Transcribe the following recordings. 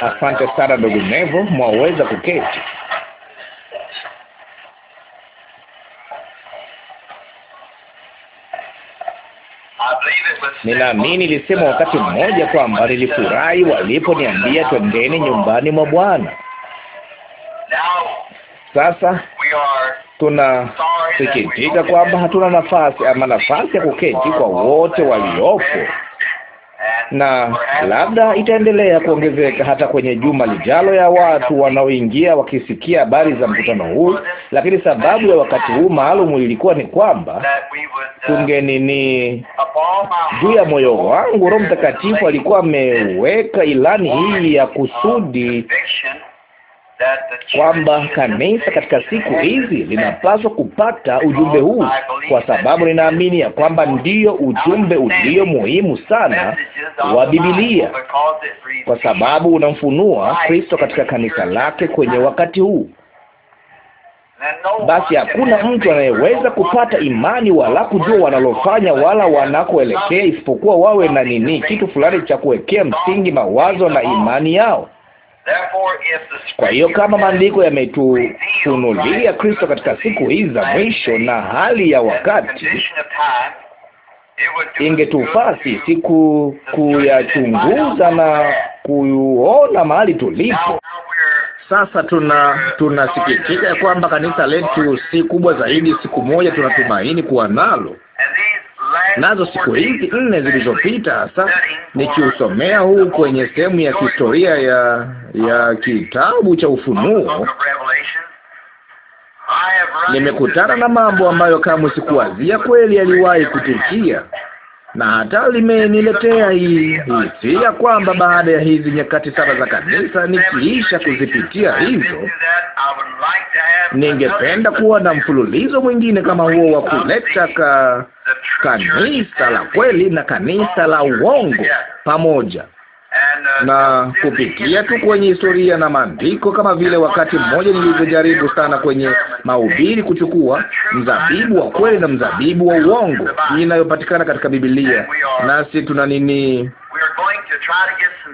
Asante sana ndugu Nevo, mwaweza kuketi. Ninaamini lisema wakati mmoja kwamba nilifurahi waliponiambia twendeni nyumbani mwa Bwana. Sasa tunasikitika kwamba hatuna nafasi ama nafasi ya kuketi kwa wote waliopo na labda itaendelea kuongezeka hata kwenye juma lijalo ya watu wanaoingia wakisikia habari za mkutano huu, lakini sababu ya wakati huu maalum ilikuwa ni kwamba tungenini, juu ya moyo wangu Roho Mtakatifu alikuwa ameweka ilani hii ya kusudi kwamba kanisa katika siku hizi linapaswa kupata ujumbe huu, kwa sababu ninaamini ya kwamba ndio ujumbe ulio muhimu sana wa Biblia, kwa sababu unamfunua Kristo katika kanisa lake kwenye wakati huu. Basi hakuna mtu anayeweza kupata imani wala kujua wanalofanya wala wanakoelekea isipokuwa wawe na nini, kitu fulani cha kuwekea msingi mawazo na imani yao. Kwa hiyo kama maandiko yametufunulia Kristo katika siku hizi za mwisho na hali ya wakati, ingetufaa sisi ku kuyachunguza na kuona mahali tulipo. Sasa tuna tunasikitika ya kwamba kanisa letu si kubwa zaidi, siku moja tunatumaini kuwa nalo nazo siku hizi nne zilizopita hasa nikiusomea huu kwenye sehemu ya historia ya ya kitabu cha Ufunuo nimekutana na mambo ambayo kamwe sikuwazia kweli yaliwahi kutukia na hata limeniletea hii ya kwamba baada ya hizi nyakati saba za kanisa, nikiisha kuzipitia hizo, ningependa kuwa na mfululizo mwingine kama huo wa kuleta ka kanisa la kweli na kanisa la uongo pamoja. Uh, na kupitia tu kwenye historia na maandiko, kama vile wakati mmoja nilivyojaribu sana kwenye mahubiri kuchukua mzabibu wa kweli na mzabibu wa uongo inayopatikana katika Biblia, nasi tuna nini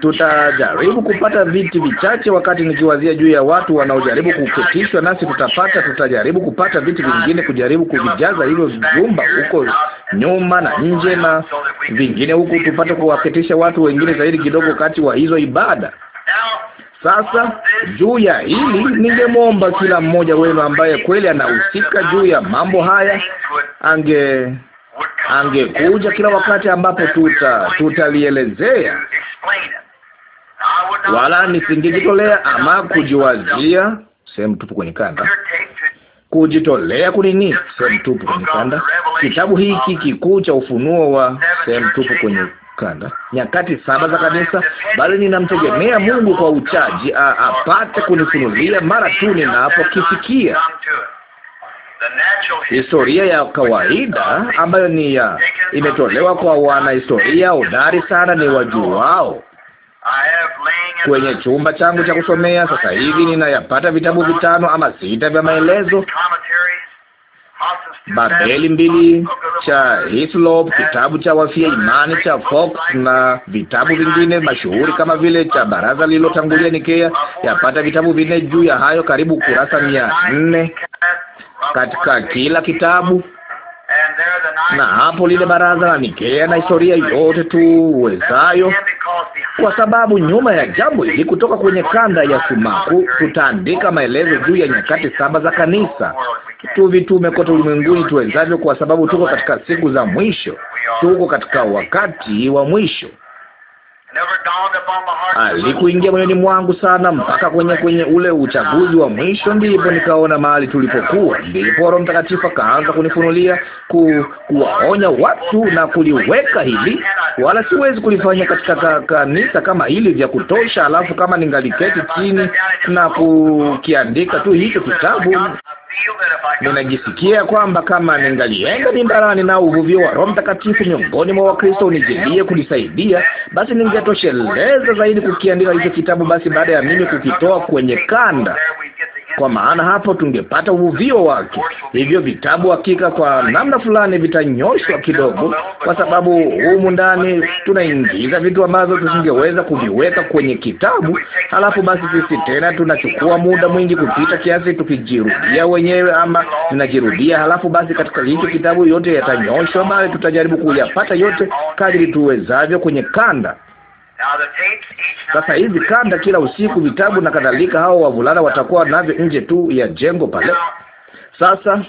Tutajaribu kupata viti vichache, wakati nikiwazia juu ya watu wanaojaribu kuketishwa nasi, tutapata tutajaribu kupata viti vingine, kujaribu kuvijaza hivyo vyumba huko nyuma na nje na vingine huku, tupate kuwaketisha watu wengine zaidi kidogo wakati wa hizo ibada. Sasa juu ya hili ningemwomba kila mmoja wenu ambaye kweli anahusika juu ya mambo haya ange angekuja kila wakati ambapo tuta tutalielezea wala nisingejitolea ama kujiwazia sehemu tupu kwenye kanda, kujitolea kunini sehemu tupu kwenye kanda, kitabu hiki kikuu cha Ufunuo wa sehemu tupu kwenye kanda, nyakati saba za kanisa, bali ninamtegemea Mungu kwa uchaji apate kunifunulia mara tu ninapokifikia historia ya kawaida ambayo ni ya imetolewa kwa wanahistoria hodari sana ni wajuao kwenye chumba changu cha kusomea sasa hivi ninayapata vitabu vitano ama sita vya maelezo. Babeli mbili cha Hislop, kitabu cha wafia imani cha Fox na vitabu vingine mashuhuri kama vile cha baraza lililotangulia Nikea. Yapata vitabu vinne juu ya hayo, karibu kurasa mia nne katika kila kitabu, na hapo lile baraza la Nikea na historia yote tuwezayo, kwa sababu nyuma ya jambo hili kutoka kwenye kanda ya sumaku tutaandika maelezo juu ya nyakati saba za kanisa tuvitume kote ulimwenguni tuwezavyo, kwa sababu tuko katika siku za mwisho, tuko katika wakati wa mwisho alikuingia ah, moyoni mwangu sana mpaka kwenye kwenye ule uchaguzi wa mwisho, ndipo nikaona mahali tulipokuwa, ndipo Roho Mtakatifu akaanza kunifunulia ku, kuwaonya watu na kuliweka hili, wala siwezi kulifanya katika kanisa kama hili vya kutosha. Alafu kama ningaliketi chini na kukiandika tu hicho kitabu ninajisikia kwamba kama ningalienda mimbarani na uvuvio wa Roho Mtakatifu miongoni mwa Wakristo unijilie kunisaidia, basi ningetosheleza zaidi kukiandika hicho kitabu. Basi baada ya mimi kukitoa kwenye kanda kwa maana hapo tungepata uvuvio wake. Hivyo vitabu hakika kwa namna fulani vitanyoshwa kidogo, kwa sababu humu ndani tunaingiza vitu ambavyo tusingeweza kuviweka kwenye kitabu. Halafu basi sisi tena tunachukua muda mwingi kupita kiasi tukijirudia wenyewe, ama ninajirudia. Halafu basi katika hicho kitabu yote yatanyoshwa, bali tutajaribu kuyapata yote kadiri tuwezavyo kwenye kanda. Sasa hizi kanda kila usiku, vitabu na kadhalika, hao wavulana watakuwa navyo nje tu ya jengo pale. Sasa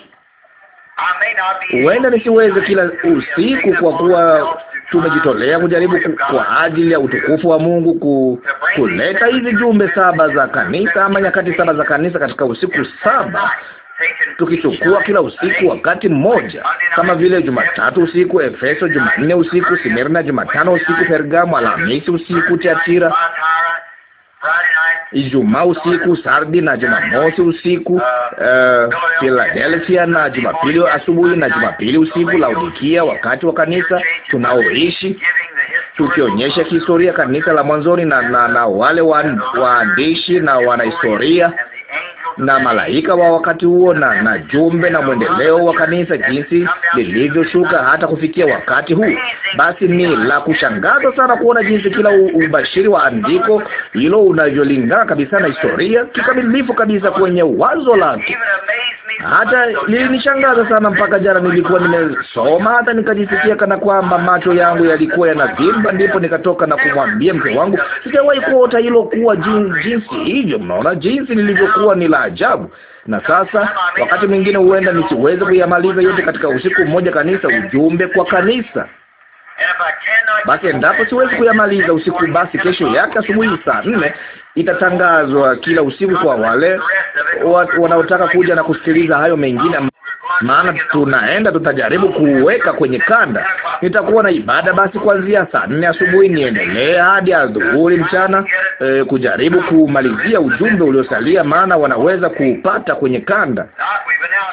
huenda nisiweze kila usiku, kwa kuwa tumejitolea kujaribu kwa ajili ya utukufu wa Mungu ku, kuleta hizi jumbe saba za kanisa ama nyakati saba za kanisa katika usiku saba, tukichukua kila usiku wakati mmoja, kama vile Jumatatu usiku Efeso, Jumanne usiku Simirna, Jumatano usiku Pergamo, Alhamisi usiku Tiatira, Ijumaa usiku Sardi na Jumamosi usiku uh, na Jumapili asubuhi na Jumapili usiku Laodikia, wakati wa kanisa tunaoishi tukionyesha kihistoria kanisa la mwanzoni na, na, na wale waandishi na wanahistoria na malaika wa wakati huo na, na jumbe na mwendeleo wa kanisa jinsi lilivyoshuka hata kufikia wakati huu. Basi ni la kushangaza sana kuona jinsi kila ubashiri wa andiko hilo unavyolingana kabisa na historia kikamilifu kabisa kwenye wazo lake hata lilinishangaza sana. Mpaka jana nilikuwa nimesoma hata nikajisikia kana kwamba macho yangu yalikuwa yanavimba, ndipo nikatoka na kumwambia mke wangu, sijawahi kuota hilo kuwa jin, jinsi hivyo. Mnaona jinsi lilivyokuwa ni la ajabu. Na sasa wakati mwingine huenda nisiweze kuyamaliza yote katika usiku mmoja, kanisa, ujumbe kwa kanisa basi endapo siwezi kuyamaliza usiku, basi kesho yake asubuhi saa nne itatangazwa kila usiku kwa wale wanaotaka kuja na kusikiliza hayo mengine maana tunaenda, tutajaribu kuweka kwenye kanda. Nitakuwa na ibada basi kuanzia saa nne asubuhi niendelee hadi adhuhuri mchana, e, kujaribu kumalizia ujumbe uliosalia, maana wanaweza kuupata kwenye kanda.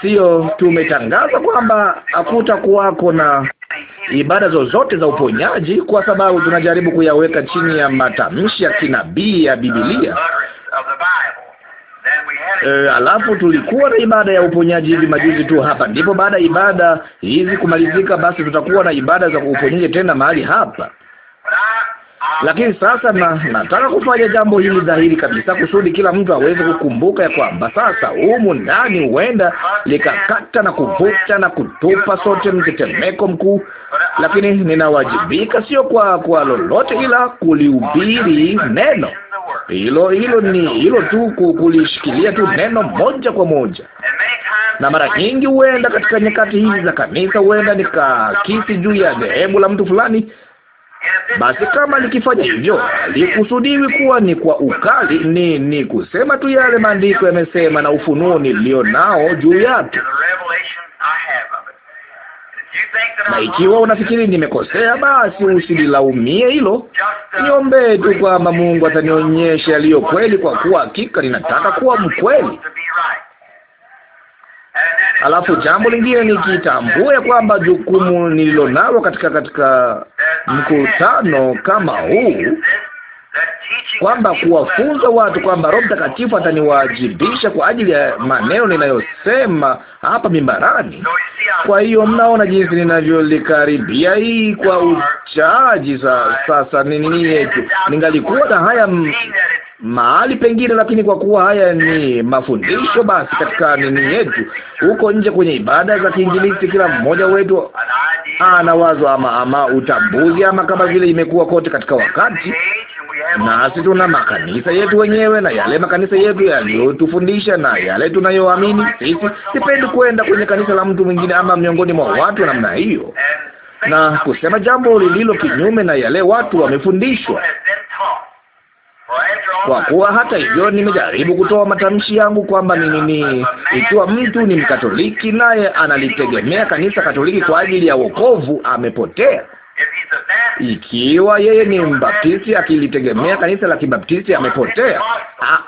Sio tumetangaza kwamba hakutakuwako na ibada zozote za uponyaji, kwa sababu tunajaribu kuyaweka chini ya matamshi ya kinabii ya Biblia. E, alafu tulikuwa na ibada ya uponyaji hivi majuzi tu hapa. Ndipo baada ya ibada hizi kumalizika, basi tutakuwa na ibada za uponyaji tena mahali hapa. Lakini sasa na, nataka kufanya jambo hili dhahiri kabisa kusudi kila mtu aweze kukumbuka ya kwamba sasa humu ndani huenda likakata na kuvuta na kutupa sote mtetemeko mkuu, lakini ninawajibika sio kwa kwa lolote ila kulihubiri neno. Hilo hilo ni hilo tu, kulishikilia tu neno moja kwa moja. Na mara nyingi huenda katika nyakati hizi za kanisa, huenda nikakisi juu ya dhehebu la mtu fulani. Basi kama nikifanya hivyo, likusudiwi kuwa ni kwa ukali, ni ni kusema tu yale maandiko yamesema na ufunuo nilio nao juu yake. Na ikiwa unafikiri nimekosea, basi usililaumie hilo. Niombee tu kwamba Mungu atanionyesha yaliyo kweli, kwa kuwa hakika ninataka kuwa mkweli. Alafu jambo lingine nikitambue kwamba jukumu nililonalo katika katika mkutano kama huu kwamba kuwafunza watu kwamba Roho Mtakatifu ataniwajibisha kwa ajili ya maneno ninayosema hapa mimbarani. Kwa hiyo mnaona jinsi ninavyolikaribia hii kwa uchaji. Sa, sasa ni nini yetu, ningalikuwa na haya m mahali pengine, lakini kwa kuwa haya ni mafundisho, basi katika nini yetu huko nje kwenye ibada za kiinjilisti, kila mmoja wetu ana wazo ama, ama utambuzi ama kama vile imekuwa kote katika wakati nasi tuna makanisa yetu wenyewe na yale makanisa yetu yaliyotufundisha na yale tunayoamini sisi. Sipendi kwenda kwenye kanisa la mtu mwingine ama miongoni mwa watu namna hiyo na kusema jambo lililo kinyume na yale watu wamefundishwa. Kwa kuwa hata hivyo, nimejaribu kutoa matamshi yangu kwamba ni nini, ikiwa mtu ni Mkatoliki naye analitegemea kanisa Katoliki kwa ajili ya wokovu, amepotea. Ikiwa yeye ni mbaptisti akilitegemea kanisa la kibaptisti amepotea.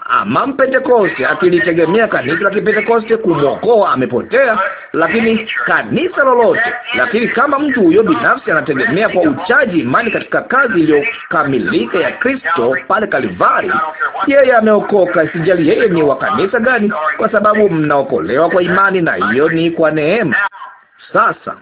Ama mpentekoste akilitegemea kanisa la kipentekoste kumwokoa amepotea. Lakini kanisa lolote, lakini kama mtu huyo binafsi anategemea kwa uchaji imani katika kazi iliyokamilika ya Kristo pale kalivari yeye ameokoka. Sijali yeye ni wa kanisa gani, kwa sababu mnaokolewa kwa imani, na hiyo ni kwa neema. Sasa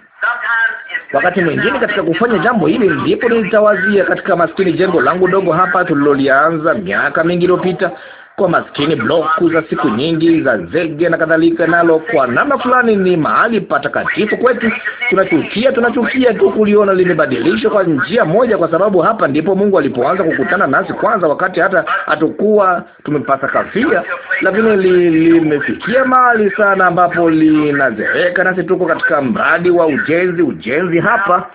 Wakati mwingine katika kufanya jambo hili, ndipo nitawazia katika maskini jengo langu dogo hapa tulilolianza miaka mingi iliyopita kwa maskini, bloku za siku nyingi za zege na kadhalika, nalo kwa namna fulani ni mahali patakatifu kwetu. Tunachukia, tunachukia tu kuliona limebadilishwa kwa njia moja, kwa sababu hapa ndipo Mungu alipoanza kukutana nasi kwanza, wakati hata hatukuwa tumepasa kafia, lakini limefikia li mahali sana ambapo linazeeka, nasi tuko katika mradi wa ujenzi, ujenzi hapa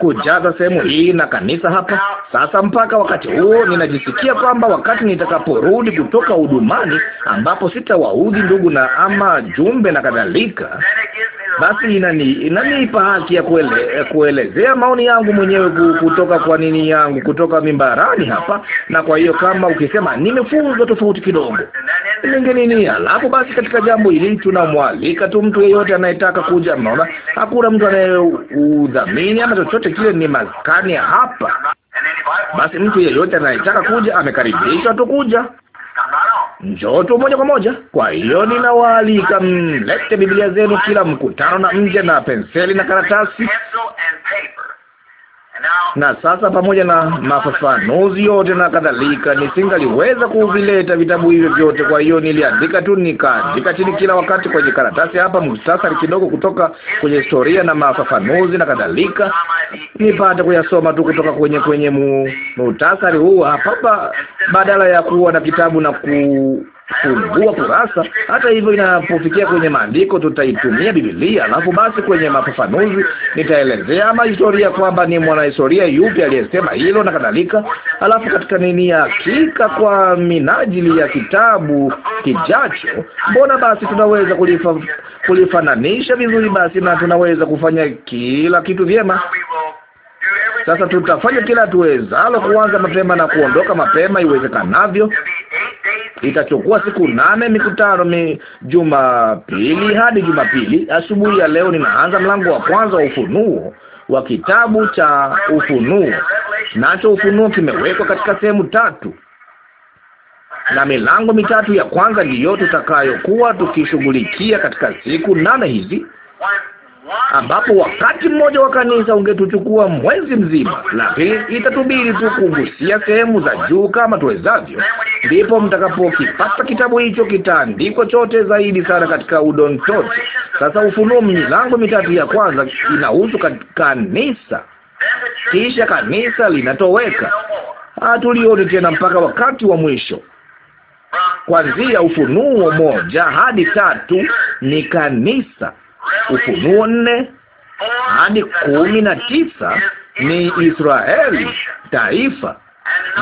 kujaza sehemu hii na kanisa hapa. Sasa mpaka wakati huo, ninajisikia kwamba wakati nitakaporudi kutoka hudumani, ambapo sitawaudhi ndugu na ama jumbe na kadhalika basi inani inanipa haki ya kuele, kuelezea maoni yangu mwenyewe kutoka kwa nini yangu kutoka mimbarani hapa. Na kwa hiyo kama ukisema nimefunzwa tofauti kidogo ningenini, alafu basi katika jambo hili tunamwalika tu mtu yeyote anayetaka kuja. Mnaona hakuna mtu anayeudhamini ama chochote kile, ni maskani hapa. Basi mtu yeyote anayetaka kuja amekaribishwa tu kuja njoo tu moja kwa moja. Kwa hiyo ninawaalika mlete Biblia zenu kila mkutano, na nje na penseli na karatasi na sasa, pamoja na mafafanuzi yote na kadhalika, nisingaliweza kuvileta vitabu hivyo vyote. Kwa hiyo niliandika tu, nikaandika chini kila wakati kwenye karatasi hapa muhtasari kidogo kutoka kwenye historia na mafafanuzi na kadhalika, nipate kuyasoma tu kutoka kwenye kwenye muhtasari huu hapa, badala ya kuwa na kitabu na ku kufungua kurasa. Hata hivyo, inapofikia kwenye maandiko, tutaitumia Biblia, alafu basi kwenye mafafanuzi nitaelezea ama historia kwamba ni mwanahistoria yupi aliyesema hilo na kadhalika, alafu katika nini hakika kwa minajili ya kitabu kijacho, mbona basi tunaweza kulifa, kulifananisha vizuri basi, na tunaweza kufanya kila kitu vyema. Sasa tutafanya kila tuwezalo kuanza mapema na kuondoka mapema iwezekanavyo. Itachukua siku nane mikutano mi Jumapili hadi Jumapili. Asubuhi ya leo ninaanza mlango wa kwanza wa Ufunuo wa kitabu cha Ufunuo, nacho Ufunuo kimewekwa katika sehemu tatu na milango mitatu ya kwanza ndiyo tutakayokuwa tukishughulikia katika siku nane hizi ambapo wakati mmoja wa kanisa ungetuchukua mwezi mzima, lakini itatubidi tu kugusia sehemu za juu kama tuwezavyo. Ndipo mtakapokipata kitabu hicho, kitaandikwa chote zaidi sana katika udontote. Sasa Ufunuo, milango mitatu ya kwanza inahusu kanisa, kisha kanisa linatoweka, hatulioni ah, tena mpaka wakati wa mwisho. Kuanzia Ufunuo moja hadi tatu ni kanisa Ufunuo nne hadi kumi na tisa ni Israeli taifa,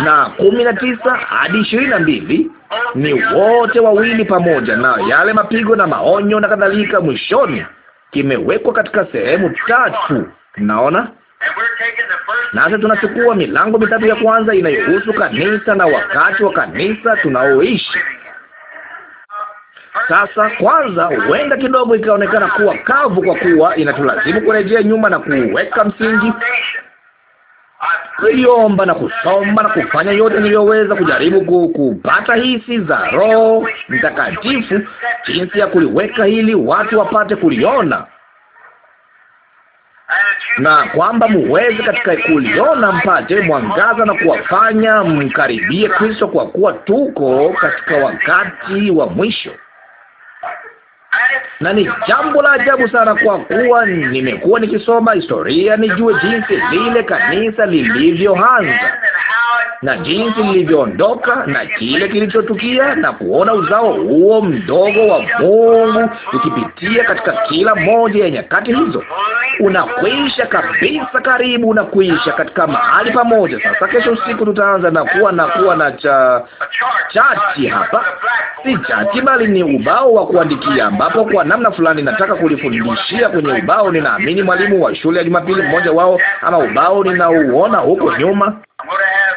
na kumi na tisa hadi ishirini na mbili ni wote wawili pamoja, na yale mapigo na maonyo na kadhalika. Mwishoni kimewekwa katika sehemu tatu, naona nasi tunachukua milango mitatu ya kwanza inayohusu kanisa na wakati wa kanisa tunaoishi sasa, kwanza huenda kidogo ikaonekana kuwa kavu, kwa kuwa inatulazimu kurejea nyuma na kuweka msingi. kuiomba na kusomba na kufanya yote niliyoweza kujaribu kupata hisi za Roho Mtakatifu, jinsi ya kuliweka hili watu wapate kuliona na kwamba muweze katika kuliona mpate mwangaza na kuwafanya mkaribie Kristo, kwa kuwa tuko katika wakati wa mwisho na ni jambo la ajabu sana, kwa kuwa nimekuwa nikisoma historia nijue jinsi lile kanisa lilivyoanza na jinsi lilivyoondoka na kile kilichotukia na kuona uzao huo mdogo wa Mungu ukipitia katika kila moja ya nyakati hizo, unakwisha kabisa, karibu unakuisha katika mahali pamoja. Sasa kesho usiku tutaanza na kuwa na kuwa na cha chati hapa, si chati bali ni ubao wa kuandikia, ambapo kwa namna fulani nataka kulifundishia kwenye ubao. Ninaamini mwalimu wa shule ya Jumapili mmoja wao, ama ubao ninauona huko nyuma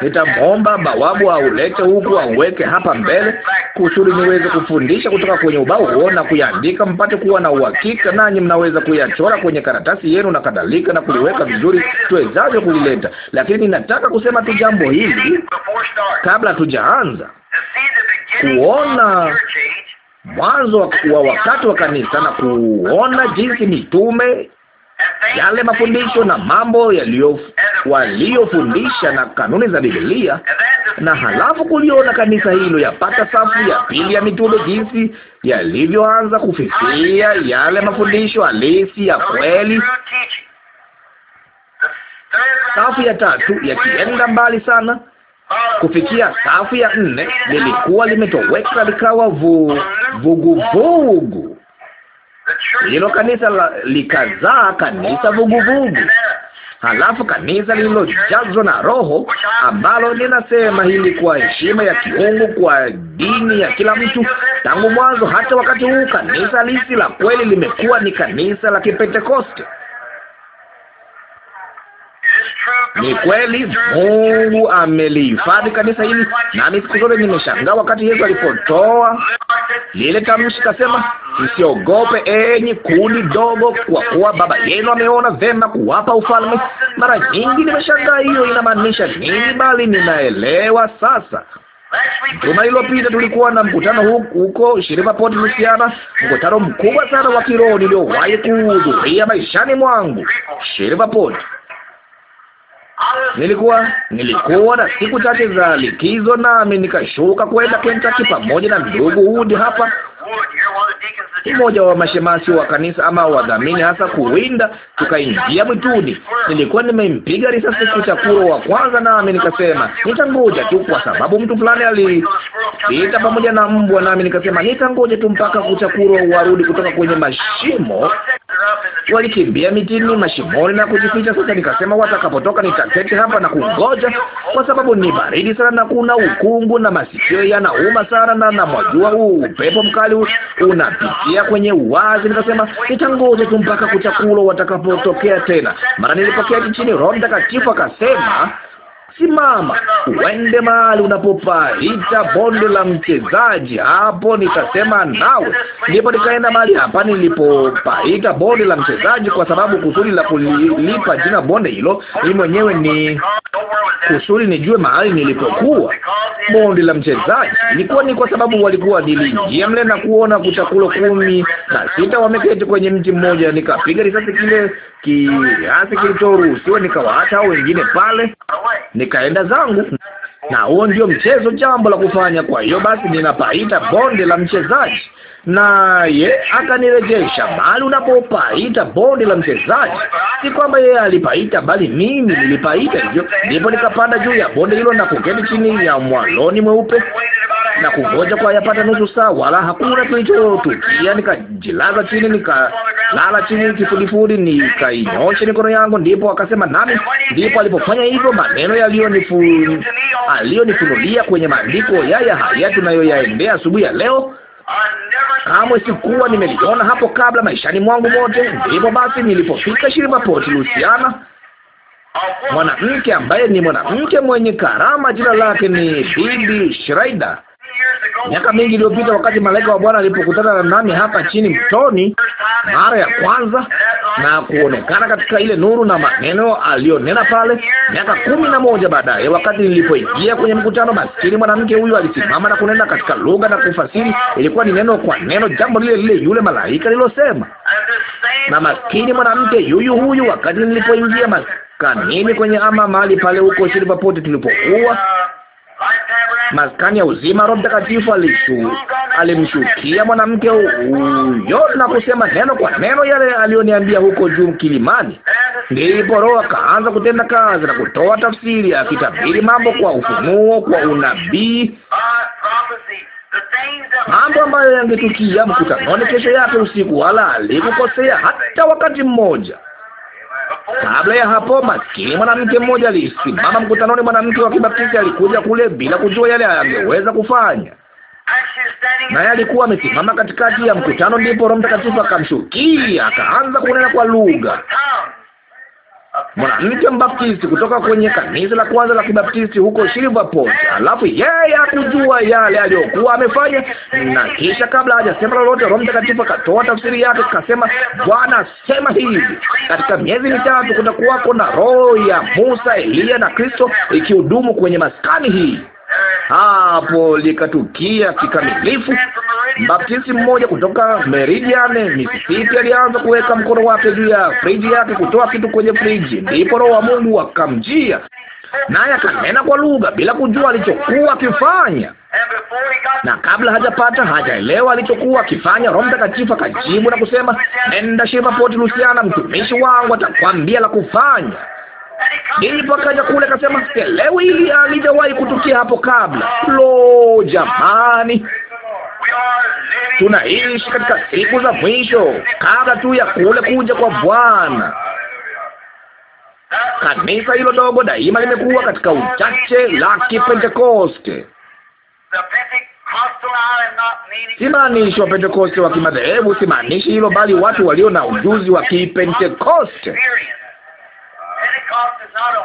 Nitamwomba bawabu aulete huku auweke hapa mbele, kusudi niweze kufundisha kutoka kwenye ubao huo na kuyaandika, mpate kuwa na uhakika, nanyi mnaweza kuyachora kwenye karatasi yenu na kadhalika, na kuliweka vizuri tuwezavyo kulileta. Lakini ninataka kusema tu jambo hili kabla tujaanza kuona mwanzo wa wakati wa kanisa na kuona jinsi mitume yale mafundisho na mambo waliofundisha na kanuni za Biblia, na halafu kuliona kanisa hilo yapata safu ya pili ya mitume, jinsi yalivyoanza kufikia yale mafundisho halisi ya kweli safu ya tatu yakienda mbali sana kufikia safu ya nne lilikuwa limetoweka likawa vuguvugu vugu. Hilo kanisa la, likazaa kanisa vuguvugu, halafu kanisa lililojazwa na Roho, ambalo ninasema hili kwa heshima ya kiungu kwa dini ya kila mtu. Tangu mwanzo hata wakati huu, kanisa lisi la kweli limekuwa ni kanisa la Kipentekoste. Ni kweli Mungu amelihifadhi kanisa hili, nami siku zote nimeshangaa wakati Yesu alipotoa lile tamshi, kasema msiogope enyi kundi dogo, kwa kuwa baba yenu ameona vema kuwapa ufalme. Mara nyingi nimeshangaa hiyo inamaanisha nini, bali ninaelewa sasa. Juma lililopita tulikuwa na mkutano huko huko Shreveport, Louisiana, mkutano mkubwa sana wa kiroho niliowahi kuhudhuria maishani mwangu Shreveport Nilikuwa nilikuwa na siku chache za likizo, nami nikashuka kwenda Kentucky pamoja na ndugu Hudi hapa mmoja wa mashemasi wa kanisa ama wadhamini hasa kuwinda, tukaingia mwituni. Nilikuwa nimempiga risasi kichakuro wa kwanza, nami nikasema nitangoja tu, kwa sababu mtu fulani alipita pamoja na mbwa, nami nikasema nitangoja tu mpaka kuchakuro warudi kutoka kwenye mashimo. Walikimbia mitini, mashimoni na kujificha. Sasa nikasema watakapotoka nitaketi hapa na kungoja, kwa sababu ni baridi sana na kuna ukungu na masikio yanauma sana na namwajua huu upepo mkali bado unapitia kwenye uwazi. Nikasema nitangoja tu mpaka kutakulo watakapotokea tena. Mara nilipokea chini, Roho Mtakatifu akasema simama uende mahali unapopaita bonde la mchezaji, hapo nitasema nawe. Ndipo nikaenda mahali hapa nilipopaita bonde la mchezaji, kwa sababu kusudi la kulipa jina bonde hilo mimi mwenyewe ni kusudi nijue mahali nilipokuwa. Bonde la mchezaji ilikuwa ni kwa sababu walikuwa nilingia mle na kuona kuchakulo kumi na sita wameketi kwenye mti mmoja, nikapiga risasi kile kiasi kilichoruhusiwa, nikawaacha hao wengine pale nikaenda zangu, na huo ndio mchezo, jambo la kufanya. Kwa hiyo basi ninapaita bonde la mchezaji naye akanirejesha mahali unapopaita bonde la mchezaji. Si kwamba yeye alipaita, bali mimi nilipaita hivyo. Ndipo nikapanda juu ya bonde hilo na kuketi chini ya mwaloni mweupe na kungoja kwa yapata nusu saa, wala hakuna kilichotukia. Nikajilaza chini, nikalala chini kifudifudi, nikainyoshe mikono yangu, ndipo akasema nami. Ndipo alipofanya hivyo, maneno yaliyonifu aliyonifunulia kwenye maandiko yaya haya tunayoyaendea asubuhi ya leo Kamwe sikuwa nimeliona hapo kabla maishani mwangu mote. Ndipo basi nilipofika Shreveport, Louisiana, mwanamke ambaye ni mwanamke mwenye karama, jina lake ni Bibi Schrader Miaka mingi iliyopita, wakati malaika wa Bwana alipokutana na nami hapa chini mtoni mara ya kwanza na kuonekana katika ile nuru na maneno aliyonena pale, miaka kumi na moja baadaye, wakati nilipoingia kwenye mkutano, maskini mwanamke huyu alisimama na kunena katika lugha na kufasiri. Ilikuwa ni neno kwa neno jambo lile lile yule malaika lilosema, na maskini mwanamke yuyu huyu, wakati nilipoingia maskanini kwenye ama mahali pale huko Silverport tulipokuwa maskani ya uzima, Roho Mtakatifu alimshukia mwanamke huyo na kusema neno kwa neno yale aliyoniambia huko juu kilimani. Ndipo Roho akaanza kutenda kazi na kutoa tafsiri, akitabiri mambo kwa ufunuo, kwa unabii mambo ambayo yangetukia mkutanoni kesho yake usiku, wala alikukosea hata wakati mmoja. Kabla ya hapo, maskini mwanamke mmoja alisimama mkutanoni. Mwanamke wa Kibaptisti alikuja kule bila kujua yale angeweza kufanya, naye alikuwa amesimama katikati ya mkutano, ndipo Roho Mtakatifu akamshukia akaanza kunena kwa lugha mwanamke mbaptisti kutoka kwenye kanisa la kwanza la kibaptisti huko Silverport. Alafu yeye hakujua yale aliyokuwa amefanya, na kisha kabla hajasema lolote, Roho Mtakatifu akatoa tafsiri yake, akasema Bwana sema hivi, katika miezi mitatu kutakuwako na roho ya Musa, Eliya na Kristo ikihudumu kwenye maskani hii hapo likatukia kikamilifu. Baptisti mmoja kutoka Meridian, Mississippi, alianza kuweka mkono wake juu ya friji yake kutoa kitu kwenye friji, ndipo Roho wa Mungu akamjia naye akanena kwa lugha bila kujua alichokuwa akifanya, na kabla hajapata hajaelewa alichokuwa akifanya, Roho Mtakatifu akajibu na kusema, nenda Shivapoti, Lusiana, mtumishi wangu atakwambia la kufanya. Ndipo akaja kule akasema, sielewi hili alijawahi kutukia hapo kabla. Lo, jamani, tunaishi katika siku za mwisho kabla tu ya kule kuja kwa Bwana. Kanisa hilo dogo daima limekuwa katika uchache la Kipentekoste. Simaanishi wa Pentekoste wa kimadhehebu, simaanishi hilo, bali watu walio na ujuzi wa Kipentekoste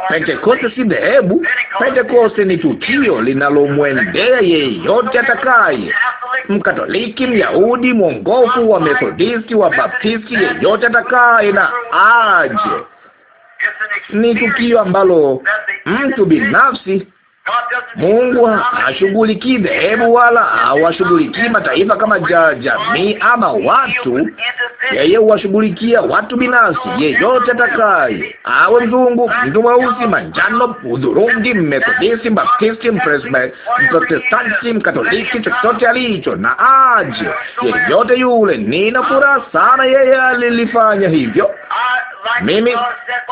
Pentekoste si dhehebu. Pentekoste ni tukio linalomwendea yeyote atakaye, Mkatoliki, Myahudi, mwongofu, wa Methodisti, wa Baptisti, yeyote atakaye na aje. Ni tukio ambalo mtu binafsi Mungu hashughulikii dhehebu wala hawashughulikii mataifa kama ja, jamii ama watu. Yeye huwashughulikia watu binafsi, yeyote atakaye, awe mzungu, mtu mweusi, manjano, udhurungi, Mmethodisti, baptisti Mprotestanti, Mkatoliki, chochote alicho na aje, yeyote yule. Nina furaha sana yeye alilifanya hivyo. Mimi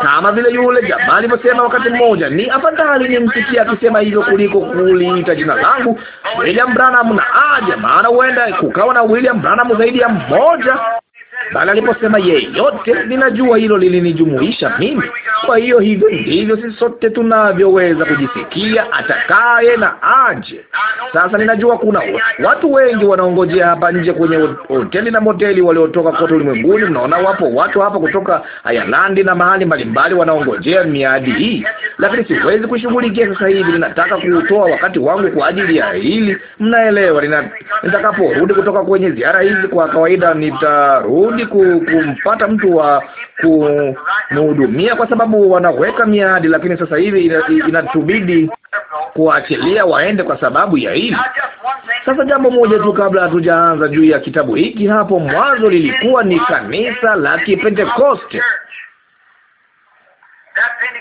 kama vile yule jamaa alivyosema wakati mmoja, ni afadhali nimsikia akisema hivyo kuliko kuliita jina langu William Branham na aje, ah, maana huenda kukawa na William Branham zaidi ya mmoja bali aliposema yeyote, ninajua hilo lilinijumuisha mimi. Kwa hiyo hivyo ndivyo sisi sote tunavyoweza kujisikia, atakaye na aje. Sasa ninajua kuna watu wengi wanaongojea hapa nje kwenye hoteli na moteli, waliotoka kote ulimwenguni. Mnaona, wapo watu hapa kutoka Ayalandi na mahali mbalimbali wanaongojea miadi hii, lakini siwezi kushughulikia sasa hivi. Ninataka kuutoa wakati wangu kwa ajili ya hili, mnaelewa. Nitakaporudi kutoka kwenye ziara hizi, kwa kawaida nitarudi budi kumpata mtu wa kumhudumia, kwa sababu wanaweka miadi, lakini sasa hivi inatubidi kuachilia waende kwa sababu ya hili. Sasa jambo moja tu kabla hatujaanza juu ya kitabu hiki, hapo mwanzo lilikuwa ni kanisa la Kipentekoste.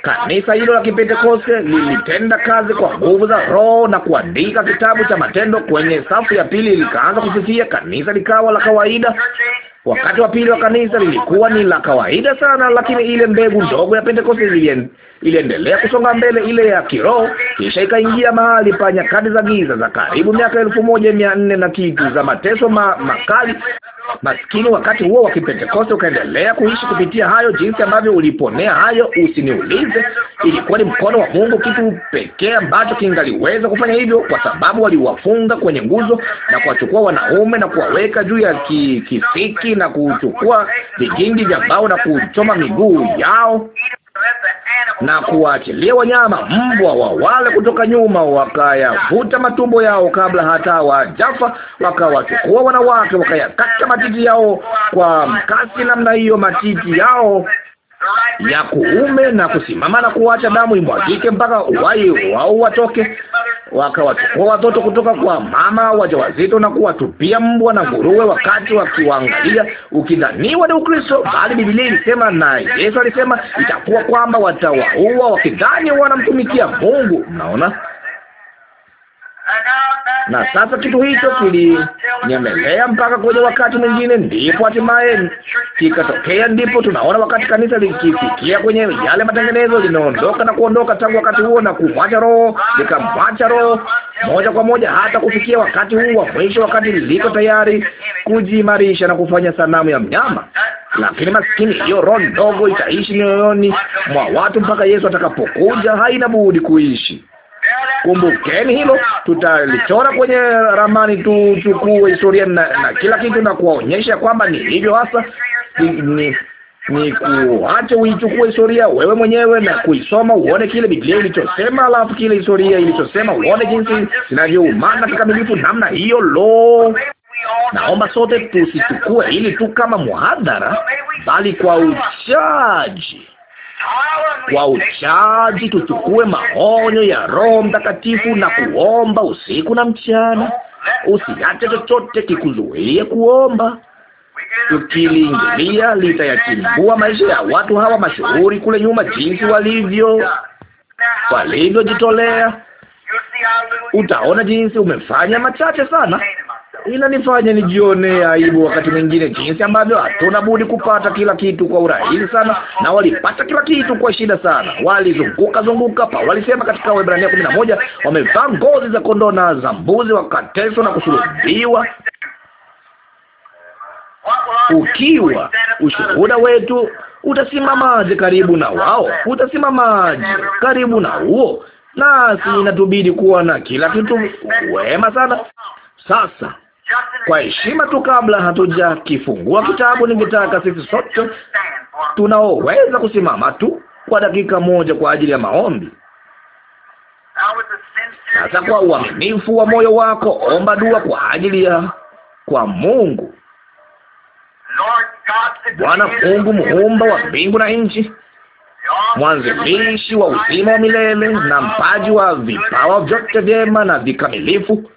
Kanisa hilo la Kipentekoste lilitenda kazi kwa nguvu za Roho na kuandika kitabu cha Matendo. Kwenye safu ya pili likaanza kufikia, kanisa likawa la kawaida, Wakati wa pili wa kanisa lilikuwa ni la kawaida sana, lakini ile mbegu ndogo ya Pentekoste iliendelea kusonga mbele, ile ya kiroho, kisha ikaingia mahali pa nyakati za giza za karibu miaka elfu moja mia nne na kitu za mateso ma, makali maskini. Wakati huo wa Kipentekoste ukaendelea kuishi kupitia hayo. Jinsi ambavyo uliponea hayo, usiniulize. Ilikuwa ni mkono wa Mungu, kitu pekee ambacho kingaliweza kufanya hivyo, kwa sababu waliwafunga kwenye nguzo na kuwachukua wanaume na kuwaweka juu ya ki, kisiki na kuchukua vigingi vya mbao na kuchoma miguu yao na kuwaachilia wanyama mbwa wa wale kutoka nyuma, wakayavuta matumbo yao kabla hata wajafa wakawachukua wanawake, wakayakata matiti yao kwa mkasi namna hiyo, matiti yao ya kuume na kusimama na kuacha damu imwagike mpaka uwai wao watoke wakawachukua watoto kutoka kwa mama wajawazito na kuwatupia mbwa na nguruwe, wakati wakiwaangalia, ukidhaniwa ni Ukristo, bali Biblia ilisema na Yesu alisema itakuwa kwamba watawaua wakidhani wanamtumikia Mungu. naona na sasa kitu hicho kilinyemelea mpaka kwenye wakati mwingine, ndipo hatimaye kikatokea. Ndipo tunaona wakati kanisa likifikia kwenye yale matengenezo, linaondoka na kuondoka tangu wakati huo na kumwacha Roho, likamwacha Roho moja kwa moja hata kufikia wakati huu wa mwisho, wakati liko tayari kujiimarisha na kufanya sanamu ya mnyama. Lakini maskini, hiyo roho ndogo itaishi mioyoni mwa watu mpaka Yesu atakapokuja. Haina budi kuishi. Kumbukeni hilo, tutalichora kwenye ramani, tuchukue historia na, na kila kitu na kuwaonyesha kwamba ni hivyo hasa. Ni, ni, ni kuache uichukue historia wewe mwenyewe na kuisoma, uone kile Biblia ilichosema, alafu kile historia ilichosema, uone jinsi zinavyoumana kikamilifu namna hiyo. Lo, naomba sote tusichukue ili tu kama muhadhara, bali kwa uchaji kwa uchaji tuchukue maonyo ya Roho Mtakatifu na kuomba usiku na mchana. Usiache chochote kikuzuie kuomba. Tukiliingilia litayachimbua maisha ya watu hawa mashuhuri kule nyuma, jinsi walivyo walivyojitolea. Utaona jinsi umefanya machache sana inanifanya nijione aibu wakati mwingine, jinsi ambavyo hatuna budi kupata kila kitu kwa urahisi sana, na walipata kila kitu kwa shida sana. Walizunguka zunguka pa walisema katika Waebrania kumi na moja, wamevaa ngozi za kondoo na za mbuzi, wakateswa na kusulubiwa ukiwa ushuhuda wetu utasimamaje karibu na wao? Utasimamaje karibu na huo? Nasi inatubidi kuwa na kila kitu wema sana. Sasa kwa heshima tu, kabla hatujakifungua kitabu, ningetaka sisi sote tunaoweza kusimama tu kwa dakika moja kwa ajili ya maombi. Sasa kwa uaminifu wa moyo wako omba dua kwa ajili ya kwa Mungu. Bwana Mungu, muumba wa mbingu na nchi, mwanzilishi wa uzima wa milele na mpaji wa vipawa vyote vyema na vikamilifu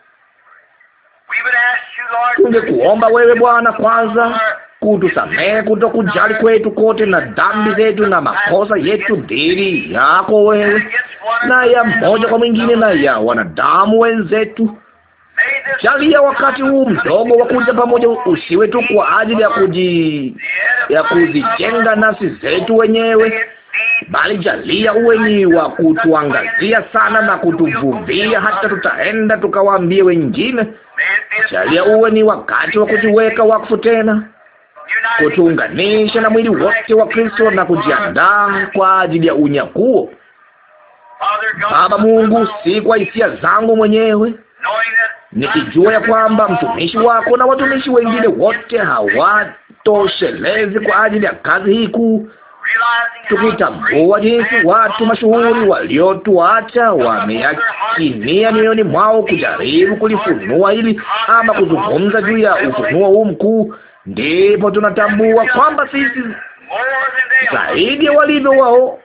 kuomba wewe Bwana kwanza kutusamehe kutokujali kwetu kote na dhambi zetu na makosa yetu dhidi yako wewe na ya mmoja kwa mwingine na ya wanadamu wenzetu. Jalia wakati huu mdogo wa kuja pamoja usiwe tu kwa ajili ya kuji ya kuzijenga nafsi zetu wenyewe, bali jalia uwe ni wa kutuangazia sana na kutuvuvia, hata tutaenda tukawaambie wengine Jalia uwe ni wakati wa kujiweka wakfu tena, kutuunganisha na mwili wote wa Kristo na kujiandaa kwa ajili ya unyakuo. Baba Mungu, si kwa hisia zangu mwenyewe, nikijua ya kwamba mtumishi wako na watumishi wengine wote hawatoshelezi kwa ajili ya kazi hii kuu tukitambua jinsi watu mashuhuri waliotuacha wameyakinia mioyoni mwao kujaribu kulifunua hili ama kuzungumza juu ya ufunuo huu mkuu, ndipo tunatambua kwamba sisi zaidi walivyo wao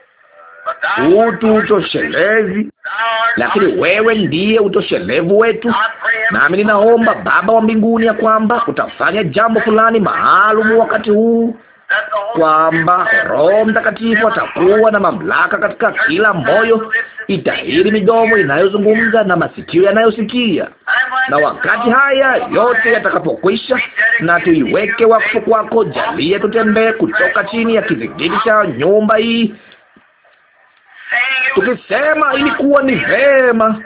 utu utoshelezi, lakini wewe ndiye utoshelevu wetu. Nami ninaomba Baba wa mbinguni ya kwamba utafanya jambo fulani maalumu wakati huu kwamba Roho Mtakatifu atakuwa na mamlaka katika kila moyo, itahiri midomo inayozungumza na masikio yanayosikia. Na wakati haya yote yatakapokwisha, na tuiweke wakfu kwako, jalia tutembee kutoka chini ya kizingiti cha nyumba hii tukisema ilikuwa ni vema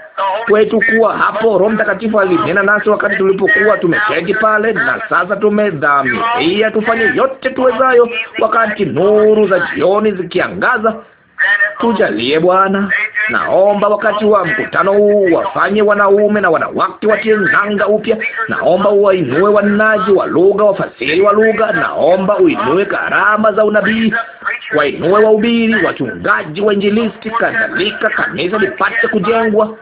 kwetu kuwa hapo. Roho Mtakatifu alinena nasi wakati tulipokuwa tumeketi pale, na sasa tumedhamia tufanye yote tuwezayo, wakati nuru za jioni zikiangaza tujalie Bwana. Naomba wakati wa mkutano huu wafanye wanaume na wanawake watie nanga upya. Naomba uwainue wanaji wa lugha, wafasiri wa lugha. Naomba uinue karama za unabii, wainue wahubiri, wachungaji, wainjilisti, kadhalika. Kanisa lipate kujengwa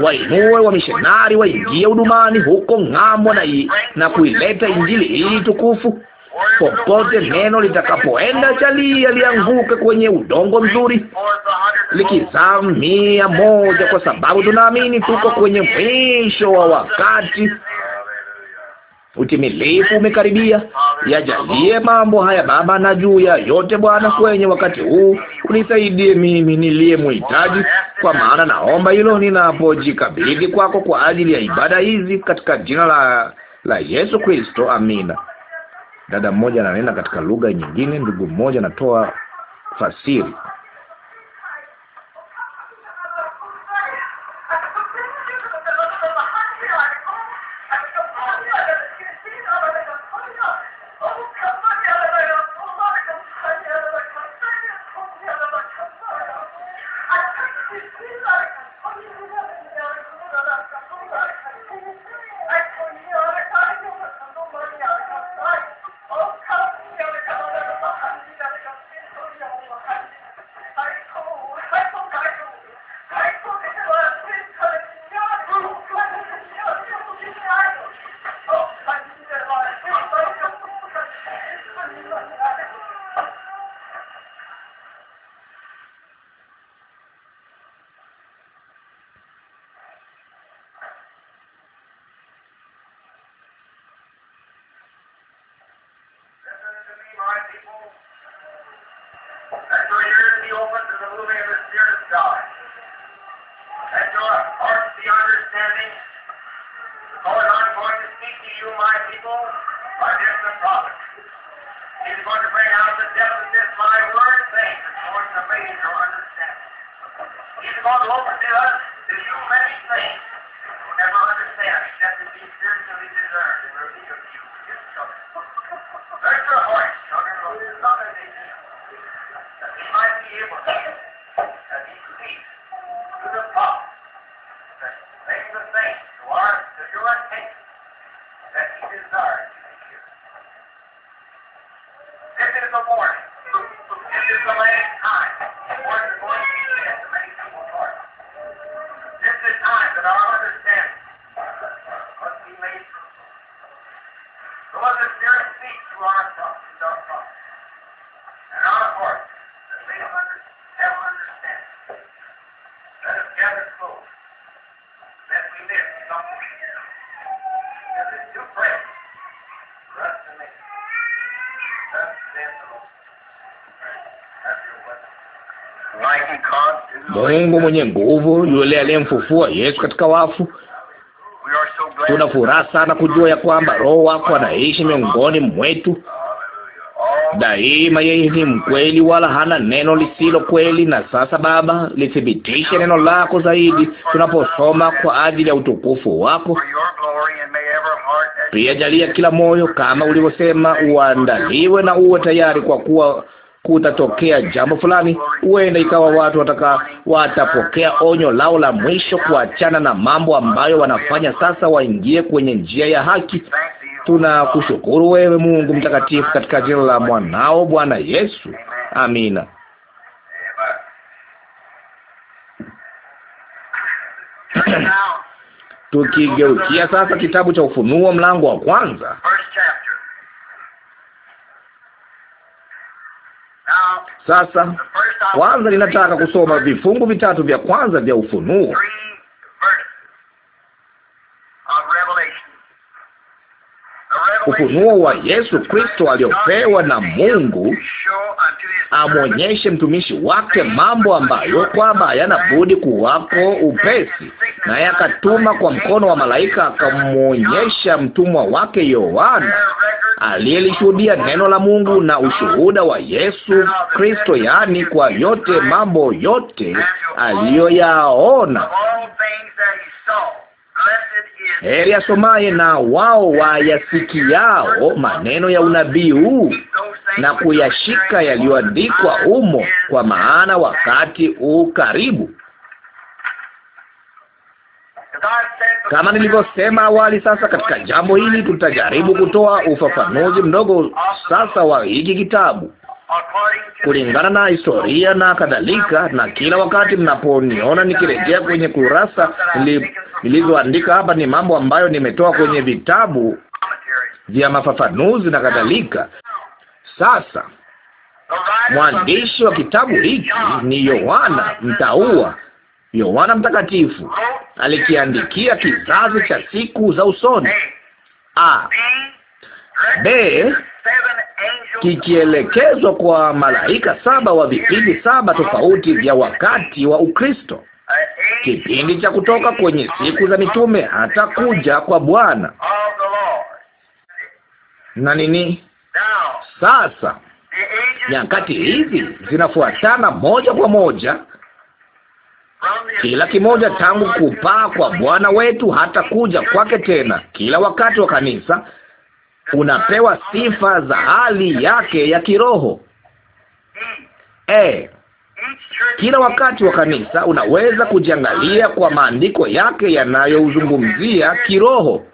wainue wamishonari waingie hudumani huko ng'ambo na, na kuileta injili hii tukufu. Popote neno litakapoenda, chalia lianguke kwenye udongo mzuri, likizaa mia moja, kwa sababu tunaamini tuko kwenye mwisho wa wakati. Utimilifu umekaribia. Yajalie mambo haya Baba, na juu ya yote Bwana, kwenye wakati huu unisaidie mimi niliye mhitaji, kwa maana naomba hilo ninapojikabidhi kwako kwa ajili ya ibada hizi, katika jina la la Yesu Kristo, amina dada mmoja ananena katika lugha nyingine, ndugu mmoja anatoa fasiri. Mungu mwenye nguvu, yule aliyemfufua Yesu katika wafu. Tuna furaha sana kujua ya kwamba Roho wako anaishi miongoni mwetu daima. Yeye ni mkweli, wala hana neno lisilo kweli. Na sasa Baba, lithibitishe neno lako zaidi tunaposoma kwa ajili ya utukufu wako, pia jalia kila moyo, kama ulivyosema, uandaliwe na uwe tayari, kwa kuwa kutatokea jambo fulani. Huenda ikawa watu wataka watapokea onyo lao la mwisho, kuachana na mambo ambayo wanafanya sasa, waingie kwenye njia ya haki. Tunakushukuru wewe Mungu mtakatifu, katika jina la mwanao Bwana Yesu, amina. Tukigeukia sasa kitabu cha Ufunuo mlango wa kwanza. Sasa kwanza ninataka kusoma vifungu vitatu vya kwanza vya Ufunuo. Ufunuo wa Yesu Kristo aliopewa na Mungu amwonyeshe mtumishi wake mambo ambayo kwamba hayana budi kuwako upesi, naye akatuma kwa mkono wa malaika akamwonyesha mtumwa wake Yohana aliyelishuhudia neno la Mungu na ushuhuda wa Yesu Kristo, yaani kwa yote mambo yote aliyoyaona heri asomaye na wao wayasikiao maneno ya unabii huu na kuyashika yaliyoandikwa humo, kwa maana wakati huu karibu. Kama nilivyosema awali, sasa katika jambo hili tutajaribu kutoa ufafanuzi mdogo sasa wa hiki kitabu kulingana na historia na kadhalika. Na kila wakati mnaponiona nikirejea kwenye kurasa li, nilizoandika hapa ni mambo ambayo nimetoa kwenye vitabu vya mafafanuzi na kadhalika. Sasa mwandishi wa kitabu hiki ni Yohana mtaua, Yohana mtakatifu alikiandikia kizazi cha siku za usoni. A B kikielekezwa kwa malaika saba wa vipindi saba tofauti vya wakati wa Ukristo kipindi cha kutoka kwenye siku za mitume hata kuja kwa Bwana na nini. Sasa nyakati hizi zinafuatana moja kwa moja, kila kimoja tangu kupaa kwa Bwana wetu hata kuja kwake tena. Kila wakati wa kanisa unapewa sifa za hali yake ya kiroho eh. Kila wakati wa kanisa unaweza kujiangalia kwa maandiko yake yanayouzungumzia kiroho.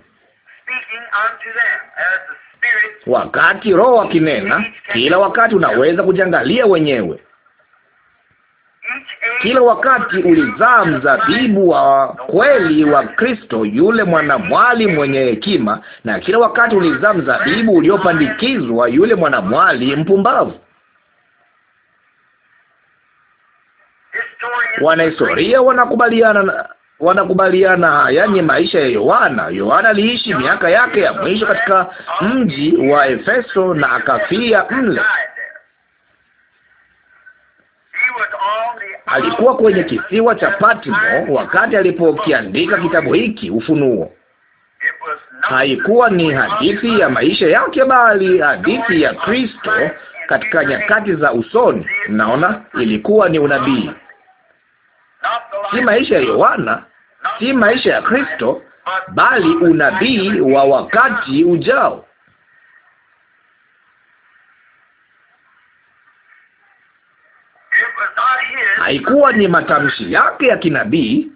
Wakati Roho akinena, kila wakati unaweza kujiangalia wenyewe. Kila wakati ulizaa mzabibu wa kweli wa Kristo, yule mwanamwali mwenye hekima, na kila wakati ulizaa mzabibu uliopandikizwa, yule mwanamwali mpumbavu. Wanahistoria wanakubaliana na wanakubaliana haya ni maisha ya Yohana. Yohana aliishi miaka yake ya mwisho katika mji wa Efeso na akafia mle. Alikuwa kwenye kisiwa cha Patmo wakati alipokiandika kitabu hiki Ufunuo. Haikuwa ni hadithi ya maisha yake, bali hadithi ya Kristo katika nyakati za usoni. Naona ilikuwa ni unabii si maisha ya Yohana, si maisha ya Kristo, bali unabii wa wakati ujao. Haikuwa ni matamshi yake ya kinabii,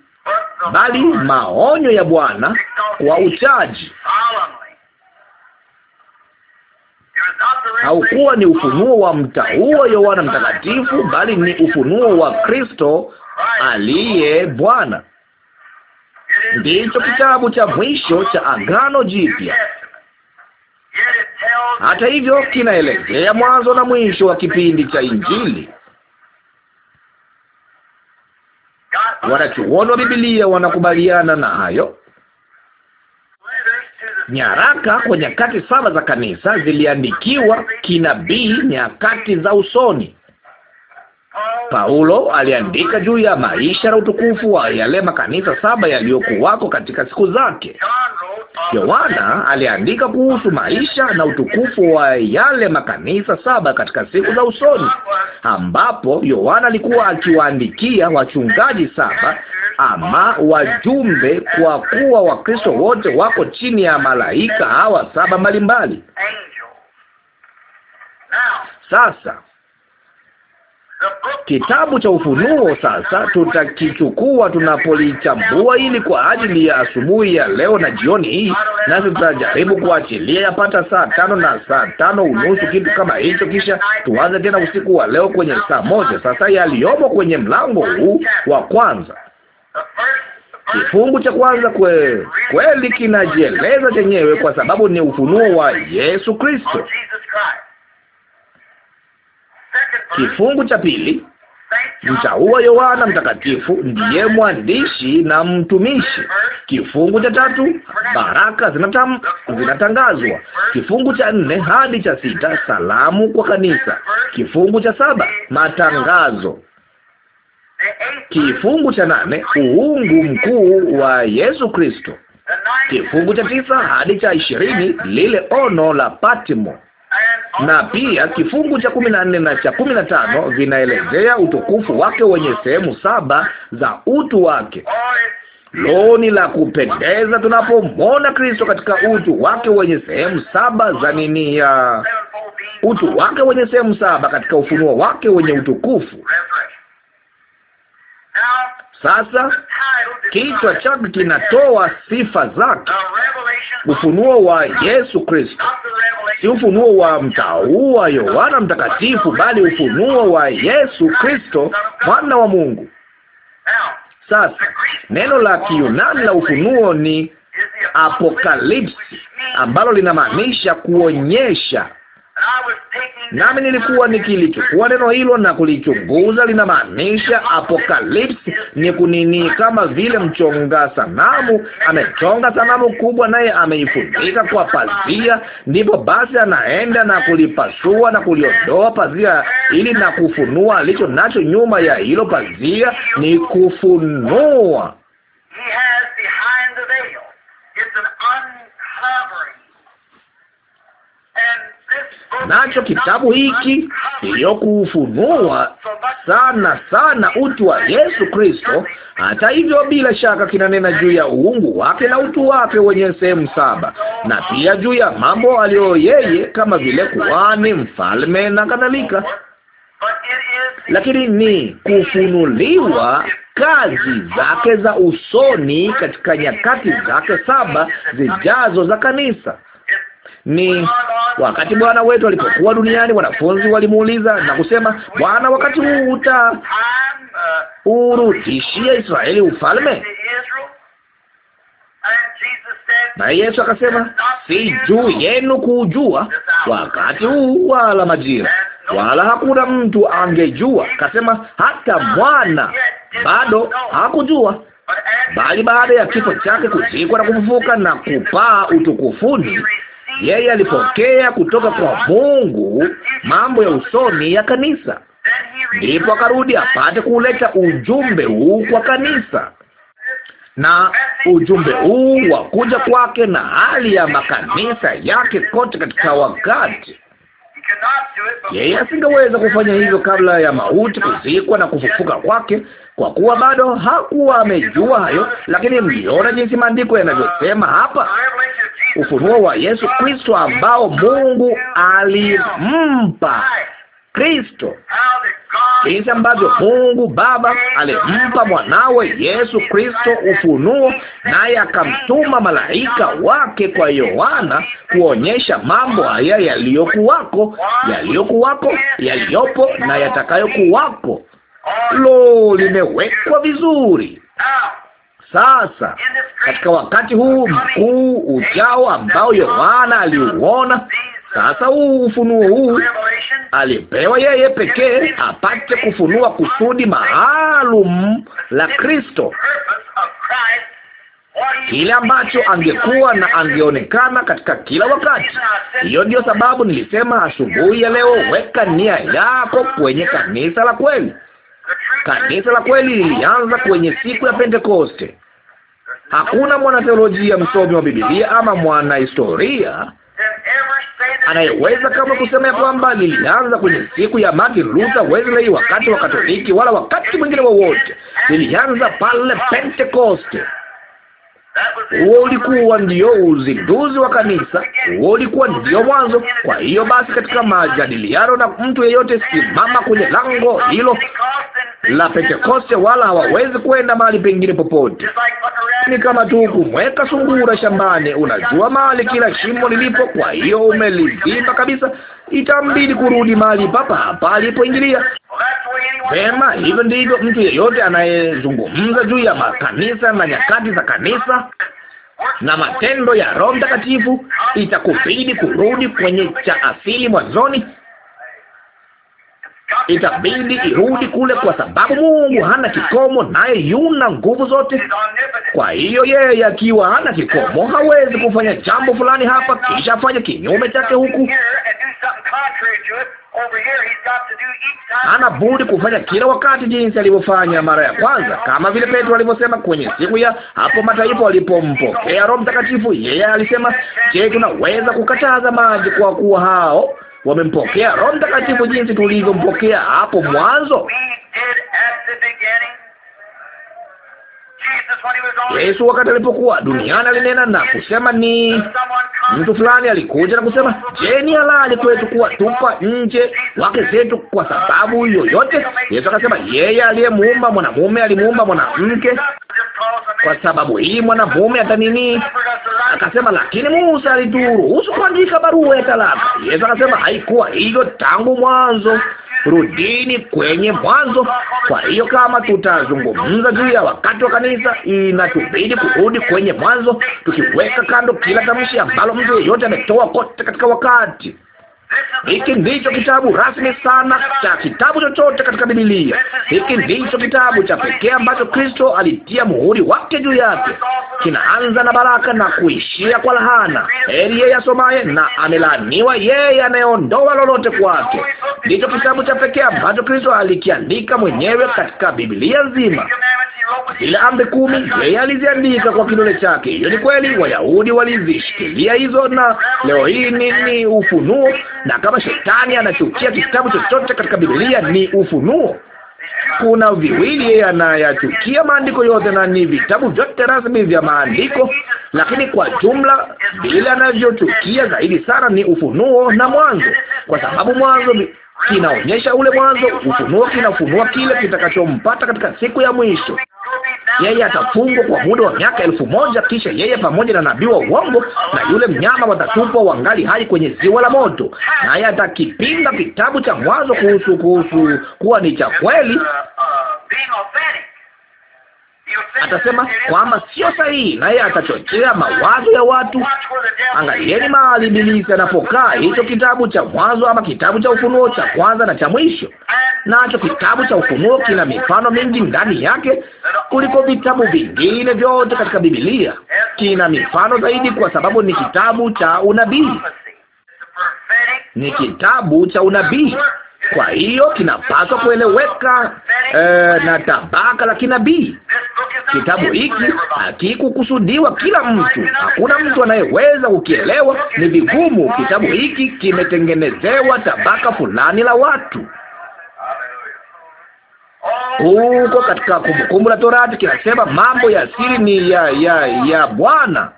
bali maonyo ya Bwana kwa uchaji. Haukuwa ni ufunuo wa mtaua Yohana Mtakatifu, bali ni ufunuo wa Kristo aliye Bwana. Ndicho kitabu cha mwisho cha Agano Jipya. Hata hivyo, kinaelezea mwanzo na mwisho wa kipindi cha Injili. Wanachuoni wa Biblia wanakubaliana na hayo. Nyaraka kwa nyakati saba za kanisa ziliandikiwa kinabii nyakati za usoni. Paulo aliandika juu ya maisha na utukufu wa yale makanisa saba yaliyokuwako katika siku zake. Yohana aliandika kuhusu maisha na utukufu wa yale makanisa saba katika siku za usoni, ambapo Yohana alikuwa akiwaandikia wachungaji saba ama wajumbe, kwa kuwa Wakristo wote wako chini ya malaika hawa saba mbalimbali. Sasa Kitabu cha Ufunuo sasa tutakichukua tunapolichambua, ili kwa ajili ya asubuhi ya leo na jioni hii, nasi tutajaribu kuachilia yapata saa tano na saa tano unusu, kitu kama hicho, kisha tuanze tena usiku wa leo kwenye saa moja. Sasa yaliyomo kwenye mlango huu wa kwanza, kifungu cha kwanza kwe, kweli kinajieleza chenyewe, kwa sababu ni ufunuo wa Yesu Kristo. Kifungu cha pili, mtaua Yohana mtakatifu ndiye mwandishi na mtumishi. Kifungu cha tatu, baraka zinatam, zinatangazwa. Kifungu cha nne hadi cha sita, salamu kwa kanisa. Kifungu cha saba, matangazo. Kifungu cha nane, uungu mkuu wa Yesu Kristo. Kifungu cha tisa hadi cha ishirini, lile ono la Patmo na pia kifungu cha kumi na nne na cha kumi na tano vinaelezea utukufu wake wenye sehemu saba za utu wake. loni la kupendeza tunapomwona Kristo katika utu wake wenye sehemu saba za nini ya utu wake wenye sehemu saba katika ufunuo wake wenye utukufu sasa kichwa chake kinatoa sifa zake. Ufunuo wa Yesu Kristo, si ufunuo wa mtaua Yohana Mtakatifu, bali ufunuo wa Yesu Kristo, mwana wa Mungu. Sasa neno la Kiyunani la ufunuo ni apokalipsi, ambalo linamaanisha kuonyesha nami nilikuwa nikilichukua neno hilo na kulichunguza. Linamaanisha apokalipsi ni kunini, kama vile mchonga sanamu amechonga sanamu kubwa, naye ameifunika kwa pazia, ndipo basi anaenda na kulipasua na kuliondoa pazia ili na kufunua alicho nacho nyuma ya hilo pazia, ni kufunua Nacho kitabu hiki iliyokufunua sana sana utu wa Yesu Kristo. Hata hivyo, bila shaka kinanena juu ya uungu wake na utu wake wenye sehemu saba, na pia juu ya mambo aliyo yeye kama vile kuhani, mfalme na kadhalika, lakini ni kufunuliwa kazi zake za usoni katika nyakati zake saba zijazo za kanisa. Ni wakati Bwana wetu alipokuwa duniani, wanafunzi walimuuliza na kusema, Bwana, wakati huu urudishia Israeli ufalme? Na Yesu akasema, si juu yenu kuujua wakati huu wala majira, wala hakuna mtu angejua. Akasema hata mwana bado hakujua, bali baada ya kifo chake, kuzikwa na kufufuka na kupaa utukufuni, yeye alipokea kutoka kwa Mungu mambo ya usoni ya kanisa, ndipo akarudi apate kuleta ujumbe huu kwa kanisa na ujumbe huu wa kuja kwake na hali ya makanisa yake kote katika wakati yeye asingeweza kufanya hivyo kabla ya mauti, kuzikwa na kufufuka kwake, kwa kuwa bado hakuwa amejua hayo. Lakini mliona jinsi maandiko yanavyosema hapa, ufunuo wa Yesu Kristo ambao Mungu alimpa Kristo, jinsi ambavyo Mungu Baba alimpa mwanawe Yesu Kristo ufunuo, naye akamtuma malaika wake kwa Yohana kuonyesha mambo haya yaliyokuwako, yaliyokuwako, yaliyopo na yatakayokuwako. Lo, limewekwa vizuri. Sasa katika wakati huu mkuu ujao ambao Yohana aliuona sasa huu ufunuo huu alipewa yeye pekee apate kufunua kusudi maalum la Kristo, kile ambacho angekuwa na angeonekana katika kila wakati. Hiyo ndio sababu nilisema asubuhi ya leo, weka nia yako kwenye kanisa la kweli. Kanisa la kweli lilianza kwenye siku ya Pentekoste. Hakuna mwanatheolojia, msomi wa Biblia ama mwanahistoria anayeweza kama kusema ya kwamba lilianza kwenye siku ya Martin Luther, Wesley, wakati wa Katoliki, wala wakati mwingine wowote lilianza pale Pentekoste. Huo ulikuwa ndio uzinduzi wa kanisa, huo ulikuwa ndio mwanzo. Kwa hiyo basi, katika majadiliano na mtu yeyote, simama kwenye lango hilo la Pentekoste, wala hawawezi kwenda mahali pengine popote, ni kama tu kumweka sungura shambani. Unajua mahali kila shimo lilipo, kwa hiyo umelizimba kabisa, itambidi kurudi mahali papa hapa alipoingilia. Vema, hivyo ndivyo mtu yeyote anayezungumza juu ya makanisa na nyakati za kanisa na matendo ya Roho Mtakatifu, itakubidi kurudi kwenye cha asili mwanzoni itabidi irudi kule, kwa sababu Mungu hana kikomo, naye yuna nguvu zote. Kwa hiyo yeye akiwa hana kikomo, hawezi kufanya jambo fulani hapa kisha afanye kinyume chake huku hana budi kufanya kila wakati jinsi alivyofanya mara ya kwanza, kama vile Petro alivyosema kwenye siku ya hapo mataifa walipompokea Roho Mtakatifu. Yeye alisema, je, tunaweza kukataza maji kwa kuwa hao Wamempokea Roho Mtakatifu jinsi tulivyompokea hapo mwanzo. Yesu wakati alipokuwa duniani alinena na kusema, ni mtu fulani alikuja na kusema, je, ni halali kwetu kuwa tupa nje wake zetu kwa sababu yoyote? Yesu akasema, yeye aliyemuumba mwanamume alimuumba mwanamke, kwa sababu hii mwanamume atanini? Akasema, lakini Musa alituruhusu kuandika barua ya talaka. Yesu akasema, haikuwa hivyo tangu mwanzo rudini kwenye mwanzo. Kwa hiyo kama tutazungumza juu ya wakati wa kanisa, inatubidi kurudi kwenye mwanzo, tukiweka kando kila tamshi ambalo mtu yeyote ametoa kote katika wakati hiki ndicho kitabu rasmi sana cha kitabu chochote katika Biblia. Hiki ndicho kitabu cha pekee ambacho Kristo alitia muhuri wake juu yake. Kinaanza na baraka na kuishia kwa lahana. Heri yeye asomaye, na amelaaniwa yeye anayeondoa lolote kwake. Ndicho kitabu cha pekee ambacho Kristo alikiandika mwenyewe katika Biblia nzima zile amri kumi yeye aliziandika kwa kidole chake. Hiyo ni kweli, Wayahudi walizishikilia hizo, na leo hii ni, ni ufunuo. Na kama shetani anachukia kitabu chochote katika Biblia ni ufunuo kuna viwili yeye anayachukia maandiko yote na ni vitabu vyote rasmi vya maandiko, lakini kwa jumla vile anavyochukia zaidi sana ni Ufunuo na Mwanzo, kwa sababu Mwanzo kinaonyesha ule mwanzo, ufunuo kinafunua kile kitakachompata katika siku ya mwisho. Yeye atafungwa kwa muda wa miaka elfu moja kisha yeye pamoja na nabii wa uongo na yule mnyama watatupwa wangali hai kwenye ziwa la moto, naye atakipinga kitabu cha Mwanzo kuhusu kuhusu kuwa ni cha kweli atasema kwamba sio sahihi, naye atachochea mawazo ya watu. Angalieni mahali bilisi anapokaa, hicho kitabu cha Mwanzo ama kitabu cha Ufunuo cha kwanza na cha mwisho. Nacho kitabu cha Ufunuo kina mifano mingi ndani yake kuliko vitabu vingine vyote katika Biblia. Kina mifano zaidi kwa sababu ni kitabu cha unabii, ni kitabu cha unabii. Kwa hiyo kinapaswa kueleweka uh, na tabaka la kinabii. Kitabu hiki hakikukusudiwa kila mtu, hakuna mtu anayeweza kukielewa, ni vigumu. Kitabu hiki kimetengenezewa tabaka fulani la watu huko katika Kumbukumbu la Torati kinasema mambo ya siri ni ya ya ya Bwana.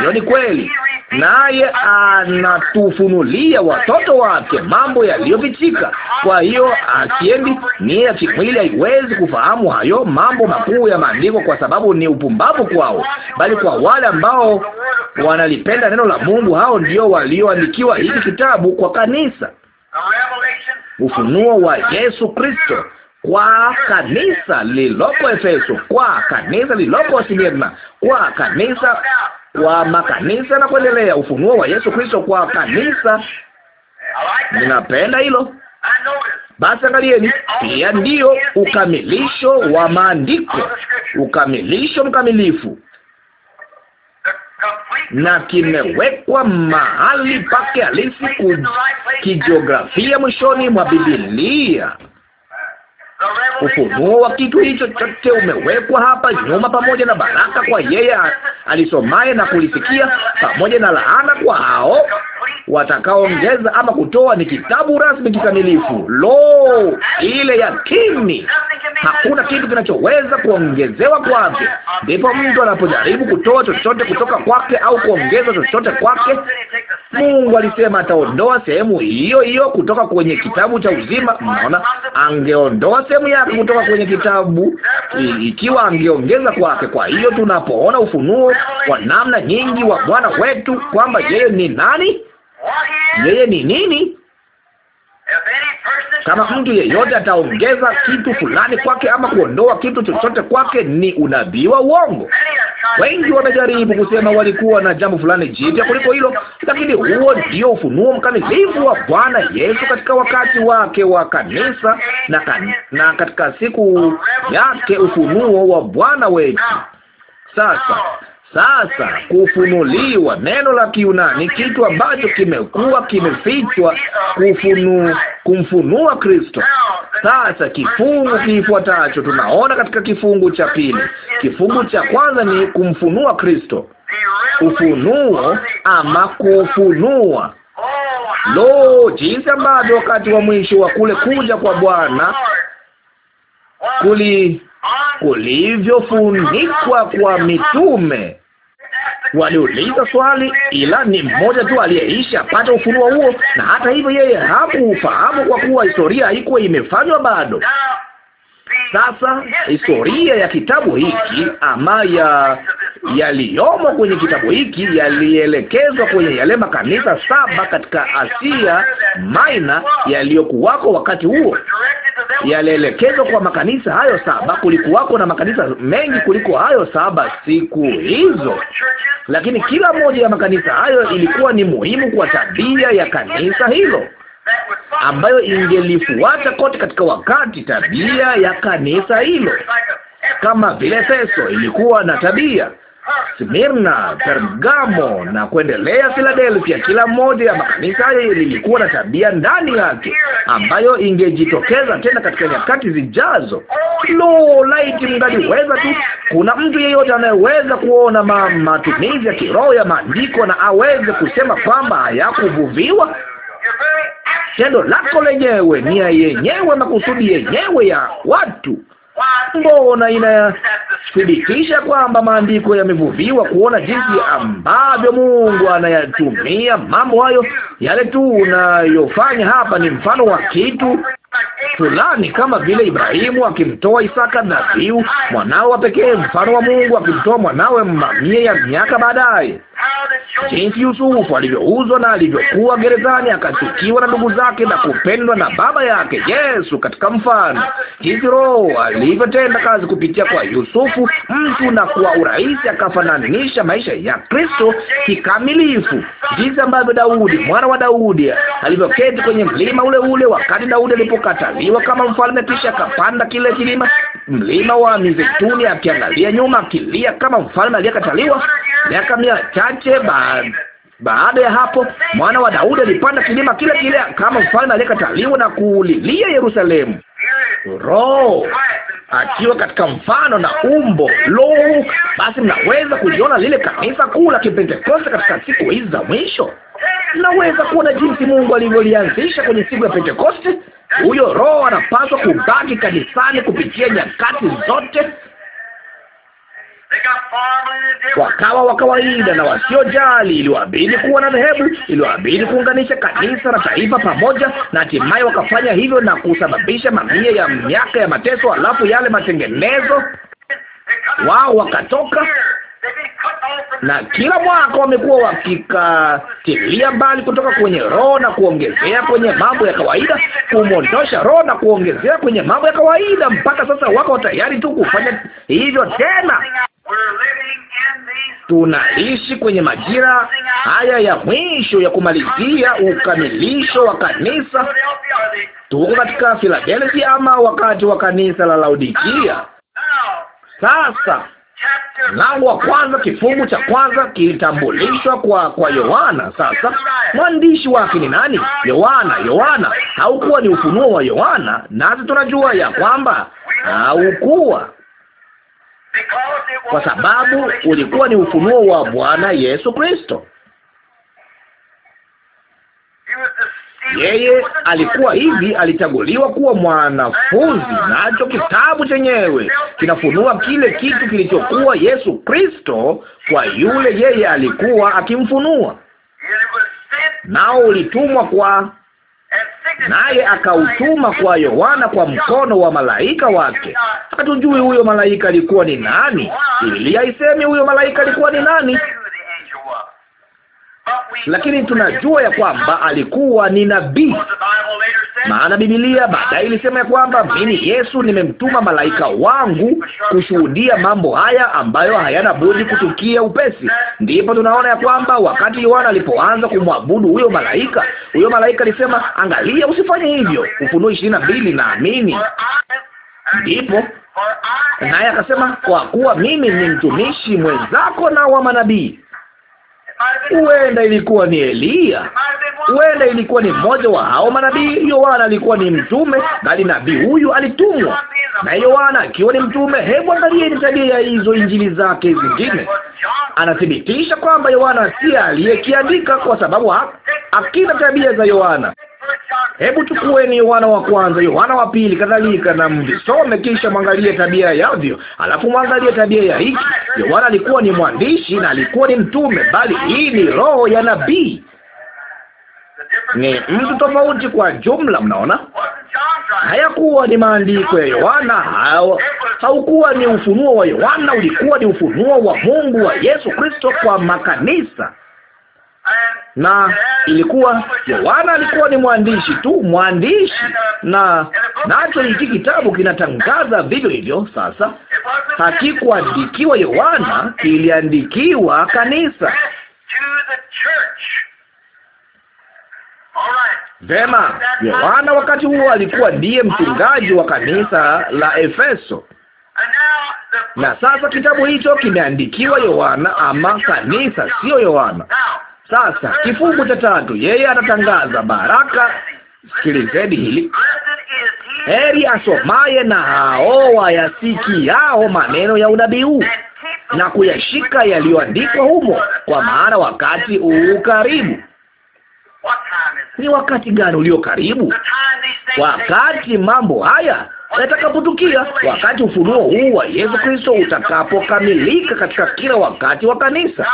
Hiyo ni kweli, naye anatufunulia watoto wake mambo yaliyofichika. Kwa hiyo akiendi nia ya kimwili haiwezi kufahamu hayo mambo makuu ya maandiko, kwa sababu ni upumbavu kwao, bali kwa wale ambao wanalipenda neno la Mungu, hao ndio walioandikiwa hiki kitabu kwa kanisa, ufunuo wa Yesu Kristo kwa kanisa lilopo Efeso, kwa kanisa lilopo Smyrna, kwa kanisa wa makanisa na kuendelea, ufunuo wa Yesu Kristo kwa kanisa. Ninapenda hilo. Basi angalieni pia, ndio ukamilisho wa maandiko, ukamilisho mkamilifu, na kimewekwa mahali pake halisi kijiografia mwishoni mwa Biblia. Ufunuo wa kitu hicho chote umewekwa hapa nyuma, pamoja na baraka kwa yeye alisomaye na kulisikia, pamoja na laana kwa hao watakaongeza ama kutoa, ni kitabu rasmi kikamilifu. Lo, ile yakini, hakuna kitu kinachoweza kuongezewa kwake. Ndipo mtu anapojaribu kutoa chochote kutoka kwake au kuongeza chochote kwake, Mungu alisema ataondoa sehemu hiyo hiyo kutoka kwenye kitabu cha uzima. Mnaona, angeondoa sehemu yake kutoka kwenye kitabu ikiwa angeongeza kwake. Kwa hiyo tunapoona ufunuo wa namna nyingi wa Bwana wetu kwamba yeye ni nani yeye ni nini? Kama mtu yeyote ataongeza kitu fulani kwake ama kuondoa kitu chochote kwake, ni unabii wa uongo. Wengi wamejaribu kusema walikuwa na jambo fulani jipya kuliko hilo, lakini huo ndio ufunuo mkamilifu wa Bwana Yesu katika wakati wake wa kanisa na, kan na katika siku yake, ufunuo wa Bwana wetu. Sasa sasa kufunuliwa, neno la Kiunani, kitu ambacho kimekuwa kimefichwa, kufunu kumfunua Kristo. Sasa kifungu kifuatacho tunaona katika kifungu cha pili. Kifungu cha kwanza ni kumfunua Kristo, ufunuo ama kufunua. Lo, jinsi ambavyo wakati wa mwisho wa kule kuja kwa Bwana kuli kulivyofunikwa kwa mitume waliuliza swali, ila ni mmoja tu aliyeishi apate ufunuo huo, na hata hivyo yeye hakuufahamu kwa kuwa historia haikuwa imefanywa bado. Sasa historia ya kitabu hiki ama ya yaliyomo kwenye kitabu hiki yalielekezwa kwenye yale makanisa saba katika Asia Minor yaliyokuwako wakati huo yalielekezwa kwa makanisa hayo saba. Kulikuwako na makanisa mengi kuliko hayo saba siku hizo, lakini kila moja ya makanisa hayo ilikuwa ni muhimu kwa tabia ya kanisa hilo ambayo ingelifuata kote katika wakati, tabia ya kanisa hilo, kama vile Efeso ilikuwa na tabia Smirna, Pergamo na kuendelea Filadelfia, kila mmoja ya makanisa lilikuwa na tabia ndani yake ambayo ingejitokeza tena katika nyakati zijazo. Lo, laiti mngaliweza tu! Kuna mtu yeyote anayeweza kuona ma matumizi ya kiroho ya maandiko na aweze kusema kwamba hayakuvuviwa? Tendo lako lenyewe, nia yenyewe, makusudi yenyewe ya watu mbona inathibitisha kwamba maandiko yamevuviwa, kuona jinsi ambavyo Mungu anayatumia mambo hayo. Yale tu unayofanya hapa ni mfano wa kitu fulani kama vile Ibrahimu akimtoa Isaka dhabihu mwanao wa pekee, mfano wa Mungu akimtoa mwanawe mamia ya miaka baadaye, jinsi Yusufu alivyouzwa na alivyokuwa gerezani akachukiwa na ndugu zake na kupendwa na baba yake Yesu katika mfano, jinsi Roho alivyotenda kazi kupitia kwa Yusufu mtu na kwa urahisi akafananisha maisha ya Kristo kikamilifu, jinsi ambavyo Daudi mwana wa Daudi alivyoketi kwenye mlima ule ule wakati Daudi alipo alipokataliwa kama mfalme, kisha akapanda kile kilima, mlima wa Mizeituni, akiangalia nyuma, akilia kama mfalme aliyekataliwa. Miaka mia chache baada baada ya hapo mwana wa Daudi alipanda kilima kile kile kama mfalme aliyekataliwa na kuulilia Yerusalemu. Roho akiwa katika mfano na umbo. Lo, basi mnaweza kuliona lile kanisa kuu la Kipentekoste katika siku hizi za mwisho. Mnaweza kuona jinsi Mungu alivyolianzisha kwenye siku ya Pentekoste. Huyo Roho anapaswa kubaki kanisani kupitia nyakati zote, wakawa wa kawaida na wasiojali. Iliwabidi kuwa na dhehebu, iliwabidi kuunganisha kanisa na taifa pamoja, na hatimaye wakafanya hivyo na kusababisha mamia ya miaka ya mateso. Alafu yale matengenezo wao wakatoka na kila mwaka wamekuwa wakikatilia mbali kutoka kwenye roho na kuongezea kwenye mambo ya kawaida, kumwondosha roho na kuongezea kwenye mambo ya kawaida. Mpaka sasa wako tayari tu kufanya hivyo tena, tunaishi kwenye majira haya ya mwisho ya kumalizia ukamilisho wa kanisa. Tuko katika Filadelfia ama wakati wa kanisa la Laodikia. Sasa mlango wa kwanza kifungu cha kwanza kilitambulishwa kwa kwa Yohana. Sasa mwandishi wake ni nani? Yohana. Yohana haukuwa ni ufunuo wa Yohana, nasi tunajua ya kwamba haukuwa kwa sababu ulikuwa ni ufunuo wa Bwana Yesu Kristo. Yeye alikuwa hivi, alichaguliwa kuwa mwanafunzi, nacho kitabu chenyewe kinafunua kile kitu kilichokuwa Yesu Kristo kwa yule yeye alikuwa akimfunua, nao ulitumwa kwa naye akautuma kwa Yohana kwa mkono wa malaika wake. Hatujui huyo malaika alikuwa ni nani. Biblia aisemi huyo malaika alikuwa ni nani, lakini tunajua ya kwamba alikuwa ni nabii, maana Biblia baadaye ilisema ya kwamba mimi Yesu nimemtuma malaika wangu kushuhudia mambo haya ambayo hayana budi kutukia upesi. Ndipo tunaona ya kwamba wakati Yohana alipoanza kumwabudu huyo malaika, huyo malaika alisema, angalia, usifanye hivyo, Ufunuo ishirini na mbili, naamini ndipo naye akasema, kwa kuwa mimi ni mtumishi mwenzako na wa manabii Huenda ilikuwa ni Eliya, huenda ilikuwa ni mmoja wa hao manabii. Yohana alikuwa ni mtume, bali nabii huyu alitumwa na Yohana akiwa ni mtume. Hebu angalieni tabia ya hizo injili zake zingine. Anathibitisha kwamba Yohana si aliyekiandika, kwa sababu akina tabia za Yohana. Hebu tukueni Yohana wa kwanza, Yohana wa pili, kadhalika na mvisome, kisha mwangalie tabia yavyo, alafu mwangalie tabia ya hiki. Yohana alikuwa ni mwandishi na alikuwa ni mtume, bali hii ni roho ya nabii ni mtu tofauti kwa jumla. Mnaona, hayakuwa ni maandiko ya Yohana, haukuwa ni ufunuo wa Yohana, ulikuwa ni ufunuo wa Mungu wa Yesu Kristo kwa makanisa na ilikuwa Yohana alikuwa ni mwandishi tu, mwandishi na nacho hiki kitabu kinatangaza vivyo hivyo. Sasa hakikuandikiwa Yohana, kiliandikiwa kanisa. Vema, Yohana wakati huo alikuwa ndiye mchungaji wa kanisa la Efeso, na sasa kitabu hicho kimeandikiwa Yohana ama kanisa, siyo Yohana. Sasa kifungu cha tatu, yeye atatangaza baraka. Sikilizeni hili, heri asomaye na hao wayasikiao maneno ya unabii huu na kuyashika yaliyoandikwa humo, kwa maana wakati huu karibu. Ni wakati gani ulio karibu? Wakati mambo haya yatakapotukia, wakati ufunuo huu wa Yesu Kristo utakapokamilika katika kila wakati wa kanisa.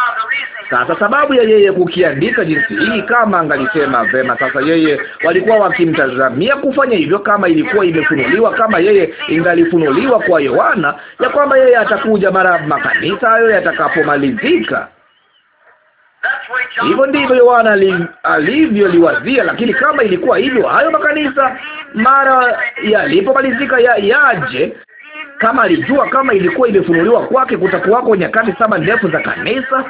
Sasa sababu ya yeye kukiandika jinsi hii, kama angalisema vema, sasa yeye walikuwa wakimtazamia kufanya hivyo, kama ilikuwa imefunuliwa, kama yeye ingalifunuliwa kwa Yohana ya kwamba yeye atakuja mara makanisa hayo yatakapomalizika. Hivyo ndivyo Yohana alivyoliwazia, lakini kama ilikuwa hivyo, hayo makanisa mara yalipomalizika ya yaje kama alijua kama ilikuwa imefunuliwa kwake, kutakuwako nyakati saba ndefu za kanisa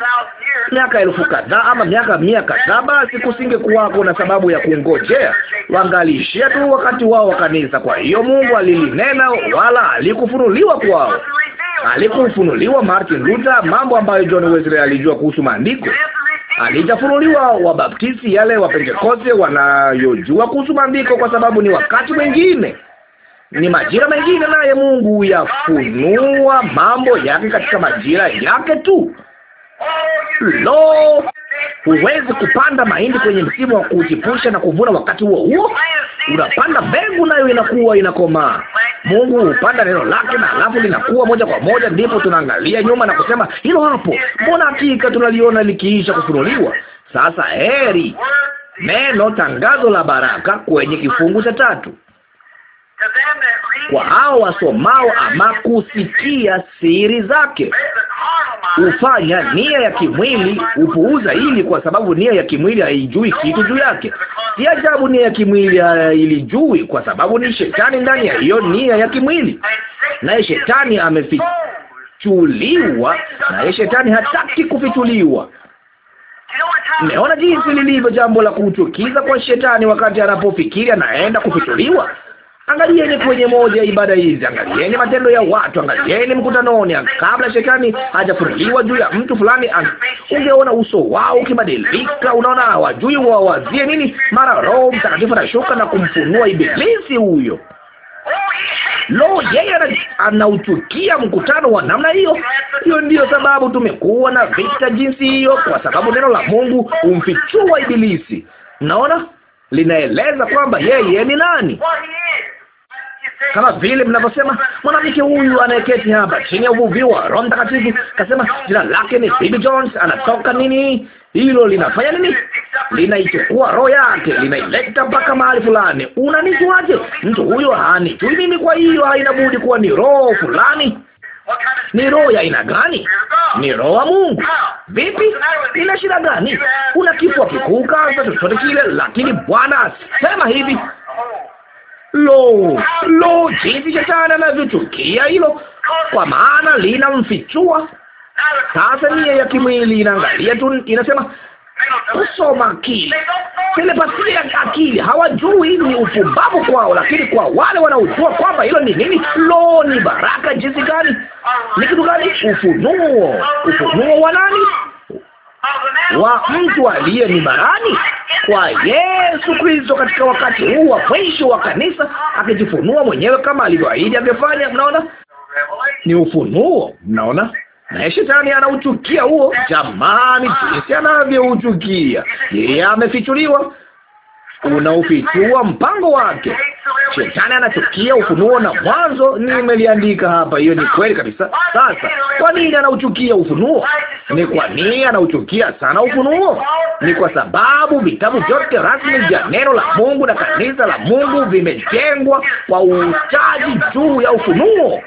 miaka elfu kadhaa ama miaka mia kadhaa, basi kusingekuwako na sababu ya kungojea, wangalishia tu wakati wao wa kanisa. Kwa hiyo Mungu alilinena, wala alikufunuliwa kwao, alikufunuliwa Martin Luther, mambo ambayo John Wesley alijua kuhusu maandiko alijafunuliwa Wabaptisti yale Wapentekoste wanayojua kuhusu maandiko, kwa sababu ni wakati mwingine, ni majira mengine, naye Mungu yafunua mambo yake katika majira yake tu. Lo, huwezi kupanda mahindi kwenye msimu wa kujipusha na kuvuna wakati huo huo. Unapanda mbegu, nayo inakuwa inakomaa. Mungu hupanda neno lake, na halafu linakuwa moja kwa moja. Ndipo tunaangalia nyuma na kusema hilo hapo, mbona hakika tunaliona likiisha kufunuliwa. Sasa heri neno tangazo la baraka kwenye kifungu cha tatu kwa hao wasomao ama kusikia siri zake hufanya nia ya kimwili hupuuza hili, kwa sababu nia ya kimwili haijui kitu juu yake. Si ajabu nia ya kimwili hailijui, kwa sababu ni shetani ndani ya hiyo nia ya kimwili, naye shetani amefichuliwa, naye shetani hataki kufichuliwa. Mmeona jinsi lilivyo jambo la kuchukiza kwa shetani wakati anapofikiri anaenda kufichuliwa. Angalieni kwenye moja ya ibada hizi, angalieni matendo ya watu, angalieni mkutanoni, kabla shetani hajafunuliwa juu ya mtu fulani, ungeona uso wao ukibadilika. Unaona, hawajui wawazie nini. Mara Roho Mtakatifu anashuka na kumfunua ibilisi huyo. Lo, yeye anauchukia mkutano wa namna hiyo. Hiyo ndiyo sababu tumekuwa na vita jinsi hiyo, kwa sababu neno la Mungu humfichua ibilisi. naona linaeleza kwamba yeye ni nani kama vile mnavyosema, mwanamke huyu anayeketi hapa chini ya uvuvio wa Roho Mtakatifu kasema jina lake ni Bibi Jones, anatoka nini? Hilo linafanya nini? Linaichukua roho yake, linaileta mpaka mahali fulani. Unanijuaje? Mtu huyo hanijui mimi, kwa hiyo haina budi kuwa ni roho fulani. Ni roho ya aina gani? Ni roho wa Mungu. Vipi? Ina shida gani? Una kifua kikuu, kaza chochote kile, lakini Bwana asema hivi Lo, lo, jinsi shetani anavyochukia hilo, kwa maana linamfichua. Sasa nia ya kimwili inaangalia tu, inasema kusoma akili, telepasia ya akili. Hawajui, ni upumbavu kwao, lakini kwa wale wanaojua kwamba hilo ni nini, lo, ni baraka jinsi gani! Ni kitu gani? Ufunuo. Ufunuo wa nani? wa mtu aliye barani kwa Yesu Kristo katika wakati huu wa mwisho wa kanisa, akijifunua mwenyewe kama alivyoahidi angefanya. Mnaona, ni ufunuo. Mnaona, naye shetani anauchukia huo. Jamani, jinsi anavyouchukia! Yeye amefichuliwa unaofichua mpango wake. Shetani anachukia ufunuo na mwanzo, nimeliandika hapa. Hiyo ni kweli kabisa. Sasa kwa nini anauchukia ufunuo? Ni kwa nini anauchukia sana ufunuo? Ni kwa sababu vitabu vyote rasmi vya neno la Mungu na kanisa la Mungu vimejengwa kwa uchaji juu ya ufunuo.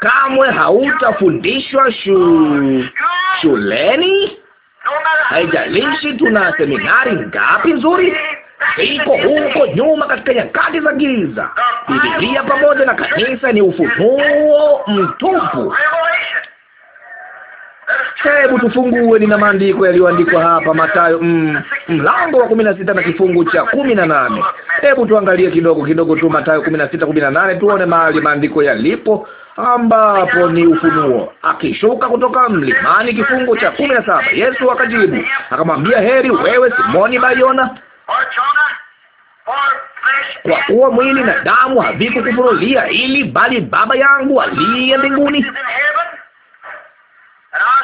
Kamwe hautafundishwa shu... shuleni haijalishi tuna seminari ngapi nzuri iko huko nyuma katika nyakati za giza. Bibilia pamoja na kanisa ni ufunuo mtupu. Hebu tufungue, nina maandiko yaliyoandikwa hapa, Mathayo mm, mlango wa kumi na sita na kifungu cha kumi na nane. Hebu tuangalie kidogo kidogo tu Mathayo kumi na sita kumi na nane tuone mahali maandiko yalipo ambapo ni ufunuo, akishuka kutoka mlimani, kifungu cha kumi na saba. Yesu akajibu akamwambia, heri wewe Simoni Bayona, kwa kuwa mwili na damu havikukufunulia ili, bali Baba yangu aliye mbinguni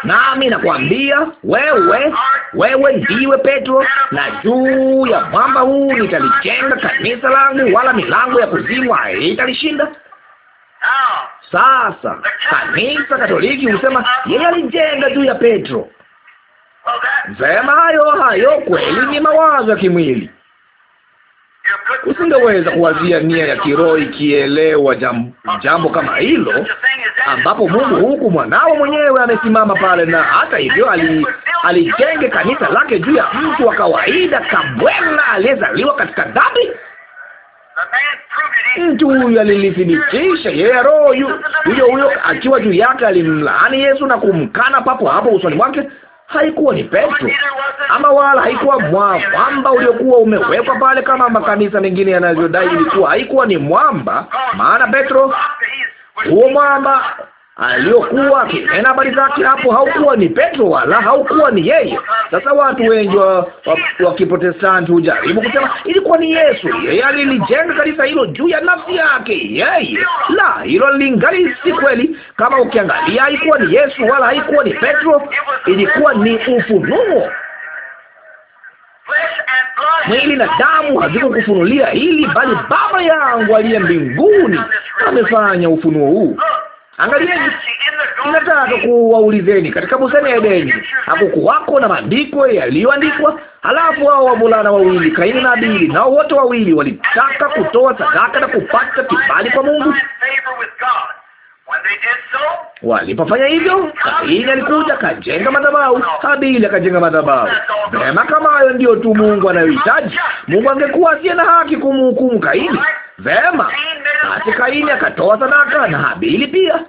nami nakwambia wewe, wewe ndiwe Petro, na juu ya mwamba huu nitalijenga kanisa langu, wala milango ya kuzimu haitalishinda. Sasa kanisa Katoliki husema yeye alijenga juu ya Petro. Sema hayo hayo kweli ni mawazo ya kimwili. Usingeweza kuwazia nia ya kiroho ikielewa jambo, jambo kama hilo, ambapo Mungu huku mwanao mwenyewe amesimama pale, na hata hivyo ali- alijenge kanisa lake juu ya mtu wa kawaida kabwela aliyezaliwa katika dhambi. Mtu huyu alilithibitisha yeye, yeah, roho huyo huyo akiwa juu yake alimlaani Yesu na kumkana papo hapo usoni mwake. Haikuwa ni Petro ama wala haikuwa mwamba uliokuwa umewekwa pale kama makanisa mengine yanavyodai ilikuwa. Haikuwa ni mwamba, maana Petro huo mwamba aliyokuwa akinena habari zake hapo haukuwa ni Petro wala haukuwa ni yeye. Sasa watu wengi wa, wa, wa Kiprotestanti hujaribu kusema ilikuwa ni Yesu, yeye alilijenga kanisa hilo juu ya nafsi yake yeye. La, hilo lingali si kweli. Kama ukiangalia, haikuwa ni Yesu wala haikuwa ni Petro, ilikuwa ni ufunuo mwili na damu kufunulia hili, bali Baba yangu aliye mbinguni amefanya ufunuo huu. Angalieni, nataka kuwaulizeni, katika bustani ya Edeni hakukuwako na maandiko yaliyoandikwa? Halafu hao wavulana wawili Kaini na Abili, nao wote wawili walitaka kutoa sadaka na kupata kibali kwa Mungu. Walipofanya hivyo, Kaini alikuja kajenga madhabahu, Habili akajenga madhabahu. Vema, kama hayo ndiyo tu Mungu anayohitaji. Mungu angekuwa asiye na haki kumhukumu Kaini. Vema, basi Kaini akatoa sadaka na Habili pia.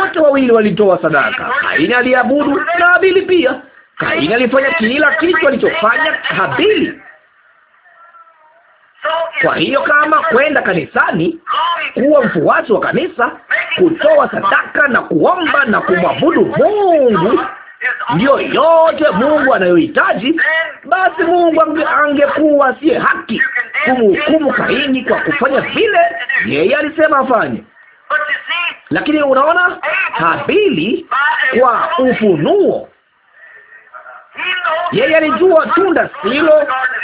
Wote wawili walitoa sadaka. Kaini aliabudu na Habili pia. Kaini alifanya kila kitu alichofanya Habili. Kwa hiyo kama kwenda kanisani, kuwa mfuasi wa kanisa, kutoa sadaka na kuomba na kumwabudu Mungu ndiyo yote Mungu anayohitaji, basi Mungu angekuwa ange siye haki kumhukumu Kaini kwa kufanya vile yeye alisema afanye. Lakini unaona Habili kwa ufunuo yeye alijua tunda hilo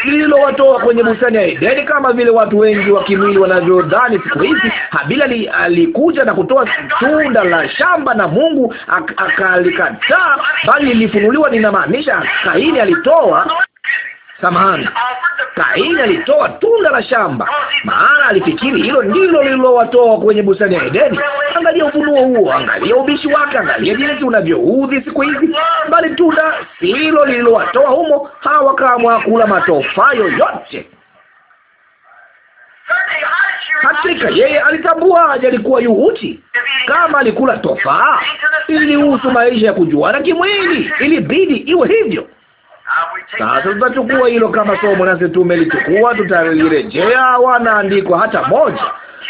lililowatoa kwenye bustani ya Edeni, kama vile watu wengi wa kimwili wanavyodhani siku hizi. Habili alikuja na kutoa tunda la shamba na Mungu akalikataa, bali lilifunuliwa, ninamaanisha Kaini alitoa samahani, Kaini alitoa tunda la shamba, maana alifikiri hilo ndilo lililowatoa kwenye bustani ya Edeni. Angalia ufunuo huo, angalia ubishi wake, angalia jinsi unavyoudhi siku hizi, bali tunda silo lililowatoa humo. Hawa kamwe hakula matofaa yoyote. Hakika yeye alitambuaje alikuwa yuuti? Kama alikula tofaa, ilihusu maisha ya kujuana kimwili, ilibidi iwe hivyo. Sasa tutachukua hilo kama somo, nasi tumelichukua, tutalirejea. Wanaandikwa hata moja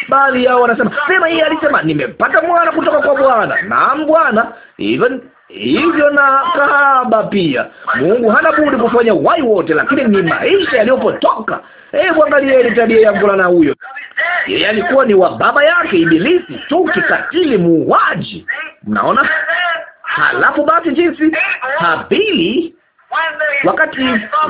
Baadhi yao wanasema sema, yeye alisema nimepata mwana kutoka kwa Bwana. Naam, Bwana hivyo hivyo, na kahaba pia. Mungu hana budi kufanya wai wote, lakini ni maisha yaliyopotoka. Hebu angalieni tabia ya mvulana huyo. Yeye alikuwa ni wa baba yake Ibilisi, tu, katili, muuaji. Mnaona? Halafu basi jinsi Habili Wakati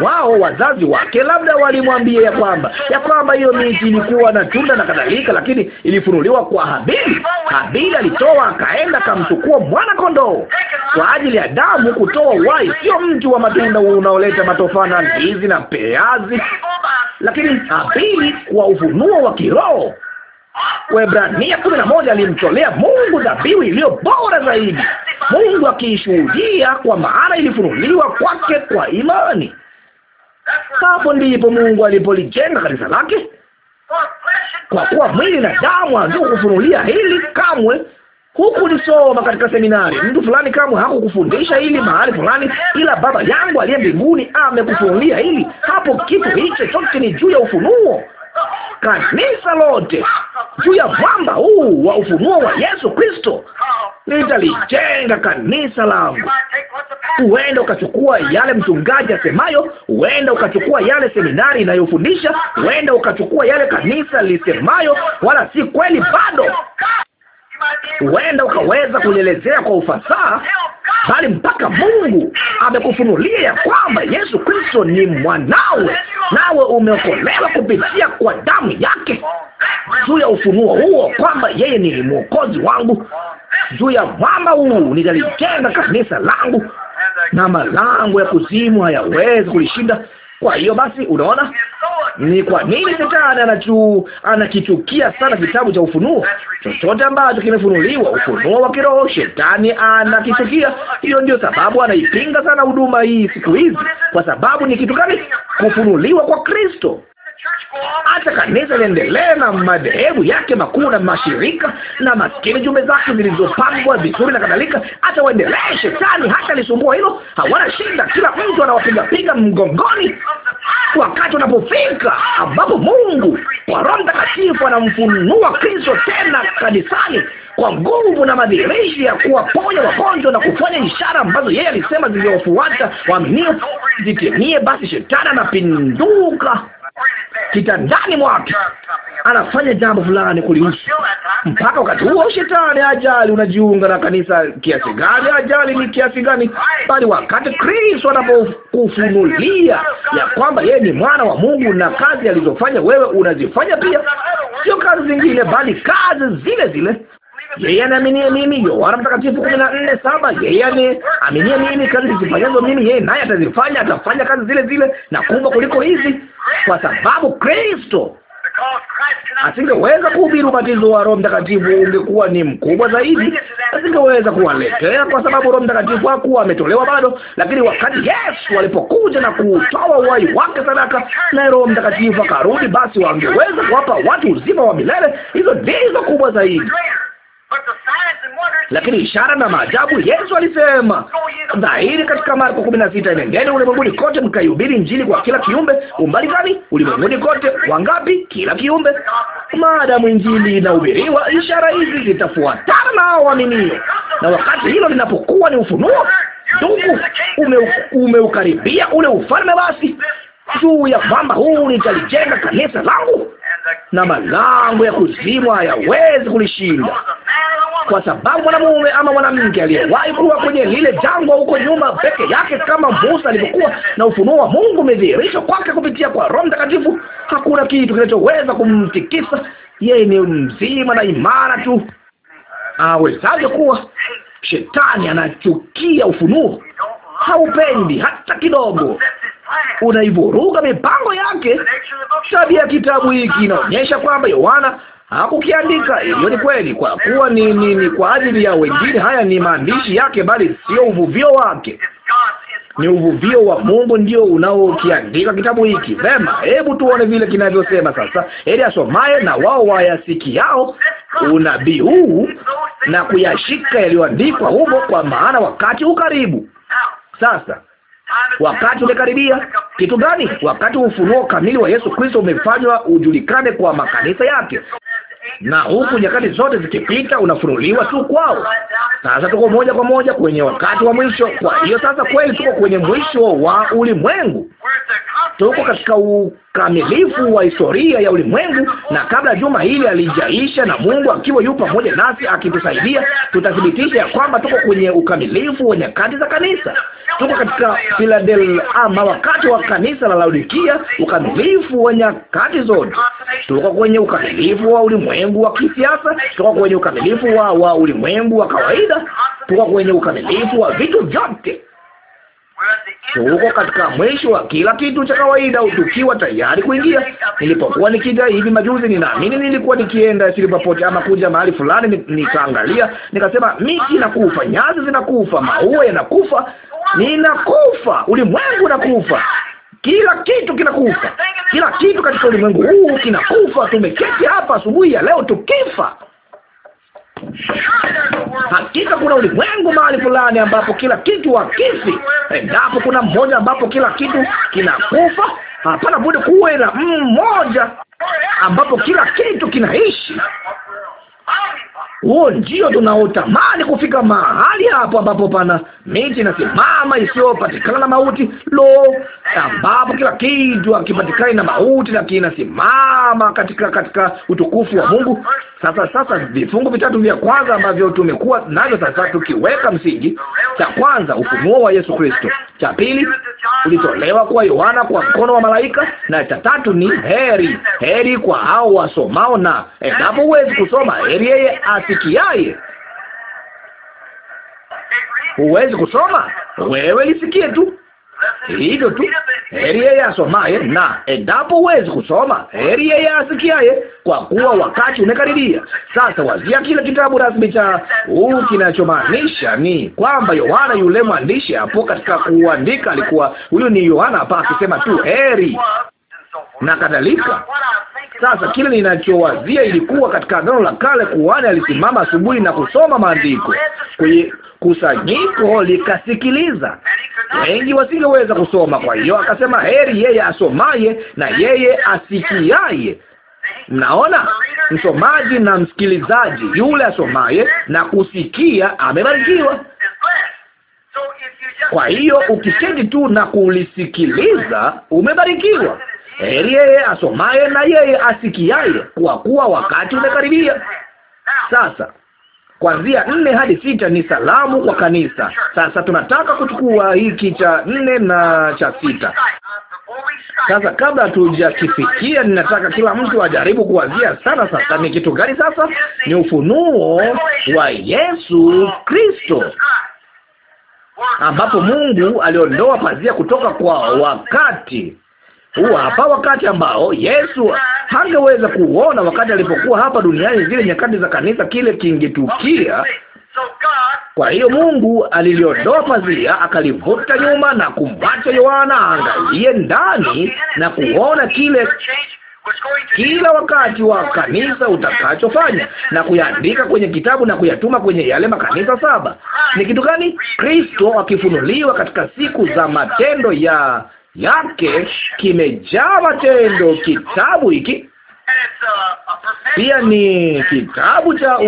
wao wazazi wake labda walimwambia ya kwamba ya kwamba hiyo miti ilikuwa na tunda na kadhalika, lakini ilifunuliwa kwa Habili. Habili alitoa akaenda akamchukua mwana kondoo kwa ajili ya damu kutoa wai, sio mti wa matunda unaoleta matofana, ndizi na peazi, lakini Habili kwa ufunuo wa kiroho Waebrania kumi na moja alimtolea Mungu dhabihu iliyo bora zaidi, Mungu akiishuhudia kwa maana ilifunuliwa kwake kwa imani. Hapo ndipo Mungu alipolijenga kanisa lake, kwa kuwa mwili na damu hakukufunulia hili kamwe. Huku nisoma katika seminari, mtu fulani kamwe hakukufundisha hili mahali fulani, ila Baba yangu aliye mbinguni amekufunulia hili. Hapo kitu hicho chote ni juu ya ufunuo kanisa lote juu ya mwamba huu wa ufunuo wa Yesu Kristo. Nitalijenga kanisa langu. Huenda ukachukua yale mchungaji asemayo, huenda ukachukua yale seminari inayofundisha, huenda ukachukua yale kanisa lisemayo, wala si kweli bado huenda ukaweza kulielezea kwa ufasaha, bali mpaka Mungu amekufunulia ya kwamba Yesu Kristo ni mwanawe, nawe umeokolewa kupitia kwa damu yake, juu ya ufunuo huo kwamba yeye ni mwokozi wangu, juu ya mwamba huu nitalijenga kanisa langu, na malango ya kuzimu hayawezi kulishinda. Kwa hiyo basi, unaona ni kwa nini Shetani anachu anakichukia sana kitabu cha Ufunuo. Chochote ambacho kimefunuliwa, ufunuo wa kiroho, Shetani anakichukia. Hiyo ndio sababu anaipinga sana huduma hii siku hizi. Kwa sababu ni kitu gani? Kufunuliwa kwa Kristo hata kanisa liendelee na madhehebu yake makuu na mashirika na maskini jumbe zake zilizopangwa vizuri na kadhalika. hata waendelee, shetani hata lisumbua hilo, hawana shida. Kila mtu anawapigapiga mgongoni wakati unapofika ambapo Mungu kwa Roho Mtakatifu anamfunua Kristo tena kanisani kwa nguvu na madhihirisho ya kuwaponya wagonjwa na kufanya ishara ambazo yeye alisema zilizofuata waaminifu zitimie. Basi shetani anapinduka kitandani mwake, anafanya jambo fulani kulihusu. Mpaka wakati huo shetani ajali unajiunga na kanisa kiasi gani, ajali ni kiasi gani, bali wakati Kristo anapokufunulia ya kwamba yeye ni mwana wa Mungu na kazi alizofanya wewe unazifanya pia, sio kazi zingine, bali kazi zile zile yeye aniaminie mimi, Yohana Mtakatifu kumi na nne saba. Yeye aminie mimi, kazi zifanyazo mimi yeye naye atazifanya, atafanya kazi zile zile na kubwa kuliko hizi, kwa sababu Kristo asingeweza kuhubiri ubatizo wa Roho Mtakatifu, ungekuwa ni mkubwa zaidi, asingeweza kuwaletea, kwa sababu Roho Mtakatifu hakuwa ametolewa bado. Lakini wakati Yesu alipokuja na kutoa uhai wake sadaka, na Roho Mtakatifu akarudi, basi wangeweza kuwapa watu uzima wa milele. Hizo ndizo kubwa zaidi. Lakini ishara na maajabu, Yesu alisema dhahiri katika Marko kumi na sita, nendeni ulimwenguni kote mkaihubiri Injili kwa kila kiumbe. Umbali gani? Ulimwenguni kote. Wangapi? Kila kiumbe. Maadamu Injili inahubiriwa, ishara hizi zitafuatana na hao waaminio, na wakati hilo linapokuwa ni ufunuo. Ndugu, ume, umeukaribia ule ufalme. Basi juu ya kwamba huu nitalijenga kanisa langu na malango ya kuzimu hayawezi kulishinda, kwa sababu mwanamume ama mwanamke aliyewahi kuwa kwenye lile jangwa huko nyuma peke yake, kama Musa alivyokuwa na ufunuo wa Mungu umedhihirishwa kwake kupitia kwa Roho Mtakatifu, hakuna kitu kinachoweza kumtikisa yeye. Ni mzima na imara tu. Awezaje kuwa? Shetani anachukia ufunuo, haupendi hata kidogo unaivuruga mipango yake. Tabia ya kitabu hiki inaonyesha kwamba Yohana hakukiandika. Hiyo ni kweli, kwa kuwa ni, ni, ni kwa ajili ya wengine. Haya ni maandishi yake, bali sio uvuvio wake. Ni uvuvio wa Mungu ndio unaokiandika kitabu hiki. Vema, hebu tuone vile kinavyosema sasa. Heri asomaye na wao wayasikiao unabii huu na kuyashika yaliyoandikwa humo, kwa maana wakati ukaribu. Sasa wakati umekaribia. Kitu gani? Wakati ufunuo kamili wa Yesu Kristo umefanywa ujulikane kwa makanisa yake, na huku nyakati zote zikipita unafunuliwa tu kwao. Sasa tuko moja kwa moja kwenye wakati wa mwisho. Kwa hiyo sasa kweli tuko kwenye mwisho wa ulimwengu. Tuko katika ukamilifu wa historia ya ulimwengu, na kabla juma hili alijaisha, na Mungu akiwa yu pamoja nasi akitusaidia, tutathibitisha ya kwamba tuko kwenye ukamilifu wa nyakati za kanisa. Tuko katika Philadel ama wakati wa kanisa la Laodikia, ukamilifu wa nyakati zote. Tuko kwenye ukamilifu wa ulimwengu wa kisiasa, tuko kwenye ukamilifu wa, wa ulimwengu wa kawaida, tuko kwenye ukamilifu wa vitu vyote tuko katika mwisho wa kila kitu cha kawaida, tukiwa tayari kuingia. Nilipokuwa nikija hivi majuzi, ninaamini nilikuwa nikienda silipopote ama kuja mahali fulani, nikaangalia nikasema, miti inakufa, nyasi zinakufa, maua yanakufa, ninakufa, ulimwengu unakufa kila kitu kinakufa, kila kitu katika ulimwengu huu kinakufa. Tumeketi hapa asubuhi ya leo tukifa. Hakika kuna ulimwengu mahali fulani ambapo kila kitu hakifi. endapo kuna mmoja ambapo kila kitu kinakufa, hapana budi kuwe na mmoja ambapo kila kitu kinaishi. Huo ndio tunaotamani kufika mahali hapo ambapo pana miti inasimama isiyopatikana na mauti. Lo, ambapo kila kitu hakipatikani na mauti, lakini kinasimama katika katika utukufu wa Mungu. Sasa sasa, vifungu vitatu vya kwanza ambavyo tumekuwa navyo sasa, tukiweka msingi, cha kwanza ufunuo wa Yesu Kristo, cha pili ulitolewa kwa Yohana kwa mkono wa malaika, na cha tatu ni heri, heri kwa hao wasomao, na endapo huwezi kusoma, heri yeye asikiaye huwezi kusoma, wewe lisikie tu hivyo tu. Heri yeye asomaye, na endapo huwezi kusoma, heri yeye asikiaye, kwa kuwa wakati umekaribia. Sasa wazia kile kitabu rasmi cha huu kinachomaanisha ni kwamba Yohana yule mwandishi hapo katika kuandika alikuwa, huyu ni Yohana hapa akisema tu heri na kadhalika. Sasa kile ninachowazia ilikuwa katika Agano la Kale, kuhani alisimama asubuhi na kusoma maandiko kwenye kusanyiko likasikiliza. Wengi wasingeweza kusoma, kwa hiyo akasema, heri yeye asomaye na yeye asikiaye. Mnaona, msomaji na msikilizaji. Yule asomaye na kusikia amebarikiwa. Kwa hiyo ukiketi tu na kulisikiliza umebarikiwa. Heri yeye asomaye na yeye asikiaye, kwa kuwa wakati umekaribia. Sasa kuanzia nne hadi sita ni salamu kwa kanisa. Sasa tunataka kuchukua hiki cha nne na cha sita. Sasa kabla tujakifikia ninataka kila mtu ajaribu kuwazia sana. Sasa ni kitu gani? Sasa ni ufunuo wa Yesu Kristo ambapo Mungu aliondoa pazia kutoka kwa wakati huu hapa wakati ambao Yesu ah. hangeweza kuona wakati alipokuwa hapa duniani, zile nyakati za kanisa kile kingetukia. Kwa hiyo Mungu aliliondoa pazia akalivuta nyuma na kumwacha Yohana aangalie ndani na kuona kile kila wakati wa kanisa utakachofanya na kuyaandika kwenye kitabu na kuyatuma kwenye yale makanisa saba. Ni kitu gani? Kristo akifunuliwa katika siku za matendo ya yake kimejaa matendo. Kitabu hiki pia ni kitabu cha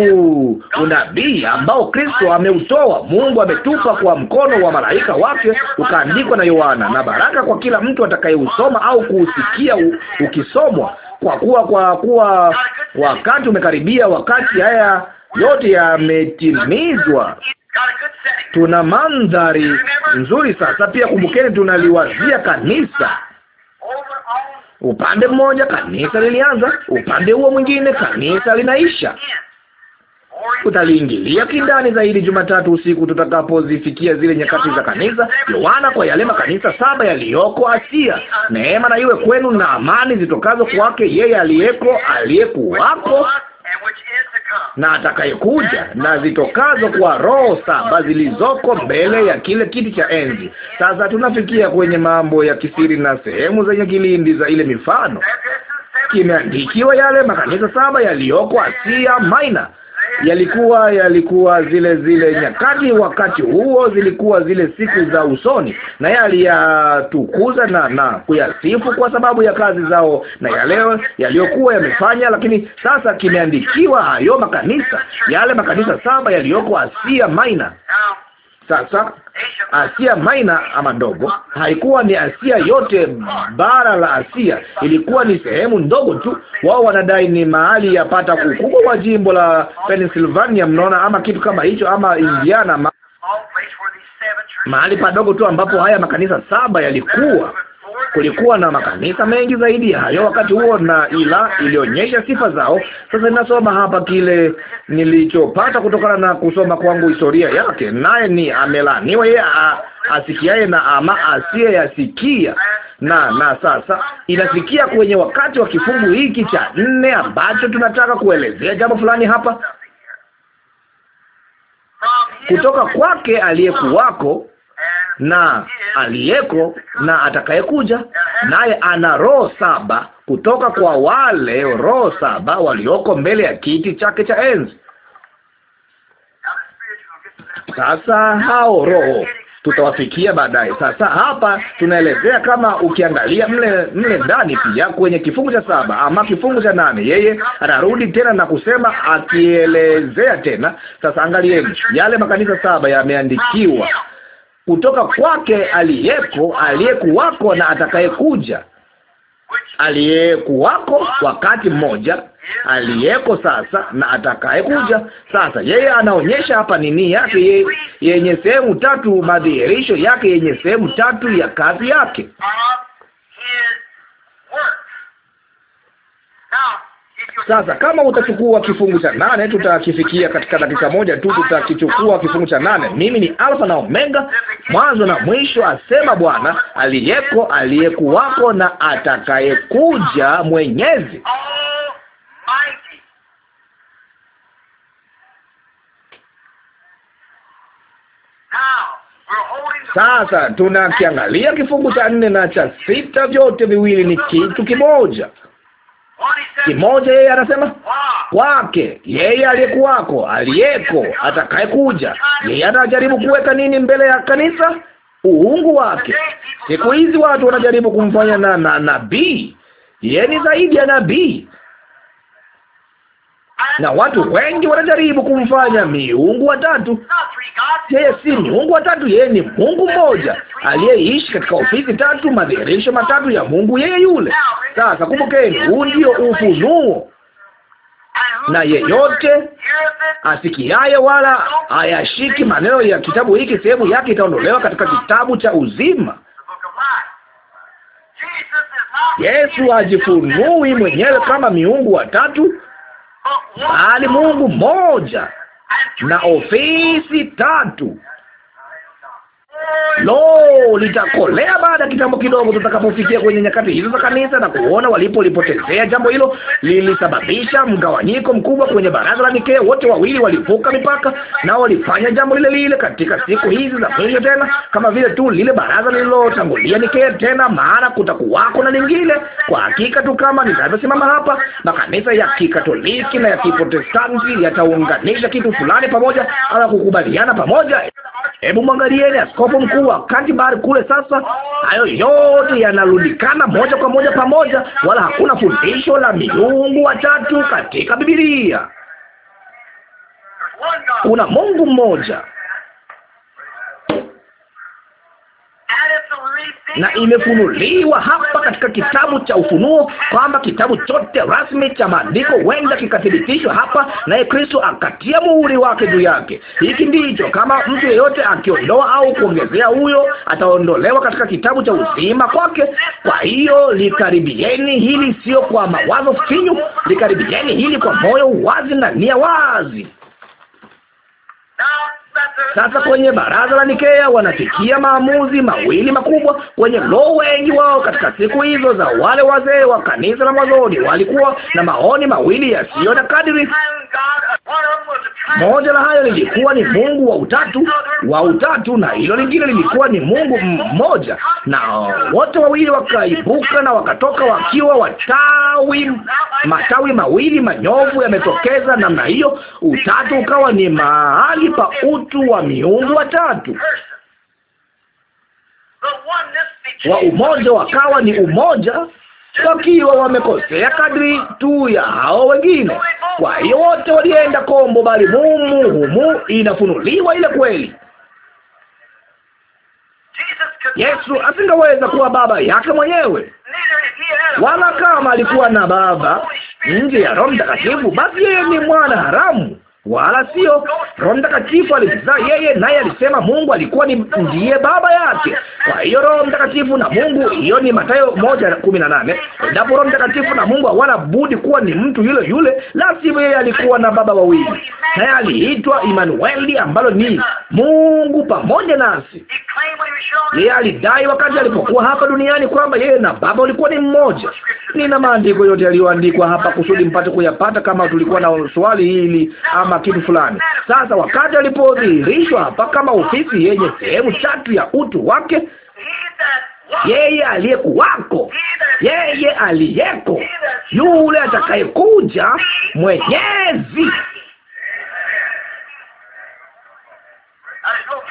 unabii ambao Kristo ameutoa. Mungu ametupa kwa mkono wa malaika wake, ukaandikwa na Yohana, na baraka kwa kila mtu atakayeusoma au kuusikia ukisomwa, kwa kuwa kwa kuwa wakati umekaribia, wakati haya yote yametimizwa. Tuna mandhari nzuri sasa. Pia kumbukeni, tunaliwazia kanisa upande mmoja kanisa lilianza, upande huo mwingine kanisa linaisha. utaliingilia kindani zaidi Jumatatu usiku tutakapozifikia zile nyakati za kanisa. Yohana kwa yale makanisa saba yaliyoko Asia. Neema na iwe kwenu na amani zitokazo kwake yeye aliyeko, aliyekuwako na atakayekuja na zitokazo kwa roho saba zilizoko mbele ya kile kiti cha enzi. Sasa tunafikia kwenye mambo ya kisiri na sehemu zenye kilindi za ile mifano. Kimeandikiwa yale makanisa saba yaliyoko Asia Minor yalikuwa yalikuwa zile zile nyakati, wakati huo zilikuwa zile siku za usoni, na yaliyatukuza na na kuyasifu kwa sababu ya kazi zao na yale yaliyokuwa yamefanya. Lakini sasa kimeandikiwa hayo makanisa, yale makanisa saba yaliyoko Asia Minor sasa Asia Maina ama ndogo haikuwa ni Asia yote, bara la Asia ilikuwa ni sehemu ndogo tu. Wao wanadai ni mahali yapata ukubwa wa jimbo la Pennsylvania, mnaona, ama kitu kama hicho, ama Indiana, mahali padogo tu ambapo haya makanisa saba yalikuwa Kulikuwa na makanisa mengi zaidi hayo wakati huo, na ila ilionyesha sifa zao. Sasa ninasoma hapa kile nilichopata kutokana na kusoma kwangu historia yake, naye ni amelaniwa yeye asikiaye na ama asiyeyasikia na na sasa inafikia kwenye wakati wa kifungu hiki cha nne ambacho tunataka kuelezea jambo fulani hapa kutoka kwake aliyekuwako na aliyeko na atakayekuja, naye ana roho saba kutoka kwa wale roho saba walioko mbele ya kiti chake cha enzi. Sasa hao roho tutawafikia baadaye. Sasa hapa tunaelezea kama ukiangalia mle mle ndani pia kwenye kifungu cha saba ama kifungu cha nane, yeye anarudi tena na kusema akielezea tena. Sasa angalieni yale makanisa saba yameandikiwa kutoka kwake aliyepo, aliyekuwako na atakayekuja, aliyekuwako wakati mmoja, aliyeko sasa na atakayekuja sasa. Yeye anaonyesha hapa nini yake ye, yenye sehemu tatu, madhihirisho yake yenye sehemu tatu ya kazi yake. Sasa kama utachukua kifungu cha nane, tutakifikia katika dakika moja tu. Tutakichukua kifungu cha nane. Mimi ni Alfa na Omega, mwanzo na mwisho, asema Bwana aliyeko, aliyekuwako na atakayekuja, Mwenyezi. Sasa tunakiangalia kifungu cha nne na cha sita, vyote viwili ni kitu kimoja kimoja, yeye anasema kwake, yeye aliyekuwako, aliyeko, atakaye kuja Yeye anajaribu kuweka nini mbele ya kanisa? Uungu wake. Siku hizi watu wanajaribu kumfanya na na nabii. Yeye ni zaidi ya nabii na watu wengi wanajaribu kumfanya miungu watatu. Yeye si miungu watatu, yeye ni Mungu mmoja aliyeishi katika ofisi tatu, madhihirisho matatu ya Mungu yeye yule. Sasa kumbukeni, huu ndio ufunuo na yeyote asikiaye wala hayashiki maneno ya kitabu hiki, sehemu yake itaondolewa katika kitabu cha uzima. Yesu hajifunui mwenyewe kama miungu watatu bali Mungu mmoja na ofisi tatu. Lo, litakolea baada ya kitambo kidogo, tutakapofikia kwenye nyakati hizo za kanisa na kuona walipolipotezea. Jambo hilo lilisababisha mgawanyiko mkubwa kwenye baraza la Nikea. Wote wawili walivuka mipaka, na walifanya jambo lile lile katika siku hizi za mwisho, tena kama vile tu lile baraza lililotangulia Nikea. Tena maana kutakuwako na lingine, kwa hakika tu kama ninavyosimama hapa, makanisa ya Kikatoliki na ya Kiprotestanti yataunganisha kitu fulani pamoja, ama kukubaliana pamoja. Hebu mwangalieni askofu mkuu wa Canterbury kule. Sasa hayo yote yanarudikana moja kwa moja pamoja, wala hakuna fundisho la miungu watatu katika Biblia. Kuna Mungu mmoja na imefunuliwa hapa katika kitabu cha Ufunuo kwamba kitabu chote rasmi cha maandiko huenda kikathibitishwa hapa, naye Kristo akatia muhuri wake juu yake. Hiki ndicho, kama mtu yeyote akiondoa au kuongezea, huyo ataondolewa katika kitabu cha uzima kwake. Kwa hiyo likaribieni hili, sio kwa mawazo finyu, likaribieni hili kwa moyo wazi na nia wazi. Sasa kwenye baraza la Nikea wanafikia maamuzi mawili makubwa. kwenye roho wengi wao katika siku hizo za wale wazee wa kanisa la mwanzoni walikuwa na maoni mawili yasiyo na kadiri. Moja la hayo lilikuwa ni Mungu wa utatu wa utatu, na hilo lingine lilikuwa ni Mungu mmoja, na wote wawili wakaibuka na wakatoka wakiwa watawi matawi mawili manyovu yametokeza namna hiyo. Utatu ukawa ni mahali pa utu kuwa miungu watatu wa umoja, wakawa ni umoja wakiwa wamekosea kadri tu ya hao wengine. Kwa hiyo wote walienda kombo, bali mumu humu inafunuliwa ile kweli. Yesu asingeweza kuwa baba yake mwenyewe, wala kama alikuwa na baba nje ya Roho Mtakatifu, basi yeye ni mwana haramu wala sio. Roho Mtakatifu alizaa yeye, naye alisema Mungu alikuwa ni ndiye baba yake. Kwa hiyo Roho Mtakatifu na Mungu, hiyo ni Mathayo moja kumi na nane. Endapo Roho Mtakatifu na Mungu hawana budi kuwa ni mtu yule yule, la sivyo yeye alikuwa na baba wawili, naye aliitwa Imanueli, ambalo ni Mungu pamoja nasi. Yeye alidai wakati alipokuwa hapa duniani kwamba yeye na baba walikuwa ni mmoja. Nina maandiko yote yaliyoandikwa hapa kusudi mpate kuyapata, kama tulikuwa na swali hili ama kitu fulani. Sasa wakati alipodhihirishwa hapa kama ofisi yenye sehemu tatu ya utu wake, yeye aliyekuwako, yeye aliyeko, yule atakayekuja, Mwenyezi.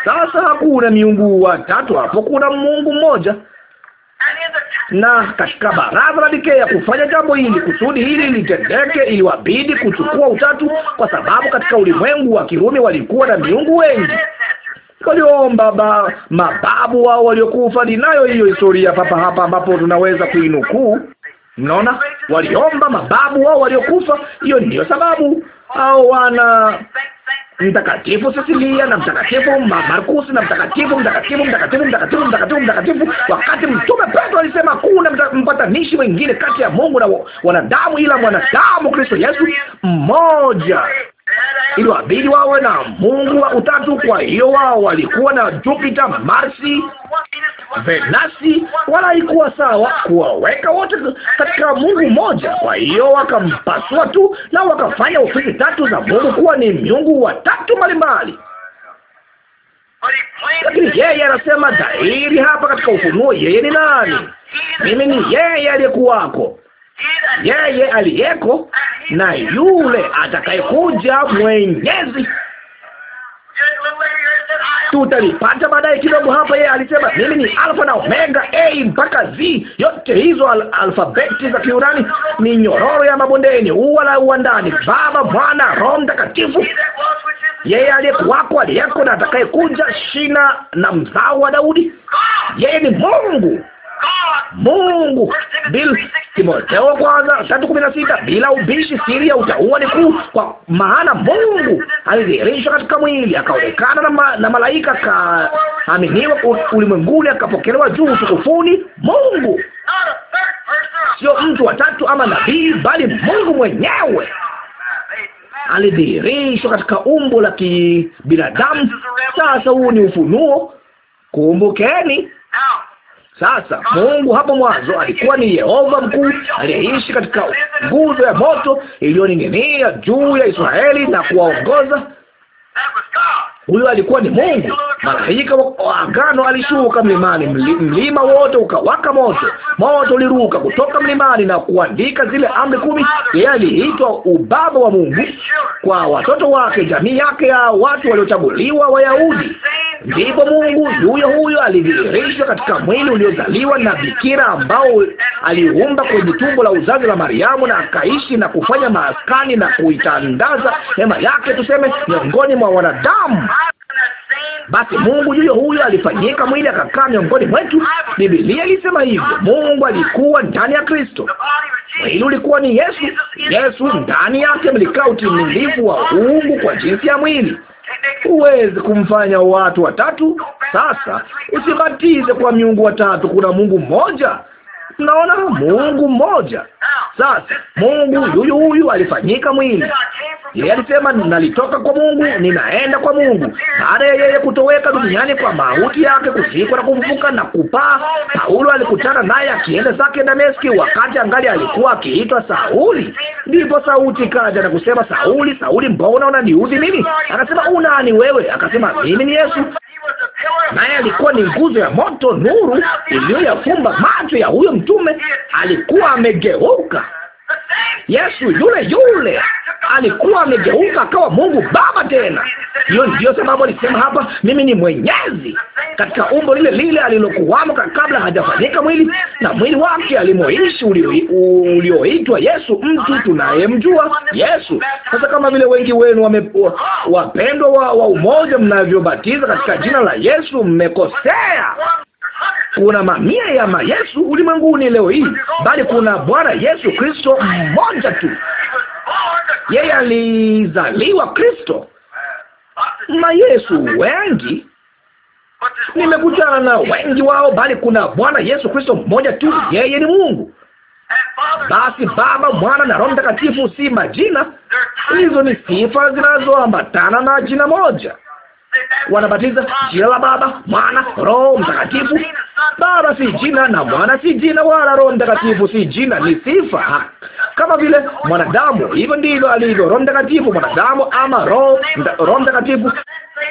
Sasa hakuna miungu watatu hapo, kuna Mungu mmoja na katika baraza la Nikea kufanya jambo hili. Kusudi hili litendeke, iliwabidi kuchukua utatu, kwa sababu katika ulimwengu wa Kirumi walikuwa na miungu wengi waliomba ba, mababu wao waliokufa. Ninayo hiyo historia papa hapa, ambapo tunaweza kuinukuu. Mnaona, waliomba mababu wao waliokufa. Hiyo ndiyo sababu au wana Mtakatifu sisilia na Mtakatifu markus na Mtakatifu Mtakatifu Mtakatifu Mtakatifu Mtakatifu Mtakatifu. Wakati mtume Petro alisema kuna mpatanishi mwingine kati ya Mungu na wanadamu ila mwanadamu Kristo Yesu mmoja iliwabidi wawe na Mungu wa utatu. Kwa hiyo wao walikuwa na Jupiter, Marsi, Venasi, wala haikuwa sawa kuwaweka wote katika Mungu mmoja. Kwa hiyo wakampasua tu na wakafanya ofisi tatu za Mungu kuwa ni miungu tatu mbalimbali. Lakini yeye anasema dhahiri hapa katika Ufunuo, yeye ni nani? Mimi ni yeye aliyekuwako yeye aliyeko na yule atakayekuja mwenyezi tutalipata baadaye kidogo hapa. Yeye alisema mimi ni alfa na omega, a mpaka z. Yote hizo al alfabeti za Kiurani ni nyororo ya mabondeni, ua la uandani Baba, Mwana, Roho Mtakatifu. Yeye aliyekuwako, aliyeko na atakayekuja, shina na mzao wa Daudi. Yeye ni Mungu. Mungu bil Timotheo wa kwanza tatu kumi na sita bila ubishi, siri ya utaua ni kuu, kwa maana Mungu alidhihirishwa katika mwili, akaonekana na, ma, na malaika, akaaminiwa ulimwenguni, akapokelewa juu utukufuni. Mungu sio mtu wa tatu ama nabii, bali Mungu mwenyewe alidhihirishwa katika umbo la kibinadamu. Sasa huu ni ufunuo. Kumbukeni, sasa Mungu hapo mwanzo alikuwa ni Yehova mkuu aliyeishi katika nguzo ya moto iliyoning'inia juu ya Israeli na kuwaongoza. Huyo alikuwa ni Mungu. Malaika wa agano alishuka mlimani, mlima wote ukawaka moto. Moto uliruka kutoka mlimani na kuandika zile amri kumi. Yeye aliitwa ubaba wa Mungu kwa watoto wake, jamii yake ya watu waliochaguliwa, Wayahudi. Ndipo Mungu yuyo huyo alidhihirishwa katika mwili uliozaliwa na bikira, ambao aliumba kwenye tumbo la uzazi la Mariamu, na akaishi na kufanya maskani na kuitandaza hema yake, tuseme, miongoni mwa wanadamu. Basi Mungu yuyo huyo alifanyika mwili akakaa miongoni mwetu. Biblia ilisema hivyo. Mungu alikuwa ndani ya Kristo, mwili ulikuwa ni Yesu. Yesu ndani yake mlikaa utimilifu wa uungu kwa jinsi ya mwili huwezi kumfanya watu watatu. Sasa usibatize kwa miungu watatu, kuna Mungu mmoja. Tunaona Mungu mmoja. Sasa Mungu huyu huyu alifanyika mwili. Yeye alisema nalitoka kwa Mungu, ninaenda kwa Mungu. Baada ya yeye kutoweka duniani kwa mauti yake, kusikwa na kufufuka na kupaa, Paulo alikutana naye akienda zake Dameski, wakati angali alikuwa akiitwa Sauli. Ndipo sauti kaja na kusema, Sauli, Sauli, mbona unaniudhi mimi? Akasema, unani wewe? Akasema, mimi ni Yesu naye alikuwa ni nguzo ya moto, nuru iliyoyafumba macho ya huyo mtume. Alikuwa amegeuka Yesu yule yule, alikuwa amegeuka akawa Mungu Baba tena. Hiyo ndiyo sababu alisema hapa, mimi ni mwenyezi katika umbo lile lile alilokuwamo kabla hajafanyika mwili, na mwili wake alimoishi ulioitwa Yesu, mtu tunayemjua Yesu. Sasa kama vile wengi wenu wamepua, wapendwa wa, wa umoja, mnavyobatiza katika jina la Yesu, mmekosea. Kuna mamia ya yesu ulimwenguni leo hii, bali kuna Bwana Yesu Kristo mmoja tu yeye alizaliwa Kristo na Yesu. Wengi nimekutana na wengi wao, bali kuna Bwana Yesu Kristo mmoja tu, yeye ni Mungu. Basi Baba, Mwana na Roho Mtakatifu si majina, hizo ni sifa zinazoambatana na jina moja wanabatiza jina la Baba, Mwana, Roho Mtakatifu. Baba si jina na Mwana si jina wala Roho Mtakatifu si jina, ni sifa, kama vile mwanadamu. Hivyo ndivyo alivyo Roho Mtakatifu mwanadamu, ama Roho Roho Mtakatifu.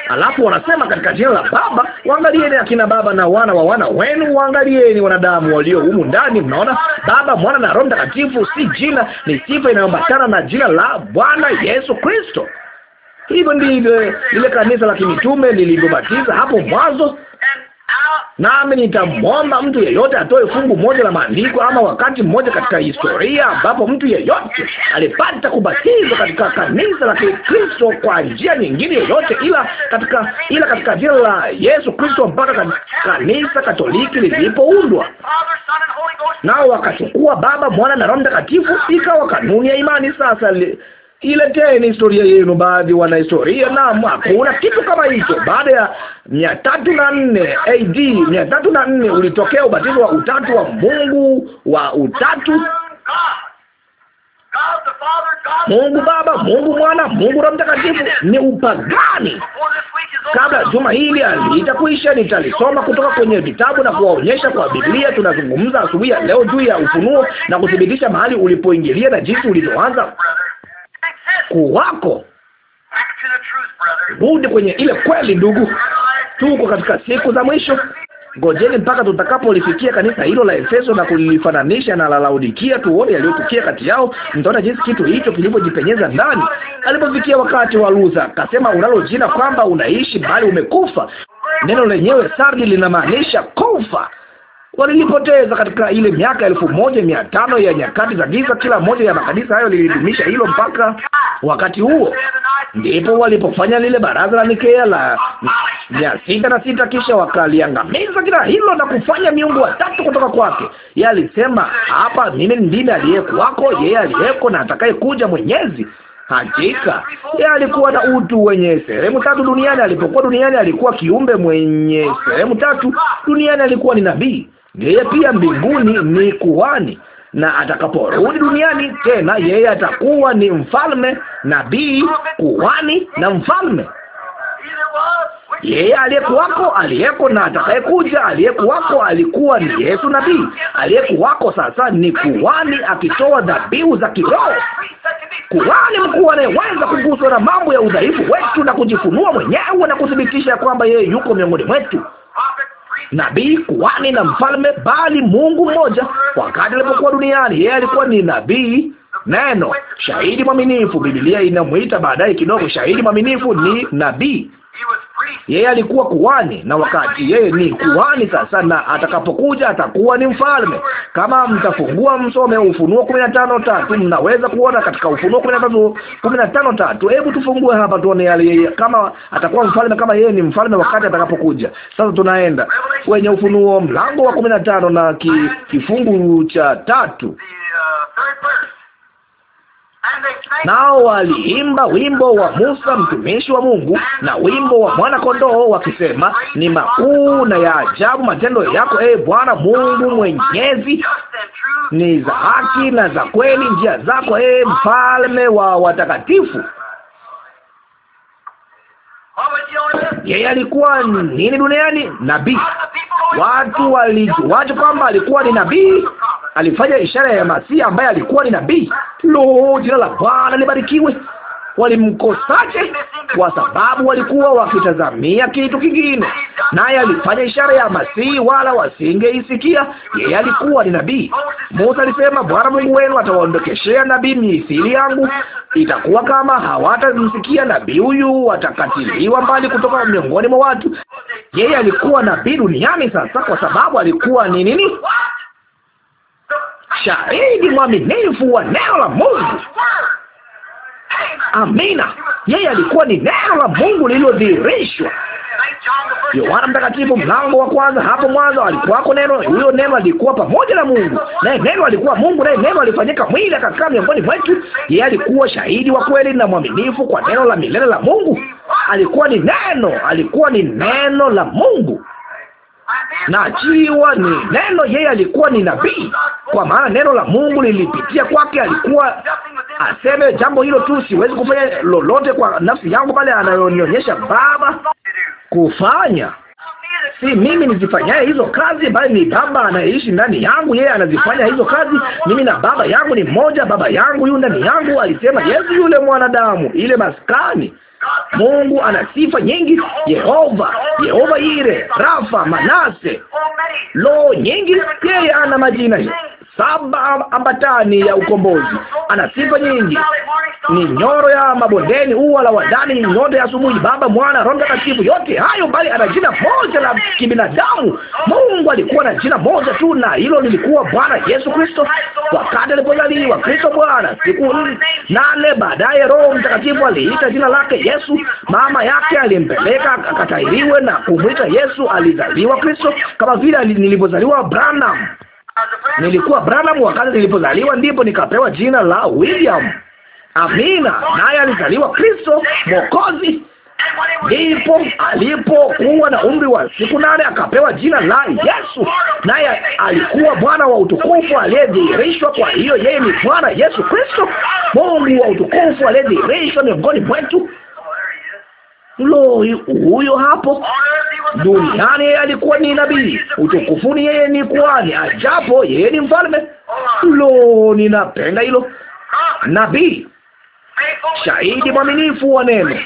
Alafu wanasema katika jina la Baba, waangalieni akina baba na wana wa wana wenu, waangalieni wanadamu walio humu ndani. Mnaona, Baba, Mwana na Roho Mtakatifu si jina, ni sifa inayoambatana na jina la Bwana Yesu Kristo. Hivyo ndivyo lile kanisa la kimitume lilivyobatiza hapo mwanzo. Nami nitamwomba mtu yeyote atoe fungu moja la maandiko ama wakati mmoja katika historia ambapo mtu yeyote alipata kubatizwa katika kanisa la Kikristo kwa njia nyingine yoyote ila katika ila katika jina la Yesu Kristo mpaka kanisa Katoliki lilipoundwa, nao wakachukua Baba, Mwana na Roho Mtakatifu, ikawa kanuni ya imani. Sasa li, Ileteni historia yenu, baadhi wana wanahistoria. Naam, hakuna kitu kama hicho. Baada ya mia tatu na nne AD, mia tatu na nne ulitokea ubatizo wa utatu wa Mungu wa utatu Mungu Baba, Mungu Mwana, Mungu Roho Mtakatifu ni upagani. Kabla juma hili halitakuisha, nitalisoma kutoka kwenye vitabu na kuwaonyesha kwa Biblia. Tunazungumza asubuhi ya leo juu ya ufunuo na kuthibitisha mahali ulipoingilia na jinsi ulivyoanza kuwako Rudi kwenye ile kweli. Ndugu, tuko katika siku za mwisho. Ngojeni mpaka tutakapolifikia kanisa hilo la Efeso na kulifananisha na la Laodikia, tuone yaliyotukia kati yao. Mtaona jinsi kitu hicho kilivyojipenyeza ndani. Alipofikia wakati wa Luther, akasema unalo jina kwamba unaishi bali umekufa. Neno lenyewe sardi linamaanisha kufa walilipoteza katika ile miaka elfu moja mia tano ya nyakati za giza. Kila moja ya makanisa hayo lilidumisha hilo mpaka wakati huo, ndipo walipofanya lile baraza la Nikea la mia sita na sita, kisha wakaliangamiza kila hilo na kufanya miungu watatu kutoka kwake. Ye alisema hapa, mimi ndimi aliyekuwako, yeye aliyeko na kuja Mwenyezi. Hakika yeye alikuwa na utu wenye sehemu tatu duniani. Alipokuwa duniani, alikuwa kiumbe mwenye sehemu tatu duniani, alikuwa ni nabii yeye pia mbinguni ni kuhani, na atakaporudi duniani tena, yeye atakuwa ni mfalme, nabii, kuhani na mfalme. Yeye aliyekuwako, aliyeko na atakayekuja. Aliyekuwako alikuwa ni Yesu nabii, aliyekuwako sasa ni kuhani akitoa dhabihu za kiroho, kuhani mkuu anayeweza kuguswa na mambo ya udhaifu wetu na kujifunua mwenyewe na kuthibitisha kwamba yeye yuko miongoni mwetu nabii, kuhani na mfalme, bali Mungu mmoja. Wakati alipokuwa duniani, yeye alikuwa ni nabii neno, shahidi mwaminifu. Biblia inamwita baadaye kidogo shahidi mwaminifu, ni nabii. Yeye alikuwa kuhani, na wakati yeye ni kuhani sasa, na atakapokuja atakuwa ni mfalme. Kama mtafungua msome Ufunuo kumi na tano tatu mnaweza kuona katika Ufunuo kumi na tatu kumi na tano tatu. Hebu tufungue hapa tuone yale yeye, kama atakuwa mfalme, kama yeye ni mfalme wakati atakapokuja. Sasa tunaenda kwenye Ufunuo mlango wa kumi na tano na ki, kifungu cha tatu nao waliimba wimbo wa Musa mtumishi wa Mungu na wimbo wa mwana kondoo, wakisema ni makuu na ya ajabu matendo yako, e Bwana Mungu Mwenyezi, ni za haki na za kweli njia zako, e mfalme wa watakatifu. Yeye alikuwa nini duniani? Nabii. Watu walijuaje kwamba alikuwa ni nabii? alifanya ishara ya Masihi ambaye alikuwa ni nabii. Lo, jina la Bwana libarikiwe. Walimkosaje? Kwa sababu walikuwa wakitazamia kitu kingine, naye alifanya ishara ya Masihi wala wasingeisikia. Yeye alikuwa ni nabii. Musa alisema, Bwana Mungu wenu atawaondokeshea nabii mithili yangu. Itakuwa kama hawatamsikia nabii huyu, watakatiliwa mbali kutoka miongoni mwa watu. Yeye alikuwa nabii duniani sasa, kwa sababu alikuwa ni nini? shahidi mwaminifu wa neno la Mungu. Amina, yeye alikuwa ni neno la Mungu lililodhihirishwa. Yohana Mtakatifu mlango wa kwanza, hapo mwanzo alikuwako neno, huyo neno alikuwa pamoja na Mungu, naye neno alikuwa Mungu, naye neno alifanyika mwili akakaa miongoni mwetu. Yeye alikuwa shahidi wa kweli na mwaminifu kwa neno la milele la Mungu. Alikuwa ni neno, alikuwa ni neno la Mungu na jiwa ni neno. Yeye alikuwa ni nabii, kwa maana neno la Mungu lilipitia kwake. Alikuwa aseme jambo hilo tu. Siwezi kufanya lolote kwa nafsi yangu, pale anayonionyesha Baba kufanya si mimi nizifanyaye hizo kazi, bali ni Baba anayeishi ndani yangu, yeye anazifanya hizo kazi. Mimi na Baba yangu ni mmoja, Baba yangu yu ndani yangu, alisema Yesu yule mwanadamu, ile maskani Mungu ana sifa nyingi, Yehova, Yehova Ire, Rafa, Manase, lo nyingi. Yeye ana majina saba ambatani ya ukombozi. Ana sifa nyingi, ni nyoro ya mabondeni, ua la wadani, ng'ondo ya asubuhi, Baba, Mwana, Roho Mtakatifu, yote hayo, bali ana jina moja la kibinadamu. Mungu alikuwa na jina moja tu, na hilo lilikuwa Bwana Yesu Kristo. Wakati alipozaliwa Kristo Bwana, siku nane baadaye, Roho Mtakatifu aliita jina lake Yesu. Mama yake alimpeleka akatahiriwe na kumwita Yesu. Alizaliwa Kristo kama vile nilivyozaliwa Branham. Nilikuwa Branham wakati nilipozaliwa, ndipo nikapewa jina la William. Amina. Naye alizaliwa Kristo Mwokozi, ndipo alipokuwa na umri wa siku nane akapewa jina la Yesu. Naye alikuwa Bwana wa utukufu aliyedhihirishwa. Kwa hiyo yeye ni Bwana Yesu Kristo, Mungu wa utukufu aliyedhihirishwa miongoni mwetu. Lo, huyo hapo duniani yeye alikuwa ni nabii, utukufuni yeye ni kwani ajapo yeye ni mfalme. Lo, ninapenda hilo. Nabii shahidi mwaminifu wa neno,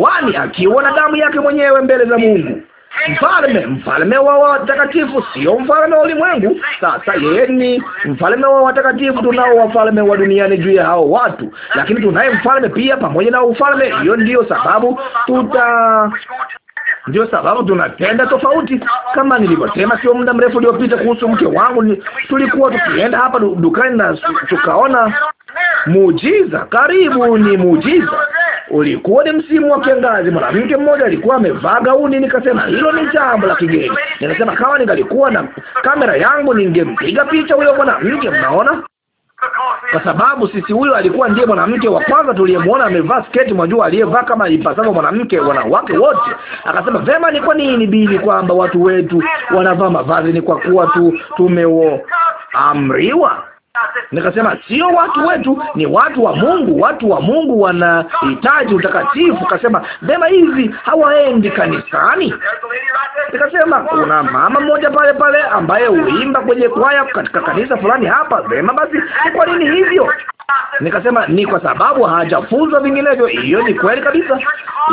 kwani akiwa na damu yake mwenyewe mbele za Mungu mfalme, mfalme wa watakatifu, sio mfalme wa ulimwengu. Sasa yeye ni mfalme wa watakatifu. Tunao wafalme wa duniani juu ya hao watu, lakini tunaye mfalme pia pamoja na ufalme. Hiyo ndiyo sababu tuta ndio sababu tunatenda tofauti. Kama nilivyosema sio muda mrefu uliopita kuhusu mke wangu, tulikuwa tukienda hapa dukani na tukaona muujiza, karibu ni muujiza. Ulikuwa ni msimu wa kiangazi. Mwanamke mmoja alikuwa amevaa gauni, nikasema hilo ni jambo la kigeni. Nikasema kama ningalikuwa na kamera yangu ningempiga picha huyo mwanamke. Mnaona, kwa sababu sisi, huyo alikuwa ndiye mwanamke wa kwanza tuliyemwona amevaa sketi, mwajua, aliyevaa kama ipasavyo mwanamke, wanawake wote. Akasema vema, ni kwa nini bili kwamba watu wetu wanavaa mavazi? Ni kwa kuwa tu tumeoamriwa Nikasema sio watu wetu, ni watu wa Mungu. Watu wa Mungu wanahitaji utakatifu. Kasema vema, hivi hawaendi kanisani? Nikasema kuna mama mmoja pale pale ambaye huimba kwenye kwaya katika kanisa fulani hapa. Vema basi, kwa nini hivyo? Nikasema ni kwa sababu hajafunzwa vinginevyo. Hiyo ni kweli kabisa.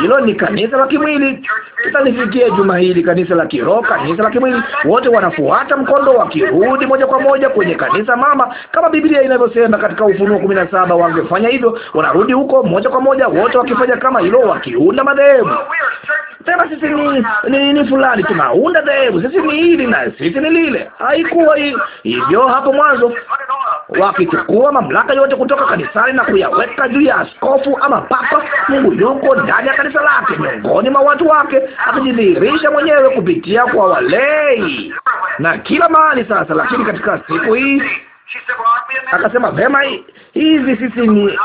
Hilo ni kanisa la kimwili. Tutalifikia juma hili, kanisa la kiroho, kanisa la kimwili. Wote wanafuata mkondo wakirudi moja kwa moja kwenye kanisa mama, kama Biblia inavyosema katika Ufunuo kumi na saba. Wangefanya hivyo, wanarudi huko moja kwa moja, wote wakifanya kama hilo, wakiunda madhehebu sema sisi ni, ni, ni fulani tunaunda dhehebu, sisi ni hili na sisi ni lile. Haikuwa hivyo hapo mwanzo, wakichukua mamlaka yote kutoka kanisani na kuyaweka juu ya askofu ama papa. Mungu yuko ndani ya kanisa lake, miongoni mwa watu wake, akijidhihirisha mwenyewe kupitia kwa walei na kila mahali. Sasa lakini katika siku hii akasema vema, hivi sisi ni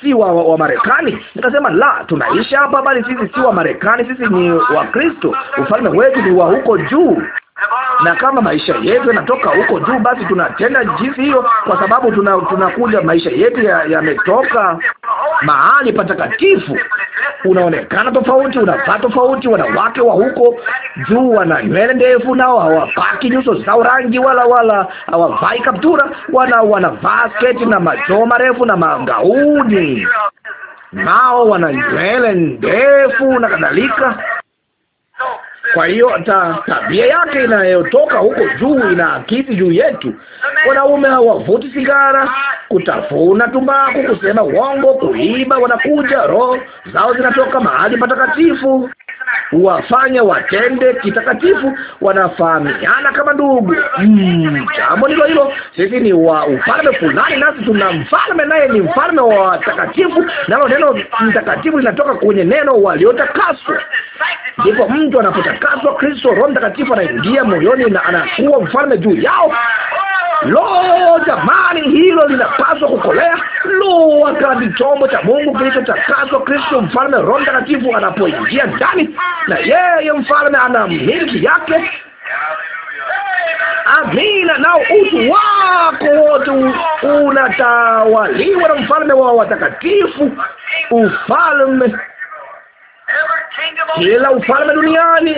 si wa, wa Marekani. Nikasema la, tunaishi hapa, bali sisi si wa Marekani, sisi ni wa Kristo. Ufalme wetu ni wa huko juu na kama maisha yetu yanatoka huko juu, basi tunatenda jinsi hiyo, kwa sababu tuna, tunakuja maisha yetu yametoka ya mahali patakatifu. Unaonekana tofauti, unavaa tofauti. Wanawake wa huko juu wana nywele ndefu, nao hawapaki nyuso zao rangi, wala wala hawavai kaptura, wana wanavaa sketi na majoo marefu na magauni, nao wana nywele ndefu na kadhalika kwa hiyo ta, tabia yake inayotoka huko juu inaakisi juu yetu. Wanaume hawavuti sigara, kutafuna tumbaku, kusema uongo, kuiba. Wanakuja, roho zao zinatoka mahali patakatifu, wafanya watende kitakatifu, wanafahamiana kama ndugu. Mm, jambo ndilo hilo. Sisi ni wa ufalme fulani, nasi tuna mfalme, naye ni mfalme wa watakatifu, nalo neno mtakatifu linatoka kwenye neno waliotakaswa. Ndipo mtu anapota wanatakaswa, Kristo Roho Mtakatifu anaingia moyoni na anakuwa mfalme juu yao. Lo, jamani, hilo linapaswa kukolea. Lo, wakati chombo cha Mungu kilichotakaswa, Kristo mfalme, Roho Mtakatifu anapoingia ndani, na yeye mfalme ana milki yake. Amina. Nao utu wako wote unatawaliwa na mfalme wa watakatifu, ufalme kila ufalme duniani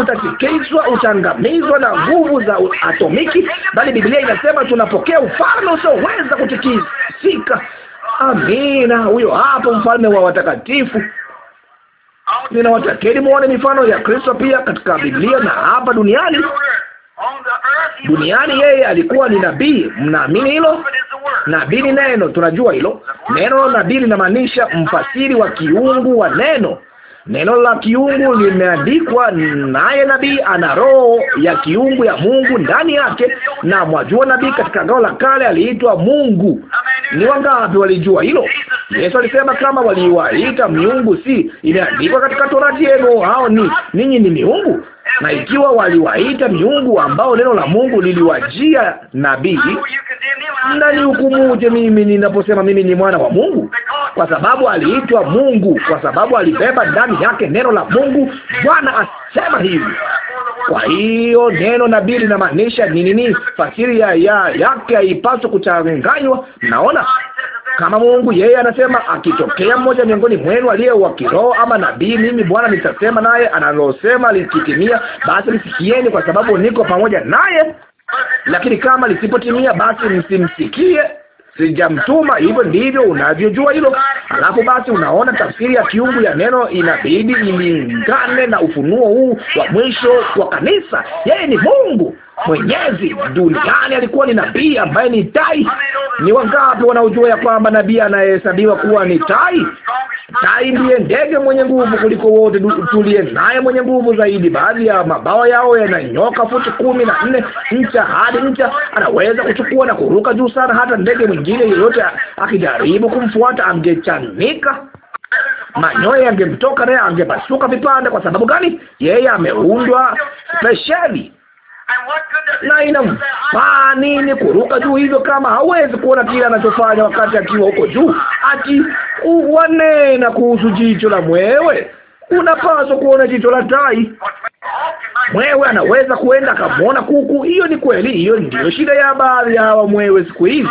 utatikizwa utaangamizwa na nguvu za atomiki, bali Biblia inasema tunapokea ufalme usioweza kutikisika. Amina, huyo hapo mfalme wa watakatifu. Ninawatakeni muone mifano ya Kristo pia katika Biblia na hapa duniani. Duniani yeye alikuwa ni nabii. Mnaamini hilo? Nabii ni neno, tunajua hilo neno. Nabii linamaanisha mfasiri wa kiungu wa neno Neno la kiungu limeandikwa, naye nabii ana roho ya kiungu ya Mungu ndani yake. Na mwajua nabii katika Agano la Kale aliitwa Mungu. Ni wangapi walijua hilo? Yesu alisema kama waliwaita miungu, si imeandikwa katika Torati yenu, hao ni ninyi ni miungu na ikiwa waliwaita miungu ambao neno la Mungu liliwajia nabii, mnanihukumuje mimi ninaposema mimi ni mwana wa Mungu? Kwa sababu aliitwa Mungu, kwa sababu alibeba ndani yake neno la Mungu. Bwana asema hivi. Kwa hiyo neno nabii linamaanisha ni nini? Fasiri ya, ya yake haipaswi kuchanganywa. Naona kama Mungu yeye anasema, akitokea mmoja miongoni mwenu aliye wa kiroho ama nabii, mimi Bwana nitasema naye, analosema likitimia, basi msikieni, kwa sababu niko pamoja naye. Lakini kama lisipotimia, basi msimsikie sijamtuma. Hivyo ndivyo unavyojua hilo. Alafu basi, unaona tafsiri ya kiungu ya neno inabidi ilingane na ufunuo huu wa mwisho wa kanisa. Yeye ni Mungu mwenyezi duniani. Alikuwa ni nabii ambaye ni tai. Ni wangapi wanaojua ya kwamba nabii anahesabiwa kuwa ni tai? Tai ndege mwenye nguvu kuliko wote tulie naye, mwenye nguvu zaidi. Baadhi ya mabawa yao yananyoka futi kumi na nne ncha hadi ncha, anaweza kuchukua na kuruka juu sana. Hata ndege mwingine yeyote akijaribu kumfuata angechanika manyoya yangemtoka naye angepasuka vipande. Kwa sababu gani? Yeye ameundwa spesheli na inamfaa nini kuruka juu hivyo kama hawezi kuona kile anachofanya wakati akiwa huko juu? Ati wanena kuhusu jicho la mwewe, unapaswa kuona jicho la tai. Mwewe anaweza kuenda akamwona kuku. Hiyo ni kweli, hiyo ndiyo shida ya baadhi ya hawa mwewe siku hizi.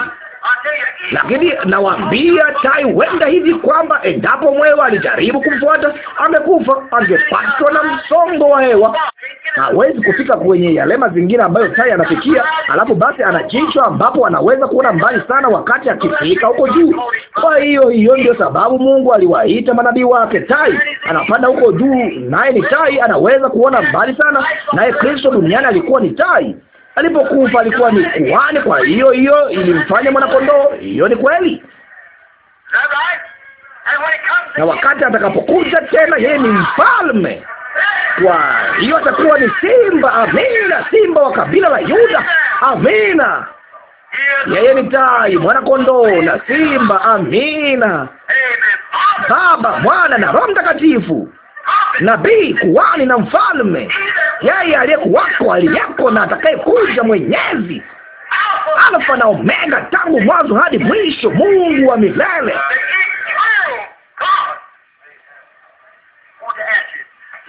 Lakini nawaambia tai, wenda hivi kwamba endapo mwewe alijaribu kumfuata, amekufa. Angepatwa na msongo wa hewa, hawezi kufika kwenye yale mazingira ambayo tai anafikia. Alafu basi ana jicho ambapo anaweza kuona mbali sana wakati akifika huko juu. Kwa hiyo, hiyo ndio sababu Mungu aliwaita manabii wake tai. Anapanda huko juu, naye ni tai, anaweza kuona mbali sana. Naye Kristo duniani alikuwa ni tai alipokufa alikuwa ni kuhani, kwa hiyo hiyo ilimfanya mwanakondoo. Hiyo ni kweli, na wakati atakapokuja tena, yeye ni mfalme, kwa hiyo atakuwa ni simba. Amina, simba wa kabila la Yuda. Amina, yeye ni tai, mwanakondoo na simba. Amina, Baba, Mwana na Roho Mtakatifu nabii, kuhani na mfalme, yeye aliyekuwako, aliyeko na atakayekuja, Mwenyezi Alfa na Omega, tangu mwanzo hadi mwisho, Mungu wa milele.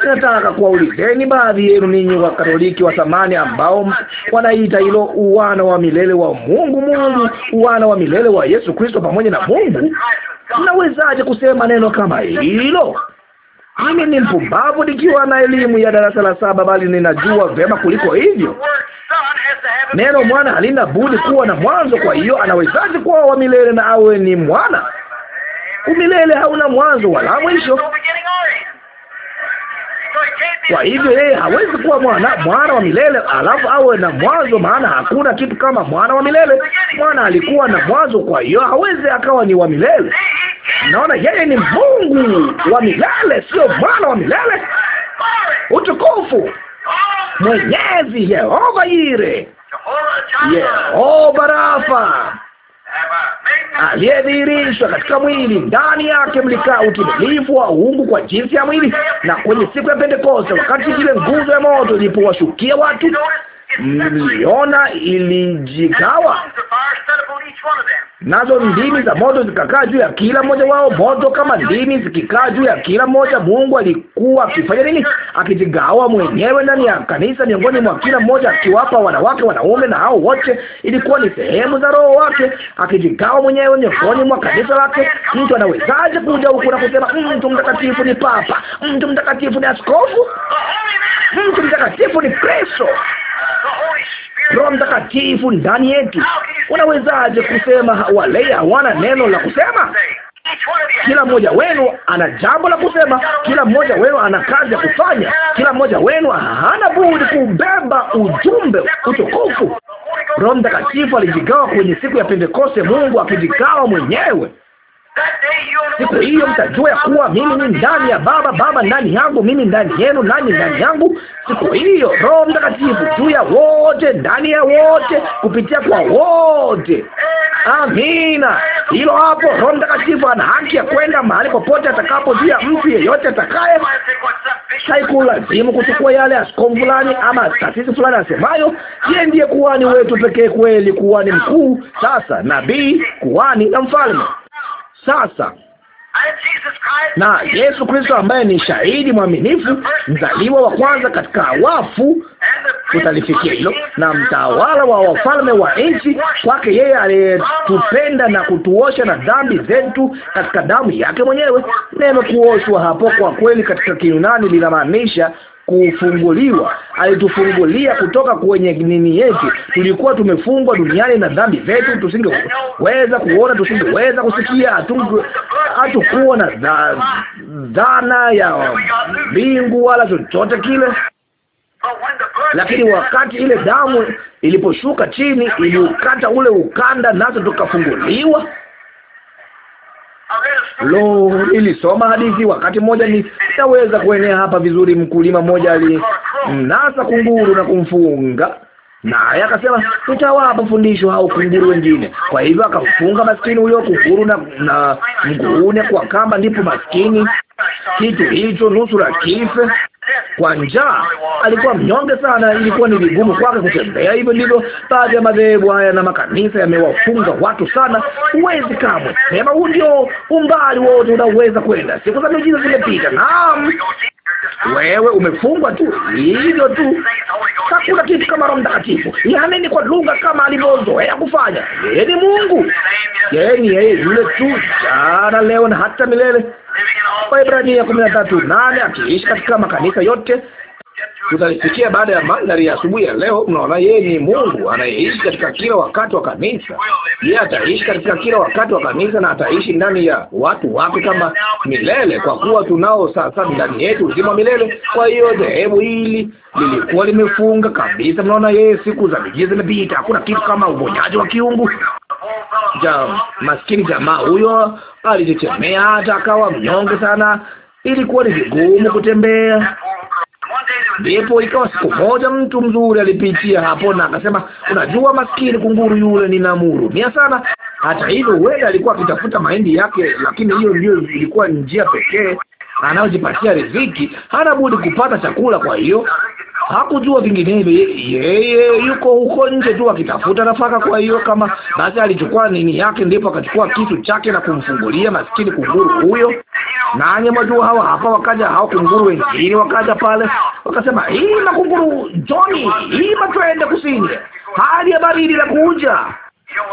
Nataka kuwaulizeni baadhi yenu ninyi wa Katoliki wa zamani ambao wanaita hilo uwana wa milele wa Mungu, Mungu uwana wa milele wa Yesu Kristo pamoja na Mungu, mnawezaje kusema neno kama hilo? ama ni mpumbavu nikiwa na elimu ya darasa la saba, bali ninajua vema kuliko hivyo. Neno mwana halina budi kuwa na mwanzo. Kwa hiyo anawezaje kuwa wa milele na awe ni mwana? Umilele hauna mwanzo wala mwisho. Kwa hivyo yeye hawezi kuwa mwana mwana wa milele alafu awe na mwanzo, maana hakuna kitu kama mwana wa milele. Mwana alikuwa na mwanzo, kwa hiyo hawezi akawa ni wa milele. Naona yeye ni Mungu wa milele, sio mwana wa milele. Utukufu Mwenyezi Yehova Yire, Yehova Rafa aliyedhihirishwa katika mwili, ndani yake mlikaa utimilifu wa uungu kwa jinsi ya mwili. Na kwenye siku ya Pentekoste, wakati ile nguzo ya moto ilipowashukia watu, mliona ilijigawa nazo ndimi za moto zikakaa juu ya kila mmoja wao, moto kama ndimi zikikaa juu ya kila mmoja. Mungu alikuwa akifanya nini? Akijigawa mwenyewe ndani ya kanisa, miongoni mwa kila mmoja, akiwapa wanawake, wanaume, na hao wote ilikuwa ni sehemu za roho wake, akijigawa mwenyewe miongoni mwa kanisa lake. Mtu anawezaje kuja huku na kusema mm, mtu mtakatifu ni papa, mtu mtakatifu ni askofu, mtu mtakatifu ni Kristo? Roho Mtakatifu ndani yetu. Unawezaje kusema wale hawana neno la kusema? Kila mmoja wenu ana jambo la kusema, kila mmoja wenu ana kazi ya kufanya, kila mmoja wenu hana budi kubeba ujumbe utukufu. Roho Mtakatifu alijigawa kwenye siku ya Pentekoste, Mungu akijigawa mwenyewe. Siku hiyo mtajua ya kuwa mimi ni ndani ya Baba, Baba ndani yangu, mimi ndani yenu, nani ndani yangu. Siku hiyo Roho Mtakatifu juu ya wote, ndani ya wote, kupitia kwa wote. Amina, hilo hapo. Roho Mtakatifu ana haki ya kwenda mahali popote atakapo juu ya mtu yeyote atakaye. Haikulazimu kuchukua yale askofu fulani ama taasisi fulani asemayo. Yeye ndiye kuhani wetu pekee kweli, kuhani mkuu, sasa nabii, kuhani na mfalme sasa na Yesu Kristo ambaye ni shahidi mwaminifu, mzaliwa wa kwanza katika wafu, tutalifikia hilo, na mtawala wa wafalme wa nchi, kwake yeye aliyetupenda na kutuosha na dhambi zetu katika damu yake mwenyewe. Neno kuoshwa hapo kwa kweli katika Kiyunani linamaanisha kufunguliwa, alitufungulia kutoka kwenye nini yetu. Tulikuwa tumefungwa duniani na dhambi zetu, tusingeweza kuona, tusingeweza kusikia, hatukuwa na dhana ya mbingu wala chochote kile lakini wakati ile damu iliposhuka chini iliukata ule ukanda, nazo tukafunguliwa. Lo, ilisoma hadithi wakati mmoja, ni taweza kuenea hapa vizuri. Mkulima mmoja alimnasa kunguru na kumfunga naye akasema nitawapa fundisho hao kunguru wengine. Kwa hivyo akafunga maskini huyo kunguru na, na mguuni kwa kamba, ndipo maskini kitu hicho nusura kife kwa njaa, alikuwa mnyonge sana, ilikuwa ni vigumu kwake kutembea. Hivyo ndivyo baadhi ya madhehebu haya na makanisa yamewafunga watu sana. Huwezi kamwe sema huu ndio umbali wote unaweza kwenda. Siku za miujiza zimepita. Naam, wewe umefungwa tu hivyo tu, hakuna kitu kama Roho Mtakatifu. ni kwa lugha kama alivyozoea kufanya. Yeye ni Mungu, yeye ni yeye yule tu, jana leo na hata milele. Waebrania kumi na tatu nane akiishi katika makanisa yote tutalifikia baada ya mandhari ya asubuhi ya leo. Mnaona, yeye ni Mungu anayeishi katika kila wakati wa kanisa. Yeye ataishi katika kila wakati wa kanisa na ataishi ndani ya watu wake kama milele, kwa kuwa tunao sasa ndani yetu uzima wa milele. Kwa hiyo dhehebu hili lilikuwa limefunga kabisa. Mnaona, yeye siku za bidii zimepita, hakuna kitu kama uponyaji wa kiungu. Ja, maskini jamaa huyo alijitemea hata akawa mnyonge sana, ilikuwa ni vigumu kutembea Ndipo ikawa siku moja mtu mzuri alipitia hapo na akasema, unajua, maskini kunguru yule ninamhurumia sana. Hata hivyo, huenda alikuwa akitafuta mahindi yake, lakini hiyo ndiyo ilikuwa njia pekee anayojipatia riziki. Hana budi kupata chakula. Kwa hiyo hakujua vinginevyo. Yeye yuko huko nje tu akitafuta nafaka. Kwa hiyo kama basi, alichukua nini yake, ndipo akachukua kitu chake na kumfungulia maskini kunguru huyo. Nanye mwajua, hawa hapa wakaja hao kunguru wengine, wakaja pale wakasema, hii makunguru Johnny, hii matwende kusini, hali ya baridi la kuja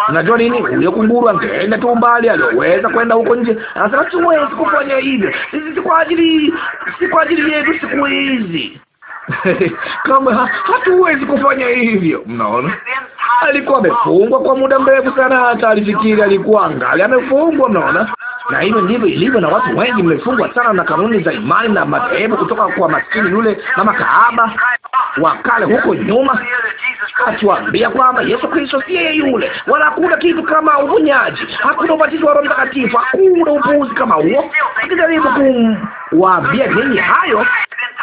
Unajua nini? Huyo kunguru angeenda tu mbali aliweza kwenda huko nje. Anasema siwezi kufanya hivyo, si kwa ajili si kwa ajili yetu siku hizi. kama hatuwezi kufanya hivyo. Mnaona, alikuwa amefungwa kwa muda mrefu sana, hata alifikiri alikuwa angali amefungwa. Mnaona, na hivyo ndivyo ilivyo na watu wengi, mmefungwa sana na kanuni za imani na madhehebu, kutoka kwa maskini yule na makahaba wakale huko nyuma, akiwaambia kwamba Yesu Kristo si yeye yule, wala hakuna kitu kama uvunyaji hakuna ubatizo wa Roho Mtakatifu, hakuna upuuzi kama huo, akijaribu kuwaambia ninyi hayo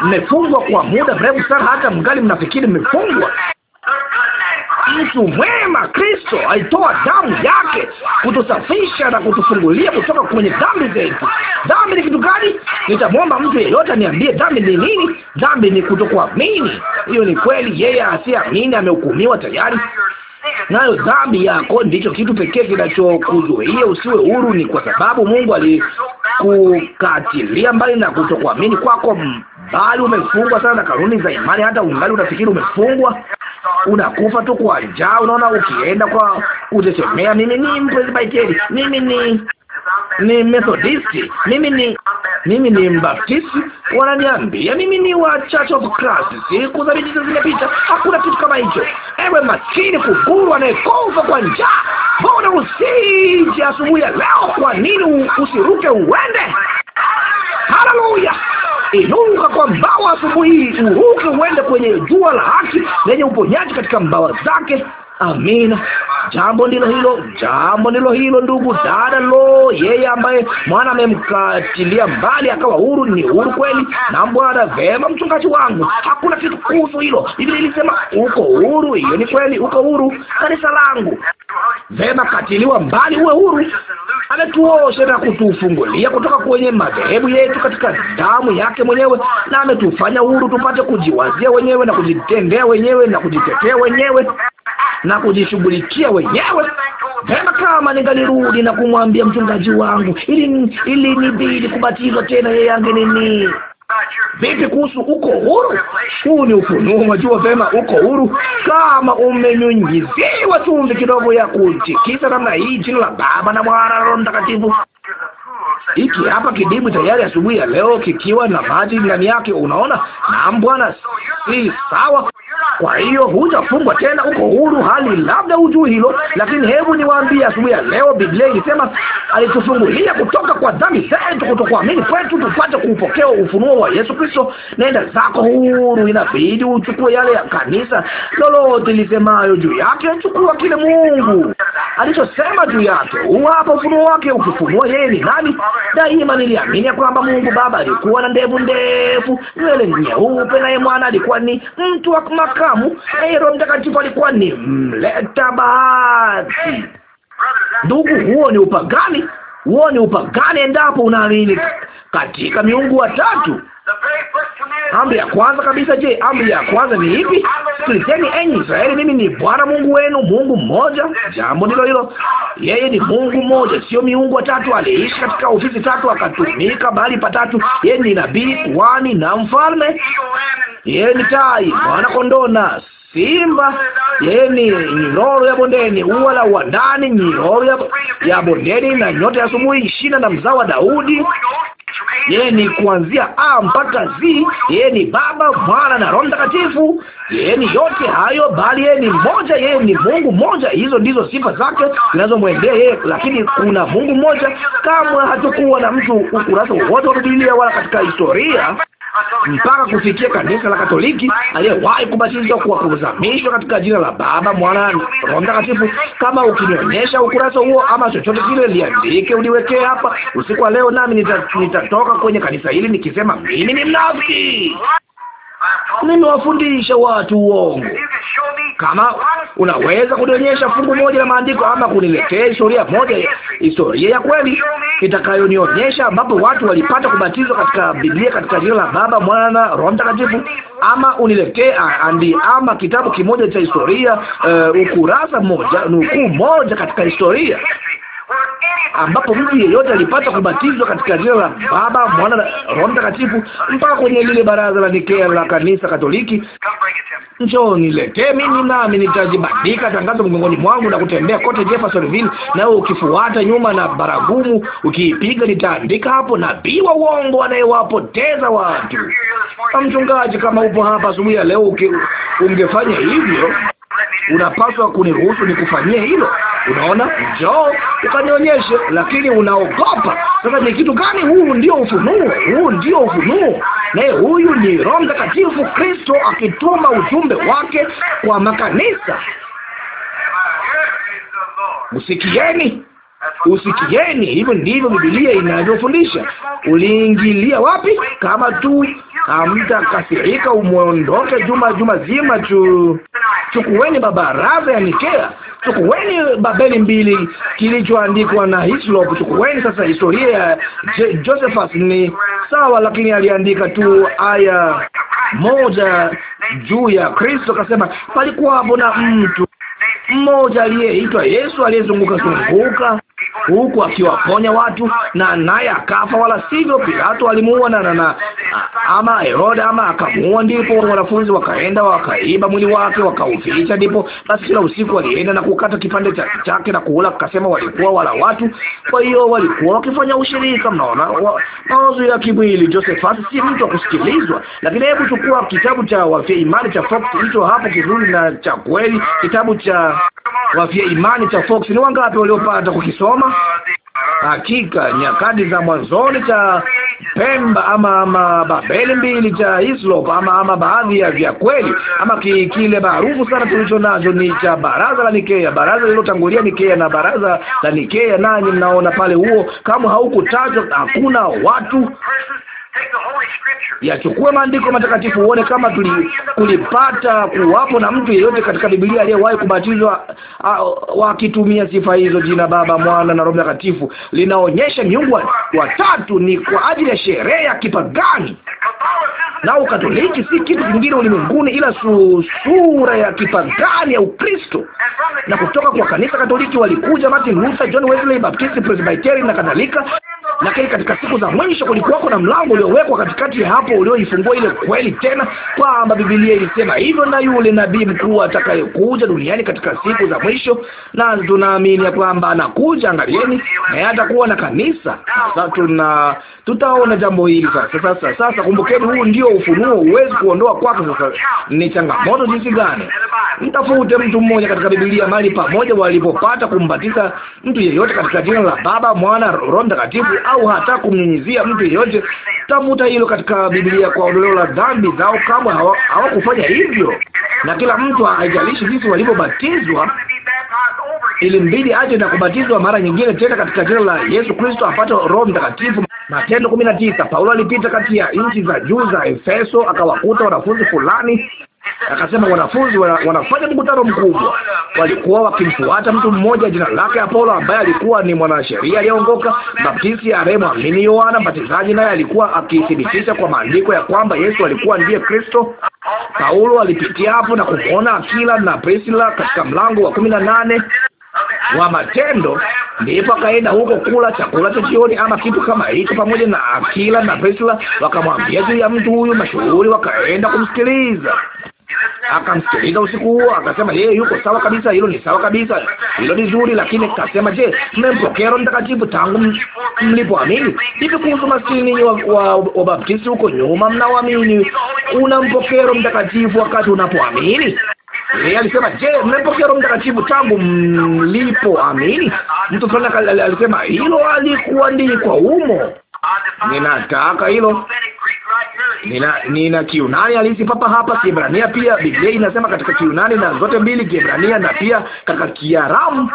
Mmefungwa kwa muda mrefu sana, hata mgali mnafikiri mmefungwa. Mtu mwema Kristo alitoa damu yake kutusafisha na kutufungulia kutoka kwenye dhambi zetu. Dhambi ni kitu gani? Nitamwomba mtu yeyote aniambie dhambi ni nini. Dhambi ni kutokuamini. Hiyo ni kweli. Yeye asiamini amehukumiwa tayari, nayo dhambi yako ndicho kitu pekee kinachokuzuia usiwe huru. Ni kwa sababu Mungu alikukatilia mbali na kutokuamini kwako bali umefungwa sana na kanuni za imani, hata ungali unafikiri umefungwa. Unakufa tu kwa njaa. Unaona, ukienda kwa kutetemea, mimi ni Mpresbiteri, mimi ni ni Methodisti, mimi ni mimi ni Mbaptisti, wananiambia mimi ni wa Church of Christ. Siku za mijiza zimepita, hakuna kitu kama hicho. Ewe maskini kuguru anayekufa kwa njaa, mbona usije asubuhi ya leo? Kwa nini usiruke uende? Haleluya! Inuka kwa mbawa asubuhi, uruke uende kwenye jua la haki lenye uponyaji katika mbawa zake. Amina. Jambo ndilo hilo, jambo ndilo hilo, ndugu dada. Lo, yeye ambaye mwana amemkatilia mbali akawa huru ni huru kweli. Na Bwana, vema mchungaji wangu, hakuna kitu kuhusu hilo. Biblia ilisema uko huru, hiyo ni kweli, uko huru. Kanisa langu, vema, katiliwa mbali, uwe huru. Ametuosha na kutufungulia kutoka kwenye madhehebu yetu katika damu yake mwenyewe, na ametufanya huru tupate kujiwazia wenyewe na kujitendea wenyewe na kujitetea wenyewe na kujishughulikia wenyewe. Pema kama ningalirudi na kumwambia mchungaji wangu ili ili nibidi kubatizwa tena, yeye angenini Vipi kuhusu uko huru? Huu ni ufunuo, unajua vema, uko huru kama umenyunyiziwa chumvi kidogo ya kutikisa namna hii, jina la Baba na Mwana na Roho Mtakatifu. Hiki hapa kidibu tayari asubuhi ya leo kikiwa na maji ndani yake, unaona. Na Bwana, si sawa kwa hiyo hujafungwa tena, uko huru, hali labda hujui hilo, lakini hebu niwaambie, asubuhi ya leo Biblia ilisema alitufungulia kutoka kwa dhambi zetu, kutokuamini kwetu tupate kuupokea ufunuo wa Yesu Kristo. Nenda zako huru, inabidi uchukue yale ya kanisa lolote lisemayo juu yake. Chukua kile Mungu alichosema juu yake, huu ufunuo wake. Ukifunua yeye ni nani, daima niliamini kwamba Mungu Baba alikuwa na ndevu ndefu, nywele nyeupe, naye mwana alikuwa ni mtu wa maka Adamu, naye Roho Mtakatifu alikuwa ni mleta baadhi. Ndugu, huo ni upagani, huo ni upagani endapo unaamini katika miungu watatu. Amri ya kwanza kabisa. Je, amri ya kwanza ni ipi? Sikilizeni enyi Israeli, mimi ni Bwana Mungu wenu, Mungu mmoja. Jambo ndilo hilo, yeye ni Mungu mmoja, sio miungu watatu. Aliishi katika ofisi tatu, akatumika bali patatu. Yeye ni nabii, kuhani na mfalme. Yeye ni tai, mwana kondoo simba, yeye ni nyororo ya bondeni, ua la uwandani, nyororo ya, ya bondeni na nyota ya asubuhi, shina na mzao wa Daudi. Yeye ni kuanzia A mpaka Z. Yeye ni Baba, Mwana na Roho Mtakatifu. Yeye ni yote hayo, bali yeye ni mmoja. Yeye ni Mungu mmoja. Hizo ndizo sifa zake zinazomwendea yeye, lakini kuna Mungu mmoja. Kamwe hatukuwa na mtu ukurasa wowote wa Biblia wala katika historia mpaka kufikia kanisa la Katoliki aliyewahi kubatizwa kwa kuzamishwa katika jina la Baba, Mwana, Roho Mtakatifu. Kama ukinionyesha ukurasa huo ama chochote kile, liandike, uliwekee hapa usiku wa leo, nami nitatoka nita kwenye kanisa hili nikisema mimi ni mnafiki. Nimewafundisha watu uongo. Kama unaweza kunionyesha fungu moja la maandiko ama kuniletea historia moja, historia ya kweli itakayonionyesha ambapo watu walipata kubatizwa katika Biblia katika jina la Baba, Mwana Roho Mtakatifu, ama uniletee andi ama kitabu kimoja cha historia, uh, ukurasa mmoja, nukuu moja katika historia ambapo mtu yeyote alipata kubatizwa katika jina la Baba, Mwana na Roho Mtakatifu, mpaka kwenye lile baraza la Nikea la kanisa Katoliki. Njoo niletee mimi, nami nitajibandika tangazo mgongoni mwangu na kutembea kote Jeffersonville, nawe ukifuata nyuma na baragumu ukiipiga, nitaandika hapo nabii wa uongo anayewapoteza watu. Mchungaji, kama upo hapa asubuhi ya leo, ungefanya hivyo unapaswa kuniruhusu nikufanyie hilo. Unaona, njoo ukanionyeshe, lakini unaogopa. Sasa ni kitu gani? Huu ndio ufunuo, huu ndio ufunuo. Naye huyu ni Roho Mtakatifu, Kristo akituma ujumbe wake kwa makanisa. Msikieni. Usikieni, hivyo ndivyo Biblia inavyofundisha. Uliingilia wapi? Kama tu hamtakasirika umwondoke juma juma zima tu. Chukueni mabaraza ya Nikea, chukueni Babeli mbili kilichoandikwa na Hislop, chukueni sasa historia ya Josephus. Ni sawa, lakini aliandika tu aya moja juu ya Kristo, akasema palikuwa hapo na mtu mmoja aliyeitwa Yesu aliyezunguka zunguka huku akiwaponya watu, na naye akafa, wala sivyo Pilato alimuua na, na, na ama Herode ama akamuua. Ndipo wanafunzi wakaenda wakaiba mwili wake wakauficha. Ndipo basi kila usiku walienda na kukata kipande cha chake na kuula, akasema walikuwa wala watu. Kwa hiyo walikuwa wakifanya ushirika. Mnaona wa, mawazo ya kimwili. Josephus si mtu wa kusikilizwa, lakini hebu chukua kitabu cha wafia imani cha Fox hicho hapo kizuri na cha kweli, kitabu cha wafia imani cha Fox. Ni wangapi waliopata kukisoma? kusoma. Hakika nyakati za mwanzoni cha Pemba ama ama Babeli mbili cha Islop ama ama baadhi ya vya kweli ama ki, kile maarufu sana tulicho nacho ni cha baraza la Nikea, baraza lililotangulia Nikea na baraza la Nikea, nanyi mnaona pale, huo kama haukutajwa, hakuna watu Yachukua maandiko matakatifu uone kama tuli, kulipata kuwapo na mtu yeyote katika Biblia aliyewahi kubatizwa wakitumia sifa hizo, jina Baba, Mwana na Roho Mtakatifu. Linaonyesha miungu watatu ni kwa ajili ya sherehe ya kipagani, na Ukatoliki si kitu kingine ulimwenguni ila su, sura ya kipagani ya Ukristo. Na kutoka kwa kanisa Katoliki walikuja Martin Luther, John Wesley, Baptist, Presbyterian na kadhalika. Lakini katika siku za mwisho kulikuwako na mlango uliowekwa katikati ya hapo ulioifungua ile kweli tena, kwamba Biblia ilisema hivyo, na yule nabii mkuu atakayekuja duniani katika siku za mwisho, na tunaamini ya kwamba anakuja. Angalieni, naye atakuwa na kanisa. Sasa tuna Tutaona jambo hili sasa. Sasa sasa, kumbukeni, huu ndio ufunuo, huwezi kuondoa kwako. Sasa ni changamoto jinsi gani? Mtafute mtu mmoja katika Biblia mahali pamoja walipopata kumbatiza mtu yeyote katika jina la Baba, Mwana, Roho Mtakatifu, au hata kumnyunyizia mtu yeyote. Tafuta hilo katika Biblia kwa ondoleo la dhambi zao. Kamwe hawakufanya hawa hivyo, na kila mtu haijalishi jinsi walivyobatizwa ilimbidi aje na kubatizwa mara nyingine tena katika jina la Yesu Kristo apate Roho Mtakatifu. Matendo kumi na tisa. Paulo alipita kati ya nchi za juu za Efeso akawakuta wanafunzi fulani, akasema wanafunzi wana, wanafanya mkutano mkubwa. Walikuwa wakimfuata mtu mmoja jina lake Apolo, ambaye alikuwa ni mwanasheria aliyeongoka, baptisti aliyemwamini Yohana Mbatizaji, naye alikuwa akithibitisha kwa maandiko ya kwamba Yesu alikuwa ndiye Kristo. Paulo alipitia hapo na kumwona Akila na Priscilla katika mlango wa kumi na nane wa matendo, ndipo akaenda huko kula chakula cha jioni ama kitu kama hicho, pamoja na Akila na Priscilla. Wakamwambia juu ya mtu huyu mashuhuri, wakaenda kumsikiliza akamsikiliza usiku huo, akasema yeye yuko sawa kabisa, hilo ni sawa kabisa, hilo ni zuri. Lakini akasema, je, mmempokea Roho Mtakatifu tangu mlipoamini? Hivi kuhusu maskini wa, wa, Wabaptisti huko nyuma, mnaoamini unampokea Roho Mtakatifu wakati unapoamini? Yeye alisema, je, mmepokea Roho Mtakatifu tangu mlipoamini? Mtu fulani alisema hilo alikuandikwa humo. Ninataka hilo nina, nina Kiunani halisi papa hapa, Kiebrania pia. Biblia inasema katika Kiunani na zote mbili, Kiebrania na pia katika Kiaramu,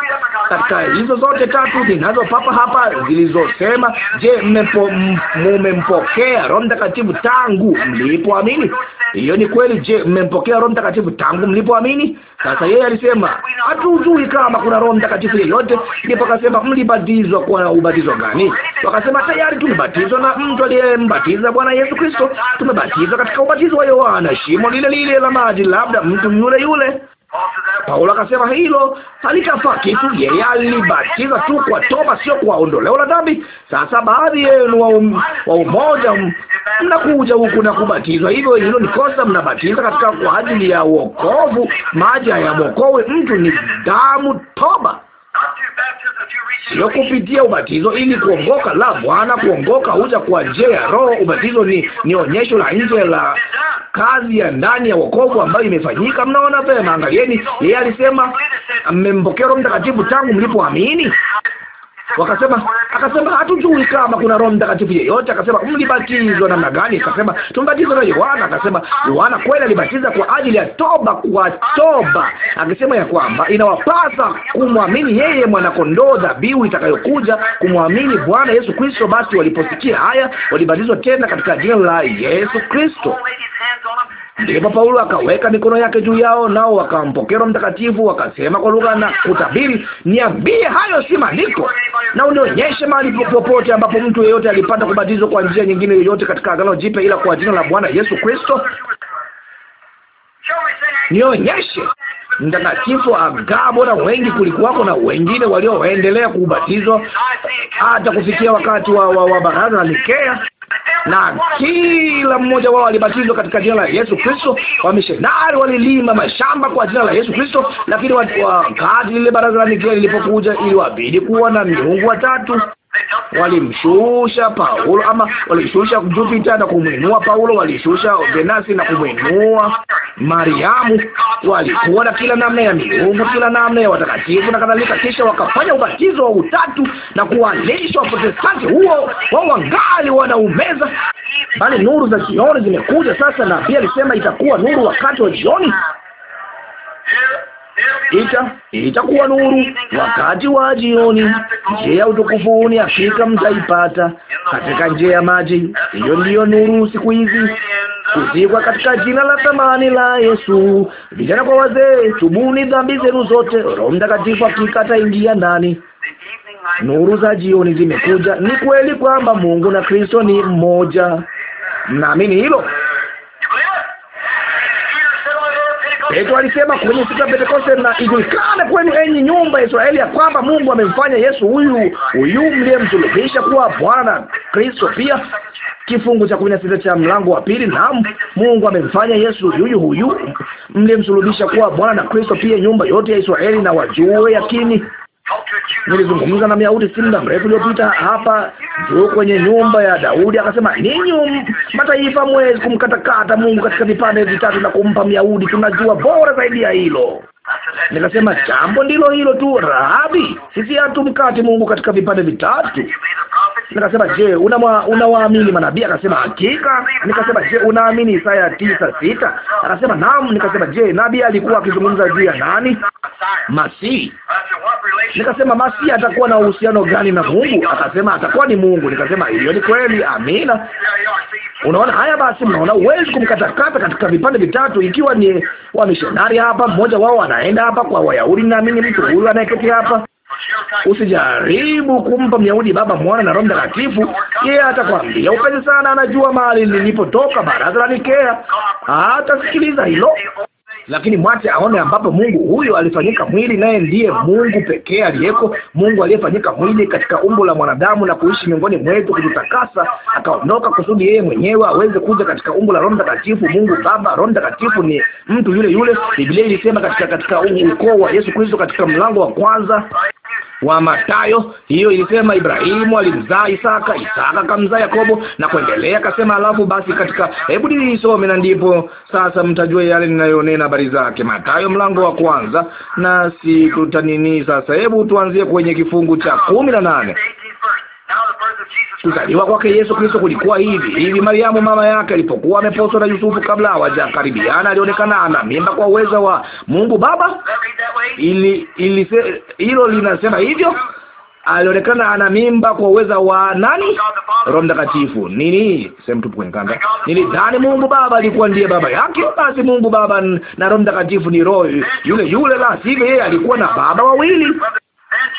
katika hizo zote tatu zinazo papa hapa zilizosema, je, mmempokea Roho Mtakatifu tangu mlipoamini? Hiyo ni kweli. Je, mmempokea Roho Mtakatifu tangu mlipoamini? Sasa yeye alisema hatujui kama kuna Roho Mtakatifu yeyote, ndipo akasema mlibatizwa kwa ubatizo gani? Wakasema tayari tulibatizwa na mtu aliyembatiza Bwana Yesu Kristo tumebatizwa katika ubatizo wa Yohana, shimo lile lile la maji, labda mtu yule yule. Paulo akasema hilo halikafaa kitu, yeye alibatiza tu kwa toba, sio kwa ondoleo la dhambi. Sasa baadhi yenu wa, um, wa umoja mnakuja huku na kubatizwa hivyo, hilo ni kosa. Mnabatiza katika kwa ajili ya wokovu, maji hayamwokowe mtu, ni damu, toba sio kupitia ubatizo ili kuongoka. La, Bwana, kuongoka huja kwa njia ya Roho. Ubatizo ni, ni onyesho la nje la kazi ya ndani ya wokovu ambayo imefanyika. Mnaona vema? Angalieni, yeye alisema mmempokea Roho Mtakatifu tangu mlipoamini. Wakasema, akasema hatujui kama kuna Roho Mtakatifu yeyote. Akasema mlibatizwa namna gani? Akasema tumbatizwa na Yohana. Akasema Yohana kweli alibatiza kwa ajili ya toba, kwa toba, akisema ya kwamba inawapasa kumwamini yeye mwanakondoo, dhabihu itakayokuja kumwamini Bwana Yesu Kristo. Basi waliposikia haya, walibatizwa tena katika jina la Yesu Kristo. Ndipo Paulo akaweka mikono yake juu yao, nao wakampokea Mtakatifu, wakasema kwa lugha na kutabiri. Niambie, hayo si maandiko? Na unionyeshe mahali popote ambapo mtu yeyote alipata kubatizwa kwa njia nyingine yoyote katika Agano Jipya ila kwa jina la Bwana Yesu Kristo. Nionyeshe mtakatifu Agabo na wengi kulikuwako na wengine walioendelea kubatizwa hata kufikia wakati wa, wa, wa Baraza la Nikea na kila mmoja wao alibatizwa katika jina la Yesu Kristo. Wamishonari walilima mashamba kwa jina la Yesu Kristo, lakini wakati lile baraza la mitume lilipokuja, iliwabidi kuwa na miungu watatu. Walimshusha Paulo ama walimshusha Jupita na kumwinua Paulo, walishusha Venasi na kumwinua Mariamu. Walikuwa na kila namna ya miungu, kila namna ya watakatifu na kadhalika, kisha wakafanya ubatizo wa utatu na kuwalisha Waprotestanti huo, wao wangali wanaumeza. Bali nuru za jioni zimekuja sasa, na pia alisema itakuwa nuru wakati wa jioni ita itakuwa nuru wakati wa jioni. Njia ya utukufuni hakika mtaipata katika njia ya maji. Hiyo ndiyo nuru siku hizi kuzikwa katika jina la thamani la Yesu. Vijana kwa wazee, tubuni dhambi zenu zote. Roho Mtakatifu hakika ataingia ndani. Nuru za jioni zimekuja. Ni kweli kwamba Mungu na Kristo ni mmoja. Mnaamini hilo? Petro alisema kwenye siku ya Pentekoste, na ijulikane kwenu enyi nyumba ya Israeli ya kwamba Mungu amemfanya Yesu huyu huyu mliyemsulubisha kuwa Bwana Kristo. Pia kifungu cha kumi na sita cha mlango wa pili, naam, Mungu amemfanya Yesu huyu huyu mliyemsulubisha kuwa Bwana na Kristo. Pia nyumba yote ya Israeli na wajue yakini Nilizungumza na Myahudi si muda mrefu uliopita hapa juu kwenye nyumba ya Daudi, akasema ninyi um, mataifa mwezi kumkatakata Mungu katika vipande vitatu na kumpa Myahudi, tunajua bora zaidi ya hilo. Nikasema jambo ndilo hilo tu, Rahabi, sisi hatumkati Mungu katika vipande vitatu. Nikasema, je, unawaamini una manabii? Akasema, hakika. Nikasema, je, unaamini Isaya tisa sita? Akasema, naam. Nikasema, je, nabii alikuwa akizungumza juu ya nani? Masihi. Nikasema, Masihi atakuwa na uhusiano gani na Mungu? Akasema, atakuwa ni Mungu. Nikasema, hiyo ni kweli, amina. Unaona haya, basi mnaona, huwezi kumkatakata katika vipande vitatu. Ikiwa ni wamishonari hapa, mmoja wao anaenda hapa kwa Wayahudi, naamini mtu huyu anayeketi hapa Usijaribu kumpa Myahudi Baba, Mwana na Roho Mtakatifu. Yeye atakwambia upesi sana, anajua mahali nilipotoka, baraza la Nikea. Hatasikiliza hilo lakini mwache aone ambapo Mungu huyo alifanyika mwili, naye ndiye Mungu pekee aliyeko, Mungu aliyefanyika mwili katika umbo la mwanadamu na kuishi miongoni mwetu kututakasa, akaondoka kusudi yeye mwenyewe aweze kuja katika umbo la Roho Mtakatifu. Mungu Baba, Roho Mtakatifu ni mtu yule yule. Biblia ilisema katika katika ukoo wa Yesu Kristo katika mlango wa kwanza wa matayo Hiyo ilisema Ibrahimu alimzaa Isaka, Isaka kamzaa Yakobo na kuendelea, akasema alafu basi katika, hebu nisome na ndipo sasa mtajua yale ninayonena habari zake. matayo mlango wa kwanza, na si tutanini sasa. Hebu tuanzie kwenye kifungu cha kumi na nane. Kuzaliwa kwake Yesu Kristo kulikuwa hivi hivi. Mariamu mama yake alipokuwa ameposwa na Yusufu, kabla hawajakaribiana, alionekana ana mimba kwa uwezo wa Mungu Baba. Ili ili hilo linasema hivyo, alionekana ana mimba kwa uwezo wa nani? Roho Mtakatifu. Nini sehemu tupu kwenye kanda, nilidhani Mungu Baba alikuwa ndiye baba yake. Basi Mungu Baba na Roho Mtakatifu ni roho yule yule, la sivyo yeye alikuwa na baba wawili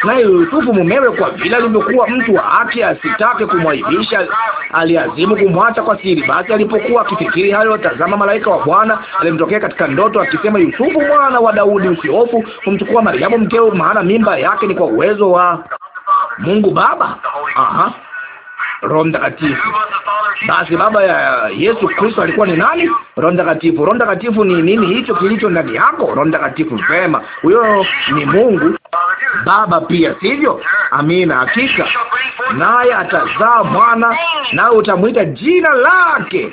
naye Yusufu mumewe, kwa vile alivyokuwa mtu wa haki, asitake kumwaibisha, aliazimu kumwacha kwa siri. Basi alipokuwa akifikiri hayo, tazama, malaika wa Bwana alimtokea katika ndoto akisema, Yusufu mwana wa Daudi, usihofu kumchukua Mariamu mkeo, maana mimba yake ni kwa uwezo wa Mungu Baba. Aha. Roho Mtakatifu. Basi baba ya Yesu Kristo alikuwa ni nani? Roho Mtakatifu. Roho Mtakatifu ni nini hicho kilicho ndani yako? Roho Mtakatifu. Vema, huyo ni Mungu. Baba pia, sivyo? Amina, hakika. Naye atazaa mwana, nawe utamwita jina lake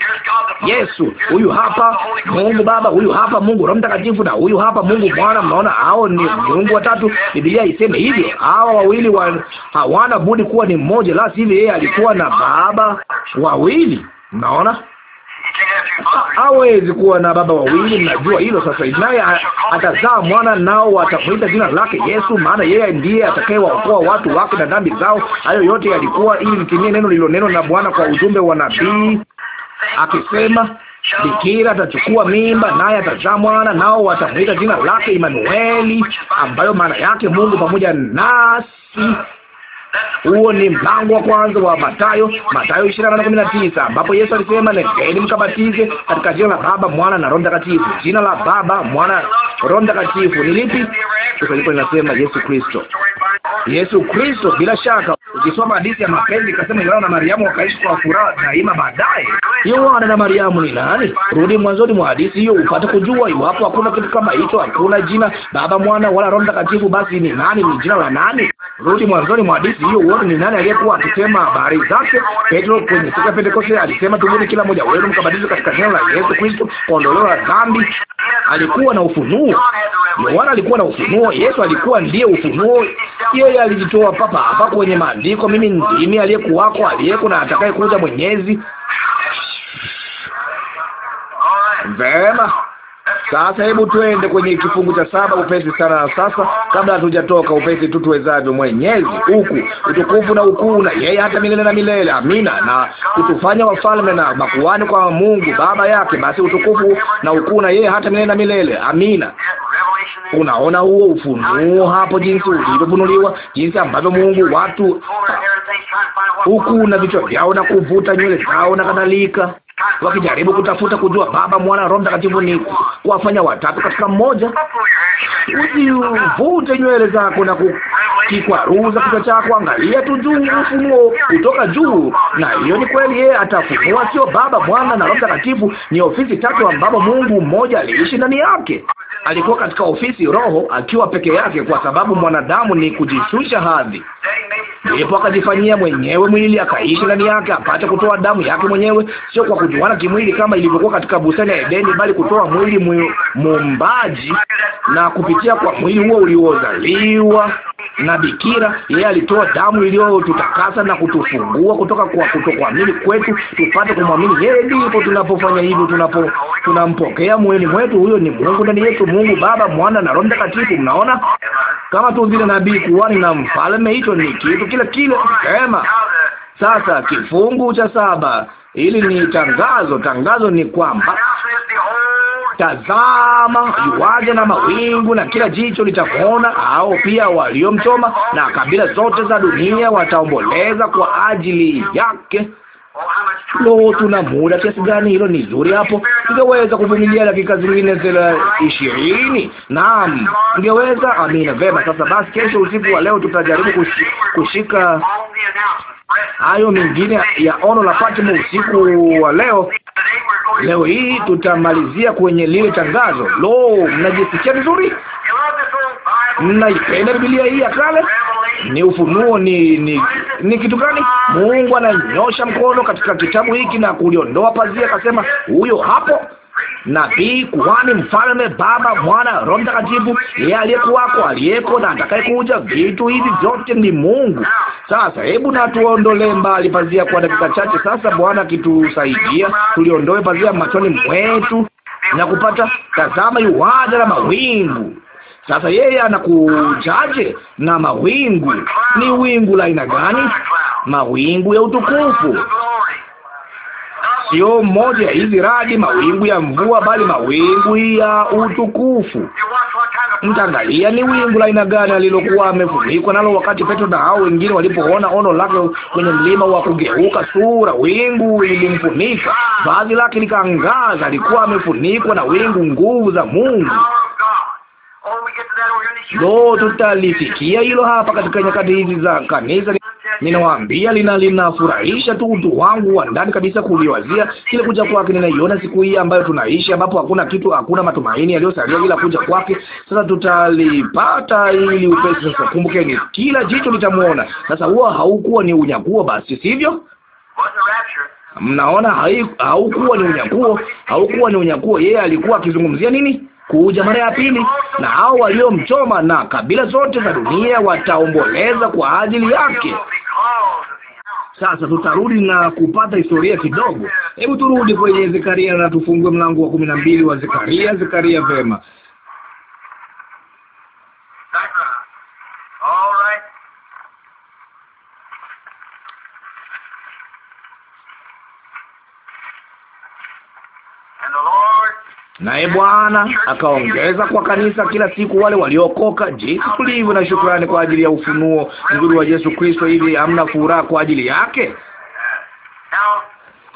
Yesu. Huyu hapa Mungu Baba, huyu hapa Mungu Roho Mtakatifu, na huyu hapa Mungu Mwana. Mnaona, hao ni Mungu watatu. Biblia iseme hivyo, hawa wawili wa, hawana budi kuwa ni mmoja, la sivyo yeye alikuwa na baba wawili. Mnaona hawezi kuwa na baba wawili, mnajua hilo sasa Naye atazaa mwana, nao watamwita jina lake Yesu, maana yeye ndiye atakayewaokoa watu wake na dhambi zao. Hayo yote yalikuwa ili litimie neno lililonenwa na Bwana kwa ujumbe wa nabii akisema, bikira atachukua mimba, naye atazaa mwana, nao watamwita jina lake Imanueli, ambayo maana yake Mungu pamoja nasi. Huo ni mlango wa kwanza wa Mathayo, Mathayo ishirini ambapo Yesu alisema nendeni mkabatize katika jina la Baba, Mwana na Roho Mtakatifu. Jina la Baba, Mwana, Roho Mtakatifu ni lipi? Sasa ndipo linasema Yesu Kristo. Yesu Kristo, bila shaka ukisoma hadithi ya mapenzi ikasema Yohana na Mariamu wakaishi kwa furaha daima. Baadaye Yohana na Mariamu ni nani? Rudi mwanzoni mwa hadithi hiyo upate kujua. Iwapo hakuna kitu kama hicho, hakuna jina Baba, Mwana wala Roho Mtakatifu, basi ni nani? Ni jina la nani? Rudi mwanzoni mwa hadithi hiyo wote, ni nani aliyekuwa akisema habari zake. Petro kwenye siku ya Pentekoste alisema, tubuni kila mmoja wenu mkabadilishwe katika jina la Yesu Kristo kwa ondoleo la dhambi. Alikuwa na ufunuo. Yohana alikuwa na ufunuo. Yesu alikuwa ndiye ufunuo. Yeye alijitoa papa hapa kwenye maandiko, mimi ndimi aliyekuwako, aliyeko na atakaye kuja, Mwenyezi. Vema. Sasa hebu twende kwenye kifungu cha saba upesi sana, na sasa kabla hatujatoka upesi tu tuwezavyo, Mwenyezi huku utukufu na ukuu na yeye hata milele na milele, amina, na kutufanya wafalme na makuhani kwa Mungu Baba yake, basi utukufu na ukuu na yeye hata milele na milele, amina. Unaona huo ufunuo hapo, jinsi ulivyofunuliwa, jinsi ambavyo Mungu watu huku na vichwa vyao na kuvuta nywele zao na kadhalika, wakijaribu kutafuta kujua Baba, Mwana, Roho Mtakatifu ni kuwafanya watatu katika mmoja. Usivute nywele zako na kukikwaruza kichwa chako, angalia tu juu, ufunuo kutoka juu. Na hiyo ni kweli, yeye atafunua, sio Baba, Mwana na Roho Mtakatifu. Ni ofisi tatu ambapo Mungu mmoja aliishi ndani yake alikuwa katika ofisi roho akiwa peke yake, kwa sababu mwanadamu ni kujishusha hadhi. Ndipo akajifanyia mwenyewe mwili, akaishi ndani yake, apate kutoa damu yake mwenyewe, sio kwa kujuana kimwili kama ilivyokuwa katika bustani ya Edeni, bali kutoa mwili muumbaji, na kupitia kwa mwili huo uliozaliwa na bikira, yeye alitoa damu iliyotutakasa na kutufungua kutoka kwa kutokuamini kwetu, tupate kumwamini yeye. Ndipo tunapofanya hivyo, tunapo tunampokea mweni mwetu, huyo ni Mungu ndani yetu, Mungu Baba, Mwana na Roho Mtakatifu. Mnaona kama tu vile nabii, kuhani na mfalme, hicho ni kitu kile kile. Sema sasa kifungu cha saba, hili ni tangazo. Tangazo ni kwamba tazama yuaja na mawingu, na kila jicho litakuona au pia waliomchoma, na kabila zote za dunia wataomboleza kwa ajili yake. Lo, tuna muda kiasi gani? Hilo ni zuri. Hapo ningeweza kuvumilia dakika zingine zile ishirini. Naam, ningeweza. Amina. Vema. Sasa basi, kesho usiku wa leo tutajaribu kushika hayo mengine ya ono la Fatima usiku wa leo. Leo hii tutamalizia kwenye lile tangazo. Lo, mnajisikia vizuri? Mnaipenda Biblia hii ya kale? ni ufunuo ni ni, ni kitu gani? Mungu ananyosha mkono katika kitabu hiki na kuliondoa pazia, akasema huyo hapo nabii, kuhani, mfalme, Baba, Mwana, Roho Mtakatifu, yeye aliyekuwako, aliyeko na atakayekuja. Vitu hivi vyote ni Mungu. Sasa hebu na tuondolee mbali pazia kwa dakika chache. Sasa Bwana akitusaidia tuliondoe pazia machoni mwetu na kupata, tazama yuwaja na mawingu sasa yeye anakujaje? Na mawingu ni wingu la aina gani? Mawingu ya utukufu, sio moja ya hizi radi, mawingu ya mvua, bali mawingu ya utukufu. Mtangalia ni wingu la aina gani alilokuwa amefunikwa nalo wakati Petro na hao wengine walipoona ono lake kwenye mlima wa kugeuka sura. Wingu ilimfunika, vazi lake likaangaza. Alikuwa amefunikwa na wingu, nguvu za Mungu. Lo, tutalifikia hilo hapa katika nyakati hizi za kanisa. Ninawaambia, lina linafurahisha tu utu wangu wa ndani kabisa kuliwazia kile kuja kwake. Ninaiona siku hii ambayo tunaishi, ambapo hakuna kitu, hakuna matumaini yaliyosalia ila kuja kwake. Sasa tutalipata ili upesi. Sasa kumbukeni, kila jicho litamwona. Sasa huo haukuwa ni unyakuo basi, sivyo? Mnaona, haukuwa ni unyakuo, haukuwa ni unyakuo. Yeye alikuwa akizungumzia nini? kuja mara ya pili, na hao waliomchoma na kabila zote za dunia wataomboleza kwa ajili yake. Sasa tutarudi na kupata historia kidogo. Hebu turudi kwenye Zekaria na tufungue mlango wa kumi na mbili wa Zekaria. Zekaria, vema. Naye Bwana akaongeza kwa kanisa kila siku wale waliokoka. Jinsi tulivyo na shukrani kwa ajili ya ufunuo mzuri wa Yesu Kristo, hivi hamna furaha kwa ajili yake?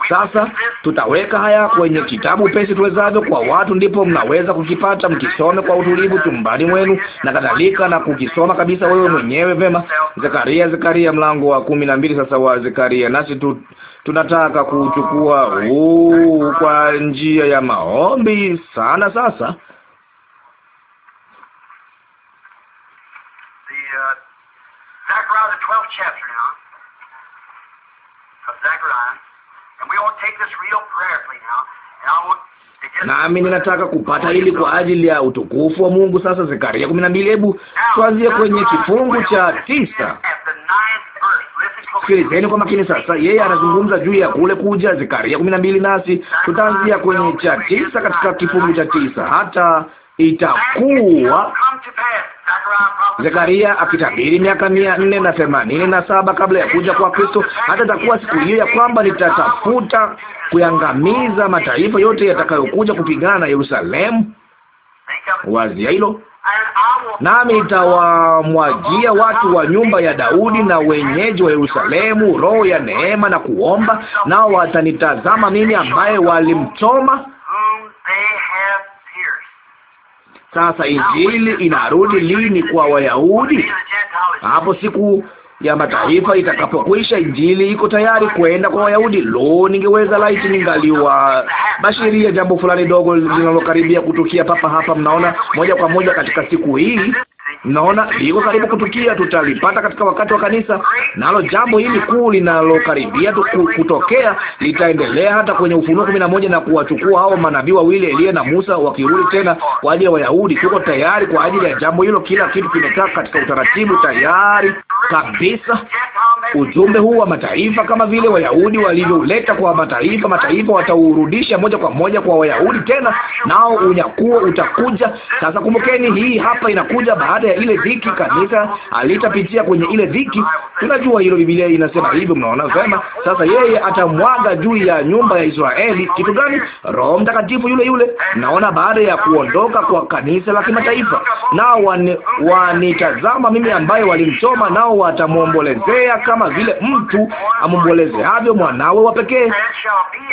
Sasa tutaweka haya kwenye kitabu pesi tuwezavyo kwa watu, ndipo mnaweza kukipata mkisome kwa utulivu chumbani mwenu na kadhalika, na kukisoma kabisa wewe mwenyewe vema. Zekaria, Zekaria mlango wa kumi na mbili sasa wa Zekaria, nasi tu tunataka kuchukua huu kwa njia ya maombi sana. Sasa uh, nami ninataka kupata ili kwa ajili ya utukufu wa Mungu. Sasa Zekaria kumi na mbili, hebu tuanzie kwenye kifungu cha tisa. Sikilizeni kwa makini sasa. Yeye anazungumza juu ya kule kuja, Zekaria kumi na mbili, nasi tutaanzia kwenye cha tisa katika kifungu cha tisa hata itakuwa Zekaria akitabiri miaka mia nne na themanini na saba kabla ya kuja kwa Kristo. Hata itakuwa siku hiyo ya kwamba nitatafuta kuyangamiza mataifa yote yatakayokuja kupigana na Yerusalemu. Wazia hilo nami nitawamwagia watu wa nyumba ya Daudi na wenyeji wa Yerusalemu roho ya neema na kuomba, nao watanitazama mimi ambaye walimchoma. Sasa injili inarudi lini kwa Wayahudi? Hapo siku ya mataifa itakapokwisha, injili iko tayari kwenda kwa Wayahudi. Lo, ningeweza laiti ningaliwa bashiria jambo fulani dogo linalokaribia kutukia papa hapa. Mnaona moja kwa moja katika siku hii, mnaona liko karibu kutukia, tutalipata katika wakati wa kanisa, nalo jambo hili kuu linalokaribia kutokea litaendelea hata kwenye Ufunuo kumi na moja na kuwachukua hao manabii wawili Elia na Musa, wakirudi tena kwa ajili ya Wayahudi. Tuko tayari kwa ajili ya jambo hilo, kila kitu kimekaa katika utaratibu tayari cabeça Ujumbe huu wa mataifa, kama vile Wayahudi walivyouleta kwa mataifa, mataifa wataurudisha moja kwa moja kwa Wayahudi tena, nao unyakuo utakuja. Sasa kumbukeni, hii hapa inakuja baada ya ile dhiki. Kanisa alitapitia kwenye ile dhiki, tunajua hilo, Biblia inasema hivyo, mnaona vema. Sasa yeye atamwaga juu ya nyumba ya Israeli kitu gani? Roho Mtakatifu yule yule. Naona baada ya kuondoka kwa kanisa la kimataifa, nao wanitazama mimi ambaye walimchoma, nao watamwombolezea kama kama vile mtu amombolezeavyo mwanawe wa pekee,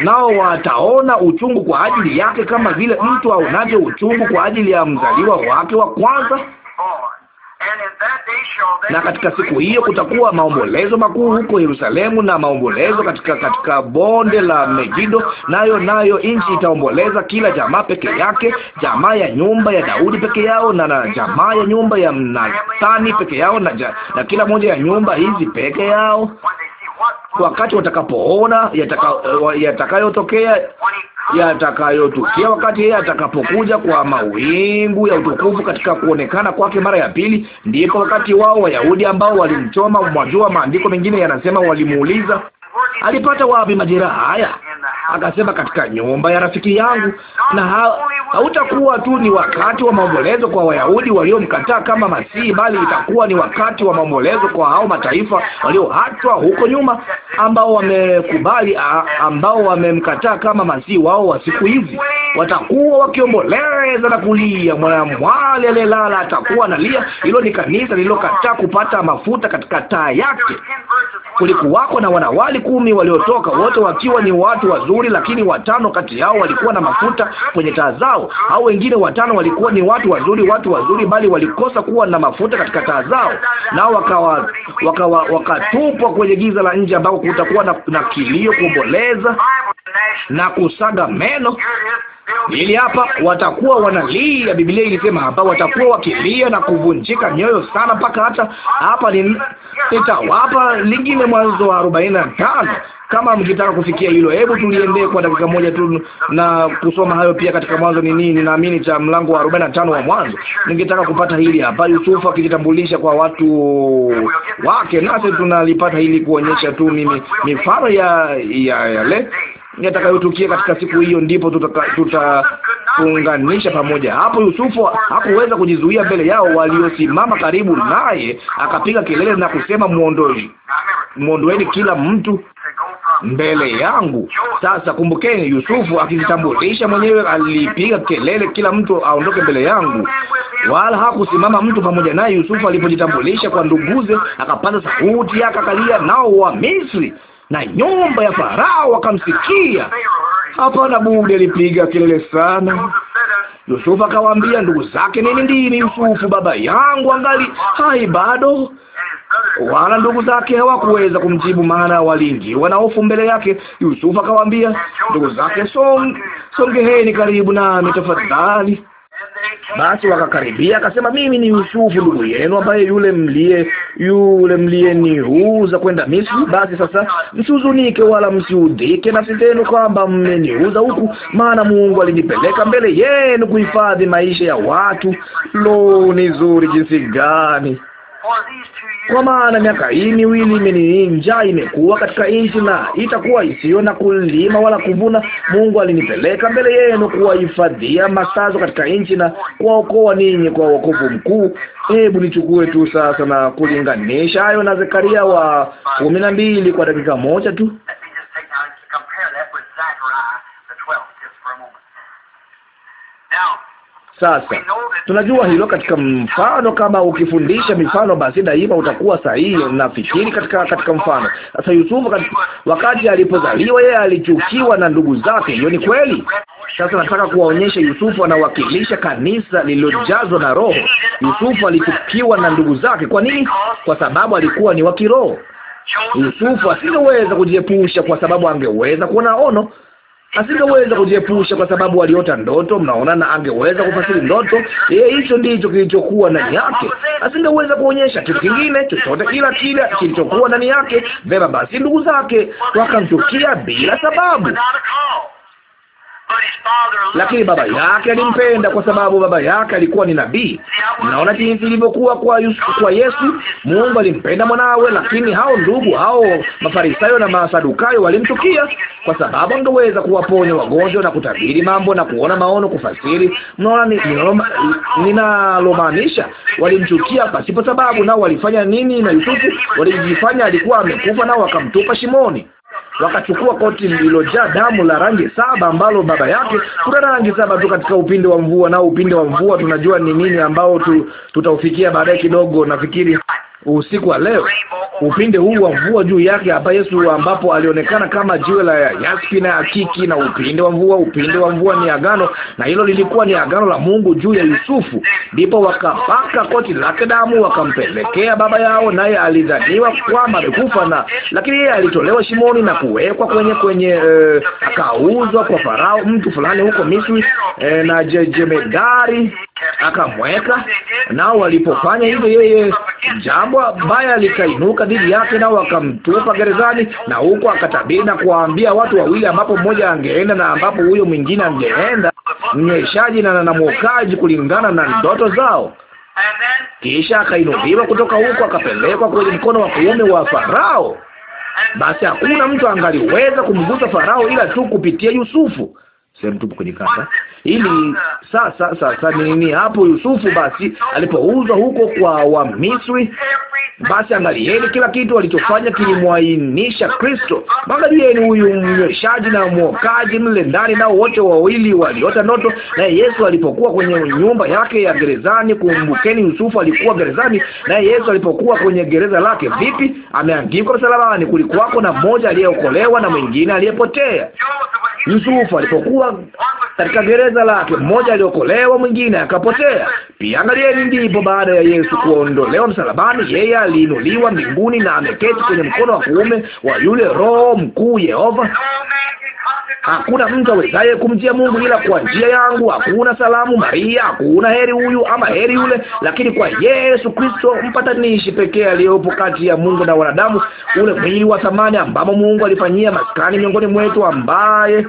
nao wataona uchungu kwa ajili yake kama vile mtu aonavyo uchungu kwa ajili ya mzaliwa wake wa kwanza na katika siku hiyo kutakuwa maombolezo makuu huko Yerusalemu na maombolezo katika katika bonde la Megido, nayo nayo nchi itaomboleza, kila jamaa peke yake, jamaa ya nyumba ya Daudi peke yao na, na jamaa ya nyumba ya Nathani peke yao na, ja, na kila moja ya nyumba hizi peke yao wakati watakapoona yatakayotokea yatakayotukia wakati yeye atakapokuja kwa mawingu ya utukufu katika kuonekana kwake mara ya pili. Ndipo wakati wao Wayahudi ambao walimchoma, mwajua, maandiko mengine yanasema walimuuliza alipata wapi majeraha haya? Akasema, katika nyumba ya rafiki yangu, na ha hautakuwa tu ni wakati wa maombolezo kwa Wayahudi waliomkataa kama Masihi, bali itakuwa ni wakati wa maombolezo kwa hao mataifa walioachwa huko nyuma, ambao wamekubali, ambao wamemkataa kama Masihi wao wa siku hizi. Watakuwa wakiomboleza na kulia, mwanamwali aliyelala atakuwa analia. Hilo ni kanisa lililokataa kupata mafuta katika taa yake. Kulikuwako na wanawali kumi waliotoka, wote wakiwa ni watu wazuri, lakini watano kati yao walikuwa na mafuta kwenye taa zao zao. Hao wengine watano walikuwa ni watu wazuri, watu wazuri, bali walikosa kuwa na mafuta katika taa zao, nao wakawa wakawa wakatupwa kwenye giza la nje ambako kutakuwa na, na kilio, kuomboleza na kusaga meno ili hapa watakuwa wanalia. Biblia ilisema hapa watakuwa wakilia na kuvunjika mioyo sana, mpaka hata hapa nitawapa lingine, Mwanzo wa arobaini na tano. Kama mkitaka kufikia hilo, hebu tuliendee kwa dakika moja tu na kusoma hayo pia katika Mwanzo ni nini, ninaamini cha mlango wa arobaini na tano wa Mwanzo. Ningetaka kupata hili hapa, Yusufu akijitambulisha kwa watu wake, nasi tunalipata hili kuonyesha tu mimi mifano ya yale ya, yatakayotukia katika siku hiyo, ndipo tutafunganisha tuta pamoja. Hapo Yusufu hakuweza kujizuia mbele yao waliosimama karibu naye, akapiga kelele na kusema, muondoeni, muondoeni kila mtu mbele yangu. Sasa kumbukeni, Yusufu akijitambulisha mwenyewe alipiga kelele, kila mtu aondoke mbele yangu, wala hakusimama mtu pamoja naye. Yusufu alipojitambulisha kwa nduguze, akapaza sauti yake, akalia, nao wa Misri na nyumba ya Farao wakamsikia. Hapana budi, alipiga kelele sana. Yusufu akawaambia ndugu zake, mimi ndimi Yusufu, baba yangu angali hai bado. Wala ndugu zake hawakuweza kumjibu, maana waliingiwa na hofu mbele yake. Yusufu akawaambia ndugu zake, songeheni karibu nami tafadhali. Basi wakakaribia, akasema, mimi ni Yusufu ndugu yenu, ambaye yule mlie yule mlie ni uza kwenda Misri. Basi sasa msihuzunike wala msiudhike nafsi zenu kwamba mmeniuza huku, maana Mungu alinipeleka mbele yenu kuhifadhi maisha ya watu. Lo, ni zuri jinsi gani! Kwa maana miaka hii miwili imeni njaa imekuwa katika nchi na itakuwa isiyo na kulima wala kuvuna. Mungu alinipeleka mbele yenu kuwahifadhia masazo katika nchi na kuwaokoa ninyi kwa wokovu mkuu. Hebu nichukue tu sasa na kulinganisha hayo na Zekaria wa kumi na mbili kwa dakika moja tu. Sasa tunajua hilo katika mfano. Kama ukifundisha mifano, basi daima utakuwa sahihi. Nafikiri katika katika mfano. Sasa Yusufu katika, wakati alipozaliwa yeye alichukiwa na ndugu zake. Hiyo ni kweli. Sasa nataka kuwaonyesha Yusufu anawakilisha kanisa lililojazwa na Roho. Yusufu alichukiwa na ndugu zake. Kwa nini? Kwa sababu alikuwa ni wa kiroho. Yusufu asingeweza kujiepusha, kwa sababu angeweza kuona ono asingeweza kujiepusha kwa sababu aliota ndoto. Mnaona, na angeweza kufasiri ndoto. Yeye, eh, hicho ndicho kilichokuwa ndani yake. Asingeweza kuonyesha kitu kingine chochote ila kile kilichokuwa ndani yake. Vema basi, ndugu zake wakamchukia bila sababu lakini baba yake alimpenda kwa sababu baba yake alikuwa ni nabii. Naona jinsi ilivyokuwa kwa Yusufu, kwa Yesu. Mungu alimpenda mwanawe, lakini hao ndugu hao Mafarisayo na Masadukayo walimchukia kwa sababu angeweza kuwaponya wagonjwa na kutabiri mambo na kuona maono, kufasiri. Mnaona ninalomaanisha? Walimchukia pasipo sababu. Nao walifanya nini na Yusufu? Walijifanya alikuwa amekufa, nao wakamtupa shimoni wakachukua koti lililojaa damu la rangi saba, ambalo baba yake. Kuna rangi saba tu katika upinde wa mvua, na upinde wa mvua tunajua ni nini, ambao tu, tutaufikia baadaye kidogo, nafikiri usiku wa leo, upinde huu wa mvua juu yake hapa Yesu, ambapo alionekana kama jiwe la yaspi na akiki, na upinde wa mvua. Upinde wa mvua ni agano, na hilo lilikuwa ni agano la Mungu juu ya Yusufu. Ndipo wakapaka koti lake damu, wakampelekea baba yao, naye alidhaniwa kwamba amekufa, na lakini yeye alitolewa shimoni na kuwekwa kwenye kwenye eh, akauzwa kwa Farao, mtu fulani huko Misri eh, na jejemedari akamweka. Nao walipofanya hivyo, yeye jambo baya likainuka dhidi yake, nao wakamtupa gerezani, na huko akatabiri na kuwaambia watu wawili, ambapo mmoja angeenda na ambapo huyo mwingine angeenda, mnyweshaji na namwokaji, kulingana na ndoto zao. Kisha akainuliwa kutoka huko, akapelekwa kwenye mkono wa kuume wa Farao. Basi hakuna mtu angaliweza kumgusa Farao ila tu kupitia Yusufu. Sehemu tupo kwenye kanda ili sasa sasa nini hapo? Yusufu basi alipouzwa huko kwa Wamisri, basi angalieni, kila kitu alichofanya kilimwainisha Kristo. Mwangalieni huyu mnyweshaji na mwokaji mle ndani, nao wote wawili waliota ndoto. Naye Yesu alipokuwa kwenye nyumba yake ya gerezani, kumbukeni, Yusufu alikuwa gerezani, naye Yesu alipokuwa kwenye gereza lake, vipi? Ameangikwa msalabani. Kulikuwako na mmoja aliyeokolewa na mwingine aliyepotea. Yusufu alipokuwa katika gereza jeneza lake, mmoja aliokolewa, mwingine akapotea pia. Angalieni, ndipo baada ya Yesu kuondolewa msalabani, yeye aliinuliwa mbinguni na ameketi kwenye mkono wa kuume wa yule Roho mkuu Yehova. Hakuna mtu awezaye kumjia Mungu ila kwa njia yangu. Hakuna salamu Maria, hakuna heri huyu ama heri yule, lakini kwa Yesu Kristo mpatanishi pekee aliyepo kati ya Mungu na wanadamu, ule mwili wa thamani ambamo Mungu alifanyia maskani miongoni mwetu, ambaye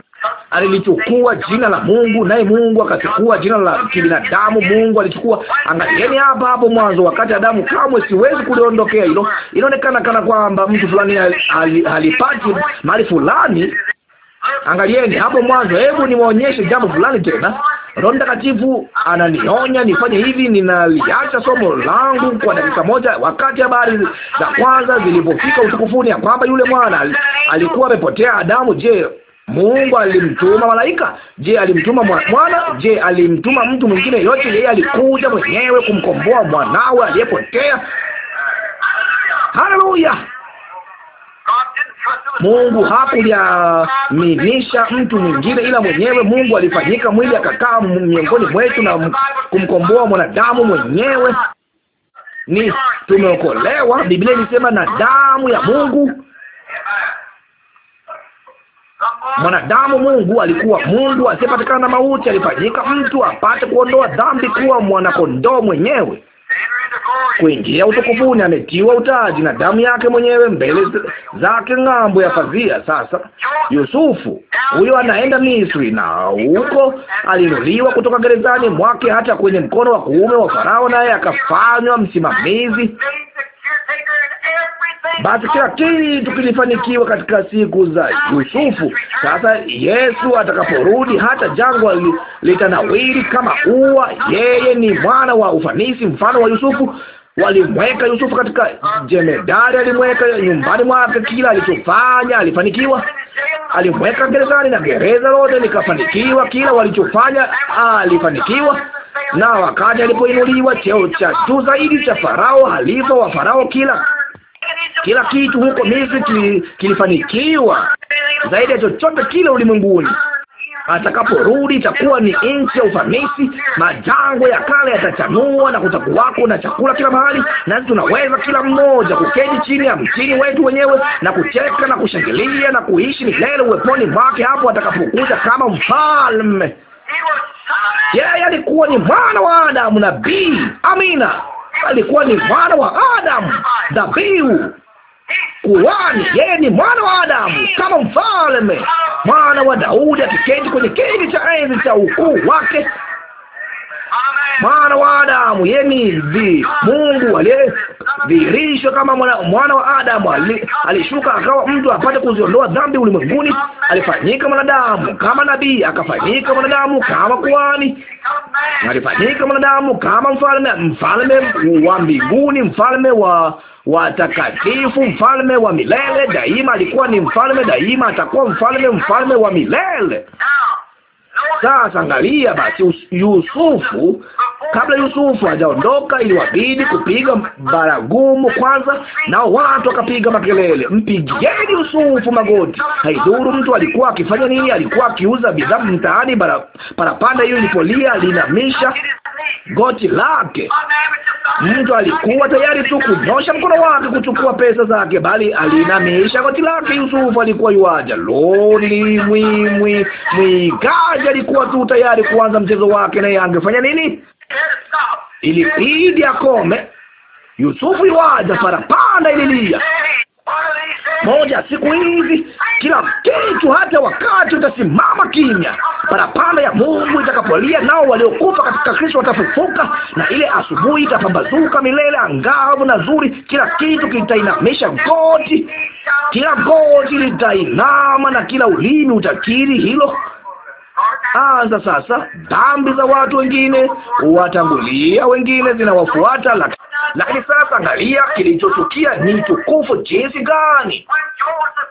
alilichukua jina la Mungu, naye Mungu akachukua jina la kibinadamu. Mungu alichukua. Angalieni hapa hapo mwanzo, wakati Adamu. Kamwe siwezi kuliondokea hilo. Inaonekana kana kwamba mtu fulani halipati mali fulani. Angalieni hapo mwanzo. Hebu niwaonyeshe jambo fulani tena. Roho Mtakatifu ananionya nifanye hivi. Ninaliacha somo langu kwa dakika moja, wakati habari za kwanza zilipofika utukufuni, ya kwamba yule mwana alikuwa amepotea Adamu. Je, Mungu alimtuma malaika? Je, alimtuma mwana? Je, alimtuma mtu mwingine yote? Yeye alikuja mwenyewe kumkomboa mwanawe aliyepotea. Haleluya! Mungu hakuliaminisha mtu mwingine ila mwenyewe. Mungu alifanyika mwili akakaa miongoni mwetu na kumkomboa mwanadamu mwenyewe. Ni tumeokolewa. Biblia inasema na damu ya Mungu mwanadamu. Mungu alikuwa Mungu asiyepatikana na mauti, alifanyika mtu apate kuondoa dhambi, kuwa mwanakondoo mwenyewe kuingia utukufuni. Ametiwa utaji na damu yake mwenyewe mbele zake ng'ambo ya fazia Sasa Yusufu huyo anaenda Misri, na huko alinuliwa kutoka gerezani mwake hata kwenye mkono wa kuume wa Farao, naye akafanywa msimamizi basi kila kitu kilifanikiwa katika siku za Yusufu. Sasa Yesu atakaporudi, hata jangwa litanawiri kama ua. Yeye ni mwana wa ufanisi, mfano wa Yusufu. Walimweka Yusufu katika jemedari, alimweka nyumbani mwake. Kila alichofanya alifanikiwa. Alimweka gerezani, na gereza lote likafanikiwa. Kila walichofanya alifanikiwa na wakati alipoinuliwa cheo cha juu zaidi cha Farao, halifa wa Farao, kila kila kitu huko Misri kilifanikiwa zaidi ya chochote kile ulimwenguni. Atakaporudi itakuwa ni nchi ya ufanisi. Majango ya kale yatachanua na kutakuwako na chakula kila mahali, nasi tunaweza kila mmoja kuketi chini ya mtini wetu wenyewe na kucheka na kushangilia na kuishi milele uweponi mwake, hapo atakapokuja kama mfalme. Yeye yeah, alikuwa ni mwana wa Adamu, nabii. Amina alikuwa ni mwana wa Adamu, dhabihu kuwani Yeye ni mwana wa Adamu, kama mfalme, mwana wa Daudi, akiketi kwenye kiti cha enzi cha ukuu wake, mwana wa Adamu, yeye ni mungu Mungu aliyedhihirishwa kama mwana, mwana wa Adamu. Ali, alishuka akawa mtu apate kuziondoa dhambi ulimwenguni. Alifanyika mwanadamu kama nabii, akafanyika mwanadamu kama kuhani, alifanyika mwanadamu kama mfalme, mfalme wa mbinguni, mfalme wa watakatifu mfalme wa milele daima. Alikuwa ni mfalme daima, atakuwa mfalme, mfalme wa milele. Sasa angalia basi, Yusufu Kabla Yusufu hajaondoka, iliwabidi kupiga baragumu kwanza, nao watu wakapiga makelele, mpigeni Yusufu magoti. Haidhuru mtu alikuwa akifanya nini, alikuwa akiuza bidhaa mtaani. Parapanda hiyo ilipolia, linamisha goti lake. Mtu alikuwa tayari tu kunyosha mkono wake kuchukua pesa zake, bali alinamisha goti lake. Yusufu alikuwa yuaja loni mwi mwi mwigaji, alikuwa tu tayari kuanza mchezo wake, naye angefanya nini? ilibidi akome. Yusufu iwaja parapanda ililia moja siku hizi, kila kitu, hata wakati utasimama kimya. Parapanda ya Mungu itakapolia, nao waliokufa katika Kristo watafufuka, na ile asubuhi itapambazuka milele, angavu na zuri. Kila kitu kitainamisha goti, kila goti litainama, na kila ulimi utakiri hilo anza sasa. Dhambi za watu wengine watangulia wengine, zinawafuata lakini sasa angalia kilichotukia ni tukufu jinsi gani.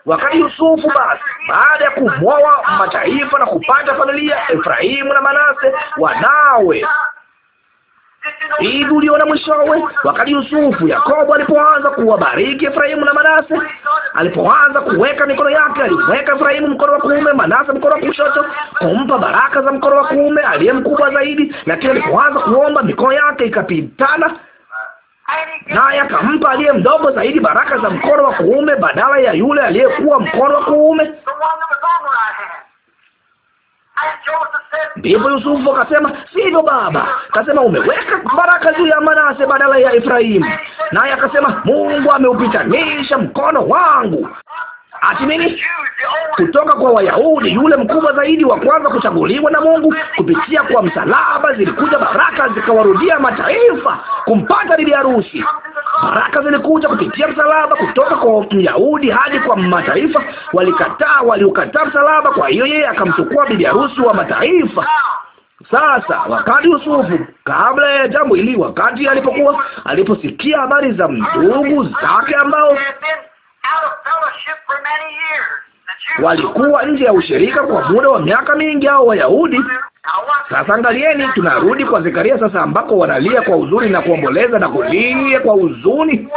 Wakati Yusufu basi, baada ya kumwoa mataifa na kupata familia, Efraimu na Manase, wanawe Hivi uliona mwishowe, wakati Yusufu, Yakobo alipoanza kuwabariki Efraimu na Manase, alipoanza kuweka mikono yake, aliweka Efraimu mkono wa kuume, Manase mkono wa kushoto, kumpa baraka za mkono wa kuume aliye mkubwa zaidi. Lakini alipoanza kuomba, mikono yake ikapitana naye akampa aliye mdogo zaidi baraka za mkono wa kuume badala ya yule aliyekuwa mkono wa kuume. Ndipo Yusufu akasema, sivyo baba. Akasema, umeweka baraka juu ya Manase badala ya Efraimu, naye akasema, Mungu ameupitanisha mkono wangu atimini kutoka kwa Wayahudi, yule mkubwa zaidi wa kwanza kuchaguliwa na Mungu kupitia kwa msalaba. Zilikuja baraka zikawarudia mataifa kumpata bibi harusi. Baraka zilikuja kupitia msalaba kutoka kwa Myahudi hadi kwa mataifa. Walikataa, waliukataa msalaba, kwa hiyo yeye akamchukua bibi harusi wa mataifa. Sasa wakati Yusufu, kabla ya jambo hili, wakati alipokuwa aliposikia habari za ndugu zake ambao walikuwa nje ya ushirika kwa muda wa miaka mingi, hao Wayahudi. Sasa angalieni, tunarudi kwa Zekaria sasa, ambako wanalia kwa huzuni na kuomboleza na kulia kwa huzuni,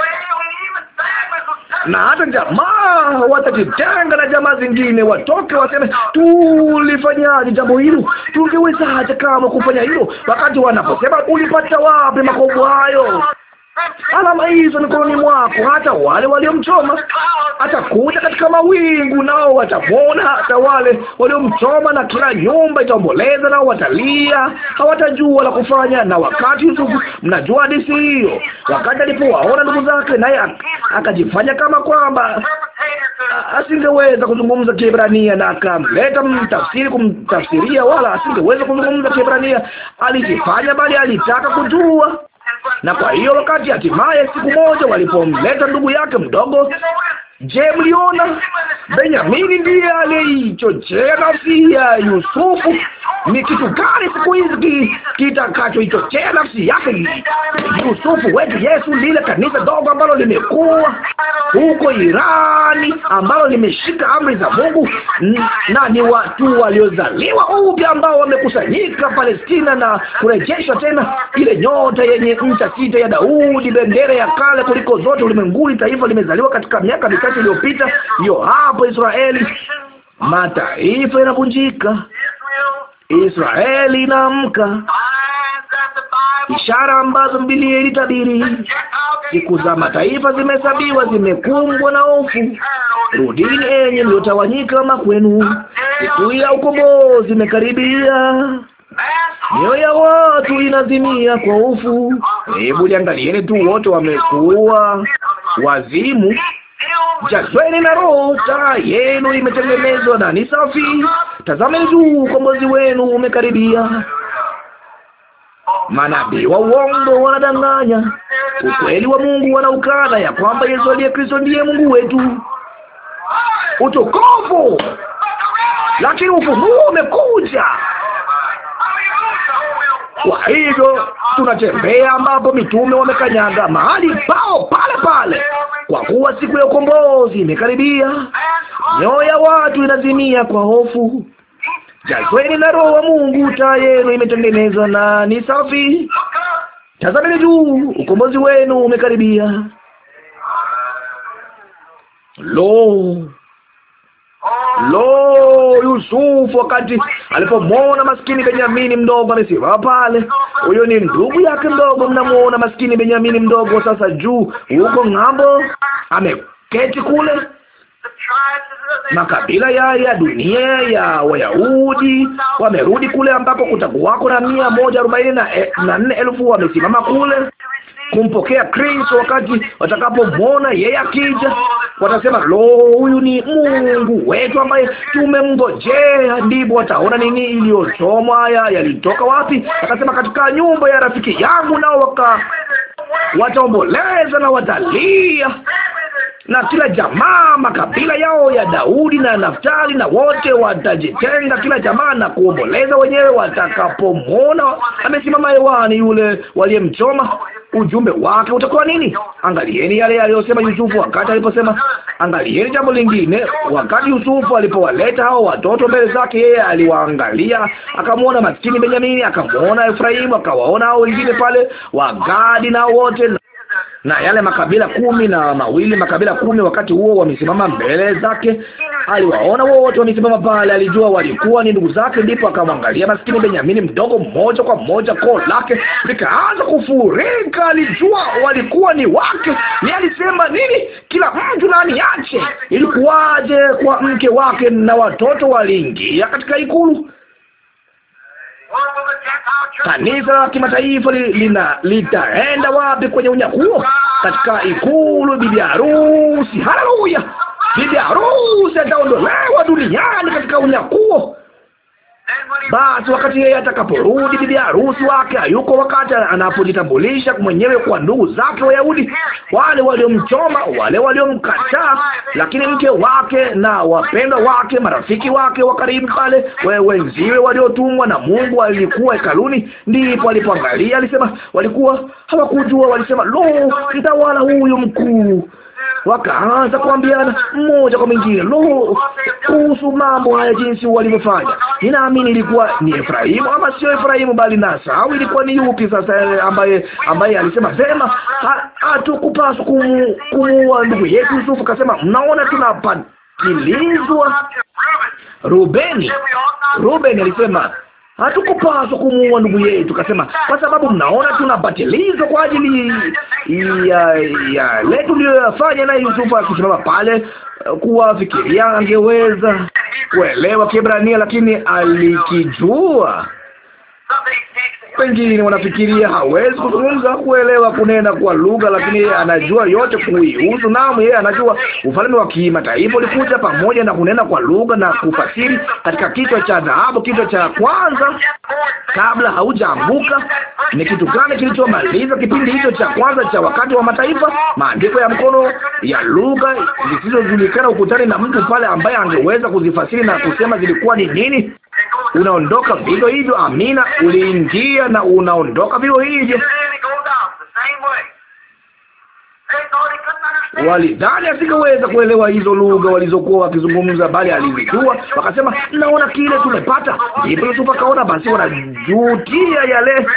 na hata jamaa watajitenga na jamaa zingine, watoke waseme, tulifanyaje jambo hilo? Tungewezaje kama kufanya hilo? Wakati wanaposema ulipata wapi makovu hayo? alama hizo mikononi mwako, hata wale waliomchoma. Atakuja katika mawingu, nao watamwona, hata wale waliomchoma, na kila nyumba itaomboleza, nao watalia, hawatajua la kufanya. Na wakati Yusufu, mnajua hadithi hiyo, wakati alipowaona ndugu zake, naye akajifanya kama kwamba asingeweza kuzungumza Kiebrania, na akamleta mtafsiri kumtafsiria, wala asingeweza kuzungumza Kiebrania, alijifanya, bali alitaka kujua na kwa hiyo wakati hatimaye siku moja walipomleta ndugu yake mdogo Je, mliona Benyamini ndiye aliichochea nafsi ya Yusufu? Ni kitu gani siku hizi kitakachoichochea nafsi yake Yusufu wetu Yesu, lile kanisa dogo ambalo limekuwa huko Irani, ambalo limeshika amri za Mungu na ni watu waliozaliwa upya ambao wamekusanyika Palestina na kurejesha tena ile nyota yenye ncha sita ya Daudi, bendera ya kale kuliko zote ulimwenguni. Taifa limezaliwa katika miaka wakati uliopita. Hiyo hapo Israeli, mataifa yanavunjika, Israeli inaamka, ishara ambazo Biblia ilitabiri. Siku za mataifa zimehesabiwa, zimekumbwa na hofu. Rudini enye mliotawanyika, kama kwenu siku ya ukombozi imekaribia. Mioyo ya watu inazimia kwa hofu. Hebu liangalieni tu, wote wamekuwa wazimu jazweni na Roho, taa yenu imetengenezwa na ni safi. tazame juu, ukombozi wenu umekaribia. Manabii wa uongo wanadanganya, ukweli wa Mungu wanaukana, ya kwamba Yesu aliye Kristo ndiye Mungu wetu. Utukufu! Lakini ufunuo umekuja. Kwa hivyo tunatembea ambapo mitume wamekanyaga mahali pao pale pale, kwa kuwa siku ya ukombozi imekaribia. Mioyo ya watu inazimia kwa hofu. Jazweni na Roho wa Mungu, taa yenu imetengenezwa na ni safi. Tazameni juu, ukombozi wenu umekaribia. Lo! Lo, Yusufu wakati alipomwona maskini Benyamini mdogo amesimama pale, huyo ni ndugu yake mdogo. Mnamwona maskini Benyamini mdogo sasa juu huko ng'ambo, ameketi kule makabila ya ya dunia ya Wayahudi wamerudi kule ambako kutakuwako na mia moja arobaini na eh, nne elfu wamesimama kule kumpokea Kristo. Wakati watakapomwona yeye akija, watasema lo, huyu ni Mungu wetu ambaye tumemngojea. Ndipo wataona nini iliyochomwa, haya yalitoka wapi? Akasema katika nyumba ya rafiki yangu, nao waka wataomboleza na watalia na kila jamaa makabila yao ya Daudi na Naftali na wote watajitenga, kila jamaa na kuomboleza wenyewe watakapomwona amesimama hewani yule waliyemchoma ujumbe wake utakuwa nini? Angalieni yale aliyosema Yusufu wakati aliposema. Angalieni jambo lingine, wakati Yusufu alipowaleta hao watoto mbele zake, yeye aliwaangalia, akamwona maskini Benjamini, akamwona Efraimu, akawaona hao wengine pale Wagadi na wote na yale makabila kumi na mawili, makabila kumi wakati huo wamesimama mbele zake. Aliwaona wote wamesimama pale, alijua walikuwa ni ndugu zake. Ndipo akamwangalia maskini Benyamini mdogo, mmoja kwa moja koo lake likaanza kufurika. Alijua walikuwa ni wake. Ni alisema nini? Kila mtu na aniache. Ilikuwaje kwa mke wake na watoto? Waliingia katika ikulu Kanisa la kimataifa lina litaenda wapi kwenye unyakuo? Katika ikulu, bibi harusi. Haleluya! Bibi harusi ataondolewa duniani katika unyakuo. Basi wakati yeye atakaporudi, bibi harusi wake hayuko, wakati anapojitambulisha mwenyewe kwa ndugu zake Wayahudi, wale waliomchoma, wale waliomkataa, lakini mke wake na wapendwa wake, marafiki wake wa karibu pale, wenziwe waliotumwa na Mungu walikuwa hekaluni. Ndipo alipoangalia alisema, walikuwa hawakujua, walisema, lo, mtawala huyu mkuu wakaanza kuambiana mmoja kwa mwingine, lo, kuhusu mambo haya, jinsi walivyofanya. Ninaamini ilikuwa ni Efraimu, ama sio Efraimu, bali au Ilikuwa ni yupi sasa eh, ambaye ambaye alisema vema, hatukupaswa kumuua ndugu yetu Yusufu? Kasema, mnaona tunapatilizwa. Rubeni, Rubeni alisema hatukupaswa kumuua ndugu yetu, kasema kwa sababu mnaona tunabatilizwa kwa ajili ya ya letu tuliyoyafanya. Naye Yusufu akisimama pale, uh, kuwafikiria angeweza kuelewa Kiebrania, lakini alikijua wengine wanafikiria hawezi kuzungumza, kuelewa, kunena kwa lugha, lakini anajua yote kuihusu. Naam, yeye anajua ufalme wa kimataifa ulikuja pamoja na kunena kwa lugha na kufasiri katika kichwa cha dhahabu, kichwa cha kwanza kabla haujaanguka. Ni kitu gani kilichomaliza kipindi hicho cha kwanza cha wakati wa mataifa? Maandiko ya mkono ya lugha zisizojulikana ukutani na mtu pale, ambaye angeweza kuzifasiri na kusema zilikuwa ni nini. Unaondoka vivyo hivyo. Amina, uliingia moja na unaondoka vivyo hivyo. Walidhani asingeweza kuelewa hizo lugha walizokuwa wakizungumza, bali alizijua. Wakasema, naona kile tumepata. Ndipo Yusufu akaona, basi wanajutia yale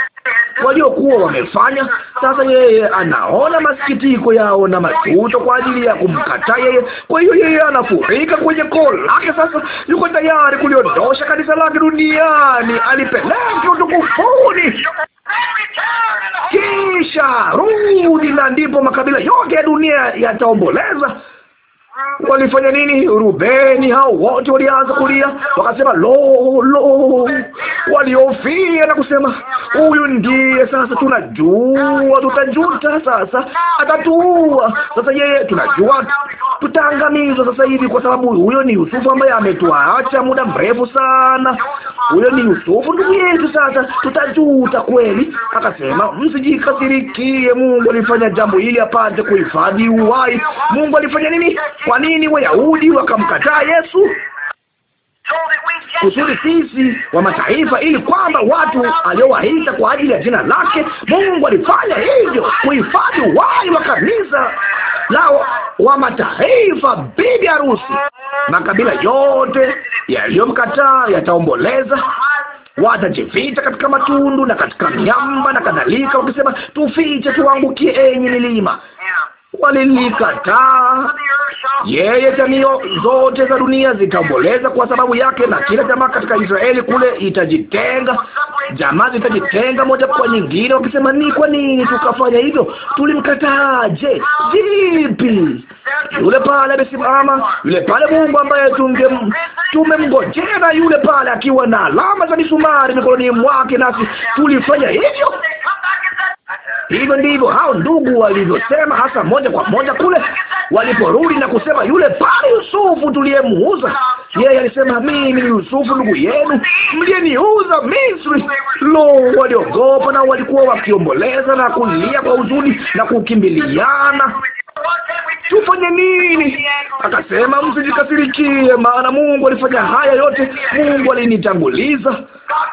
waliokuwa wamefanya. Sasa yeye anaona masikitiko yao na majuto kwa ajili ya kumkataa yeye. Kwa hiyo yeye anafurika kwenye koo lake. Sasa yuko tayari kuliondosha kanisa lake duniani alipeleke utukufuni kisha rudi, na ndipo makabila yote ya dunia yataomboleza. Walifanya nini? Rubeni hao wote walianza kulia, wakasema lo lo, waliofia na kusema, huyu ndiye sasa, tunajua tutajuta, sasa atatuua sasa, yeye tunajua tutaangamizwa sasa hivi, kwa sababu huyo ni Yusufu ambaye ametuacha muda mrefu sana. Huyo ni Yusufu ndugu yetu. Sasa tutajuta kweli. Akasema, msijikasirikie. Mungu alifanya jambo hili apate kuhifadhi uhai. Mungu alifanya nini? Kwa nini Wayahudi wakamkataa Yesu? kusudi sisi wa mataifa, ili kwamba watu aliowaita kwa ajili ya jina lake, Mungu alifanya hivyo kuhifadhi uhai wa kanisa la wa mataifa, bibi harusi. Makabila yote yaliyomkataa yataomboleza, watajivita katika matundu na katika miamba na kadhalika, wakisema tufiche, tuangukie enyi milima walilikataa yeye. Jamii zote za dunia zitaomboleza kwa sababu yake, na kila jamaa katika Israeli kule itajitenga, jamaa zitajitenga moja kwa nyingine, wakisema ni kwa nini tukafanya hivyo? Tulimkataa je vipi? Yule pale amesimama, yule pale Mungu ambaye tumemngojea, na yule pale akiwa na alama za misumari mikononi mwake, nasi tulifanya hivyo Hivyo ndivyo hao ndugu walivyosema, hasa moja kwa moja kule waliporudi na kusema, yule pale Yusufu tuliyemuuza, yeye alisema, mimi Yusufu ndugu yenu mliyeniuza Misri. Lo, waliogopa na walikuwa wakiomboleza na kulia kwa huzuni na kukimbiliana Tufanye nini? Akasema, msijikasirikie, maana Mungu alifanya haya yote. Mungu alinitanguliza.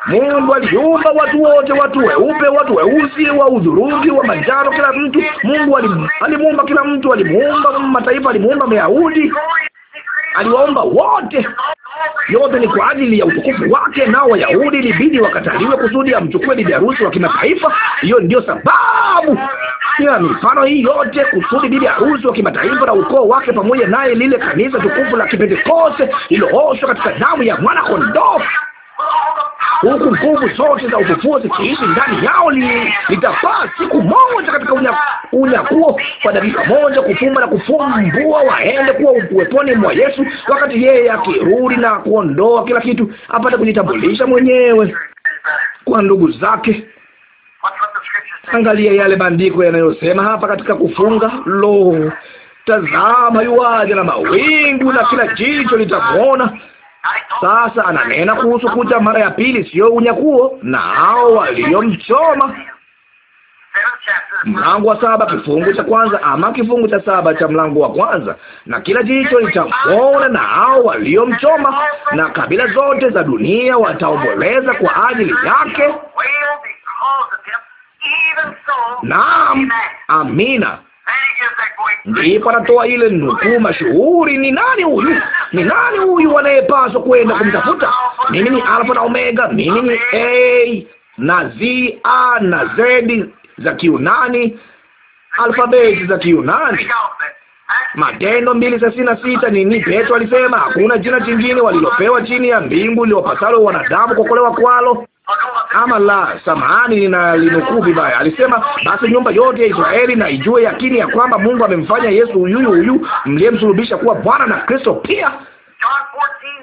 Mungu aliumba watu wote, watu weupe, watu weusi, wa udhurungi, wa manjano, kila mtu. Mungu alimuumba kila mtu, alimuumba mataifa, alimuumba Mayahudi, aliwaomba wote. Yote ni kwa ajili ya utukufu wake, nao Wayahudi ilibidi wakataliwe kusudi amchukue bibi harusi wa kimataifa. Hiyo ndiyo sababu ya mifano hii yote, kusudi bibi harusi wa kimataifa na ukoo wake pamoja naye, lile kanisa tukufu la Kipentekoste lililooshwa katika damu ya mwana kondoo huku nguvu zote za ufufuo zikiishi ndani yao, litapaa siku moja katika unyakuo kwa dakika moja, kufumba na kufumbua, waende kuwa uweponi mwa Yesu, wakati yeye akirudi na kuondoa kila kitu, apate kujitambulisha mwenyewe kwa ndugu zake. Angalia yale maandiko yanayosema hapa katika kufunga, lo, tazama yuaja na mawingu na kila jicho litamwona sasa ananena kuhusu kuja mara ya pili, sio unyakuo. hao waliomchoma mlango wa saba kifungu cha kwanza ama kifungu cha saba cha mlango wa kwanza, na kila jicho litamwona, na hao waliomchoma, na kabila zote za dunia wataomboleza kwa ajili yake. Naam, amina ndipo anatoa ile nukuu mashuhuri: ni nani huyu? Ni nani huyu wanayepaswa kwenda kumtafuta? Mimi ni Alfa na Omega, mimi ni A na Z, A na Z za Kiunani, alfabeti za Kiunani. Matendo mbili thelathini na sita nini? Petro alisema hakuna jina jingine walilopewa chini ya mbingu liwapasalo wanadamu kuokolewa kwalo ama la, samahani, ninalinukuu vibaya. Alisema, basi nyumba yote ya Israeli na ijue yakini ya kwamba Mungu amemfanya Yesu huyu huyu mliyemsulubisha kuwa Bwana na Kristo pia.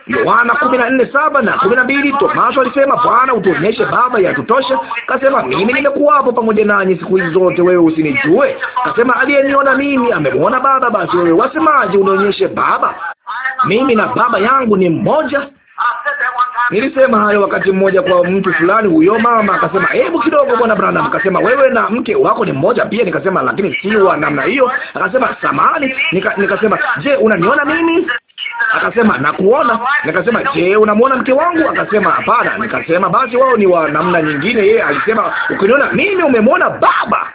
Yohana kumi na nne saba na kumi na mbili. Tomaso alisema, Bwana, utuonyeshe Baba, yatutosha. Kasema, mimi nimekuwapo pamoja nanyi siku hizi zote, wewe usinijue? Kasema, aliyeniona mimi amemwona Baba. Basi wewe wasemaje unionyeshe Baba? Mimi na Baba yangu ni mmoja. Nilisema hayo wakati mmoja kwa mtu fulani, huyo mama akasema, hebu kidogo bwana Branham, akasema wewe na mke wako ni mmoja pia? Nikasema lakini si wa namna hiyo. Akasema samahani. Nika, nikasema je, unaniona mimi? Akasema nakuona. Nikasema je, unamwona mke wangu? Akasema hapana. Nikasema basi wao ni wa namna nyingine. Yeye alisema ukiniona mimi umemwona baba.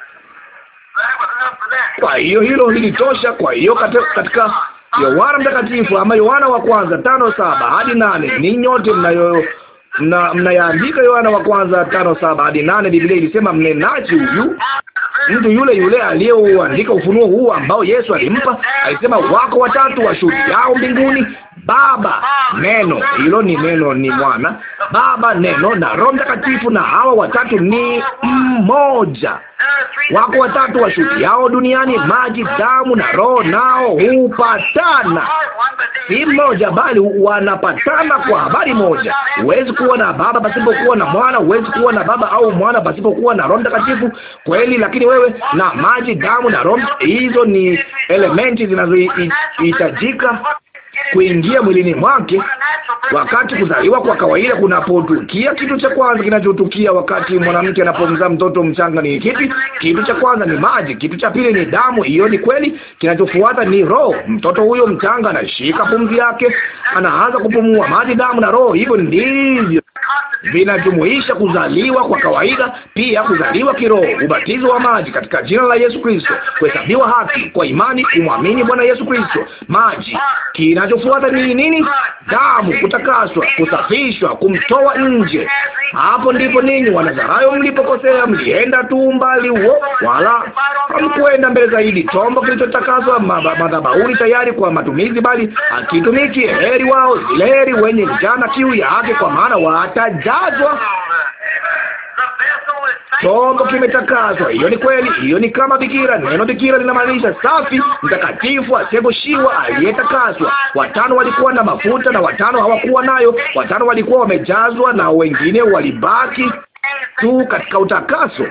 Kwa hiyo hilo lilitosha. Kwa hiyo katika Yohana Mtakatifu ama Yohana wa kwanza tano saba hadi nane. Ni nyote mnayo mna mnayaandika Yohana wa kwanza tano saba hadi nane. Biblia ilisema mnenaji huyu mtu yule yule aliyeuandika ufunuo huu ambao Yesu alimpa, alisema wako watatu washuhudiao mbinguni, Baba, Neno. Hilo ni neno, ni mwana Baba, Neno na Roho Mtakatifu, na hawa watatu ni mmoja. Wako watatu washukiao duniani, maji, damu na roho, nao hupatana, si mmoja bali wanapatana kwa habari moja. Huwezi kuwa na Baba pasipokuwa na Mwana, huwezi kuwa na Baba au Mwana pasipokuwa na Roho Mtakatifu. Kweli, lakini wewe na maji, damu na roho, hizo ni elementi zinazohitajika kuingia mwilini mwake. Wakati kuzaliwa kwa kawaida kunapotukia, kitu cha kwanza kinachotukia wakati mwanamke anapomzaa mtoto mchanga ni kipi? Kitu cha kwanza ni maji, kitu cha pili ni damu. Hiyo ni kweli. Kinachofuata ni roho. Mtoto huyo mchanga anashika pumzi yake, anaanza kupumua maji, damu na roho. Hivyo ndivyo vinajumuisha kuzaliwa kwa kawaida, pia kuzaliwa kiroho, ubatizo wa maji katika jina la Yesu Kristo, kuhesabiwa haki kwa imani, kumwamini Bwana Yesu Kristo. Maji, kinachofuata ni nini? Damu, kutakaswa, kusafishwa, kumtoa nje. Hapo ndipo ninyi Wanazarayo mlipokosea, mlienda tu umbali huo, wala hamkuenda mbele zaidi. Chombo kilichotakaswa madhabahuni tayari kwa matumizi, bali akitumiki Heri wao, heri wenye njaa na kiu ya haki, kwa maana wa atajazwa chombo kimetakaswa. Hiyo ni kweli, hiyo ni kama bikira. Neno bikira linamaanisha safi, mtakatifu, asiyegoshiwa, aliyetakaswa. Watano walikuwa na mafuta na watano hawakuwa nayo. Watano walikuwa wamejazwa na wengine walibaki tu katika utakaso.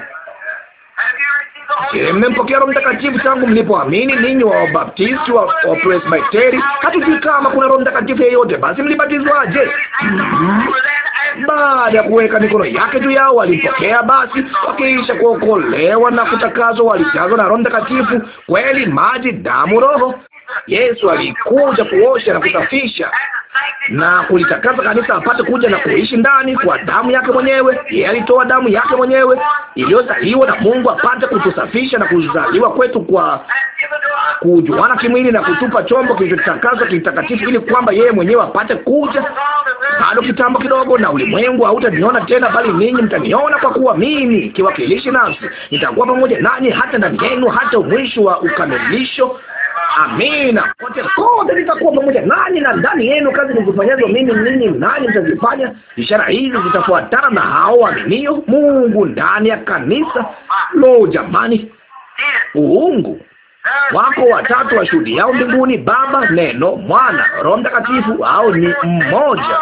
Je, mmempokea Roho Mtakatifu tangu mlipoamini ninyi wa Wabaptisti wa Wapresbiteri? Hatujui kama kuna Roho Mtakatifu yeyote. Basi mlibatizwaje? Baada ya kuweka mikono yake juu yao, walipokea basi, wakiisha kuokolewa na kutakazwa, walijazwa na Roho Mtakatifu, kweli, maji, damu, Roho. Yesu alikuja kuosha na kusafisha na kulitakasa kanisa apate kuja na kuishi ndani kwa damu yake mwenyewe. Yeye alitoa damu yake mwenyewe iliyozaliwa na Mungu apate kutusafisha na kuzaliwa kwetu kwa kujuana kimwili na kutupa chombo kilichotakaswa kitakatifu, ili kwamba yeye mwenyewe apate kuja. Bado kitambo kidogo, na ulimwengu hautaniona tena, bali ninyi mtaniona, kwa kuwa mimi kiwakilishi nafsi nitakuwa pamoja nanyi hata ndani yenu, hata mwisho wa ukamilisho. Amina. Kote kote nitakuwa pamoja nanyi na ndani yenu, kazi nizifanyazo mimi ninyi nanyi mtazifanya. Ishara hizi zitafuatana na hao waaminio. Mungu ndani ya kanisa. Lo, jamani, uungu wako watatu washuhudiao mbinguni, Baba, Neno, Mwana, Roho Mtakatifu, au ni mmoja.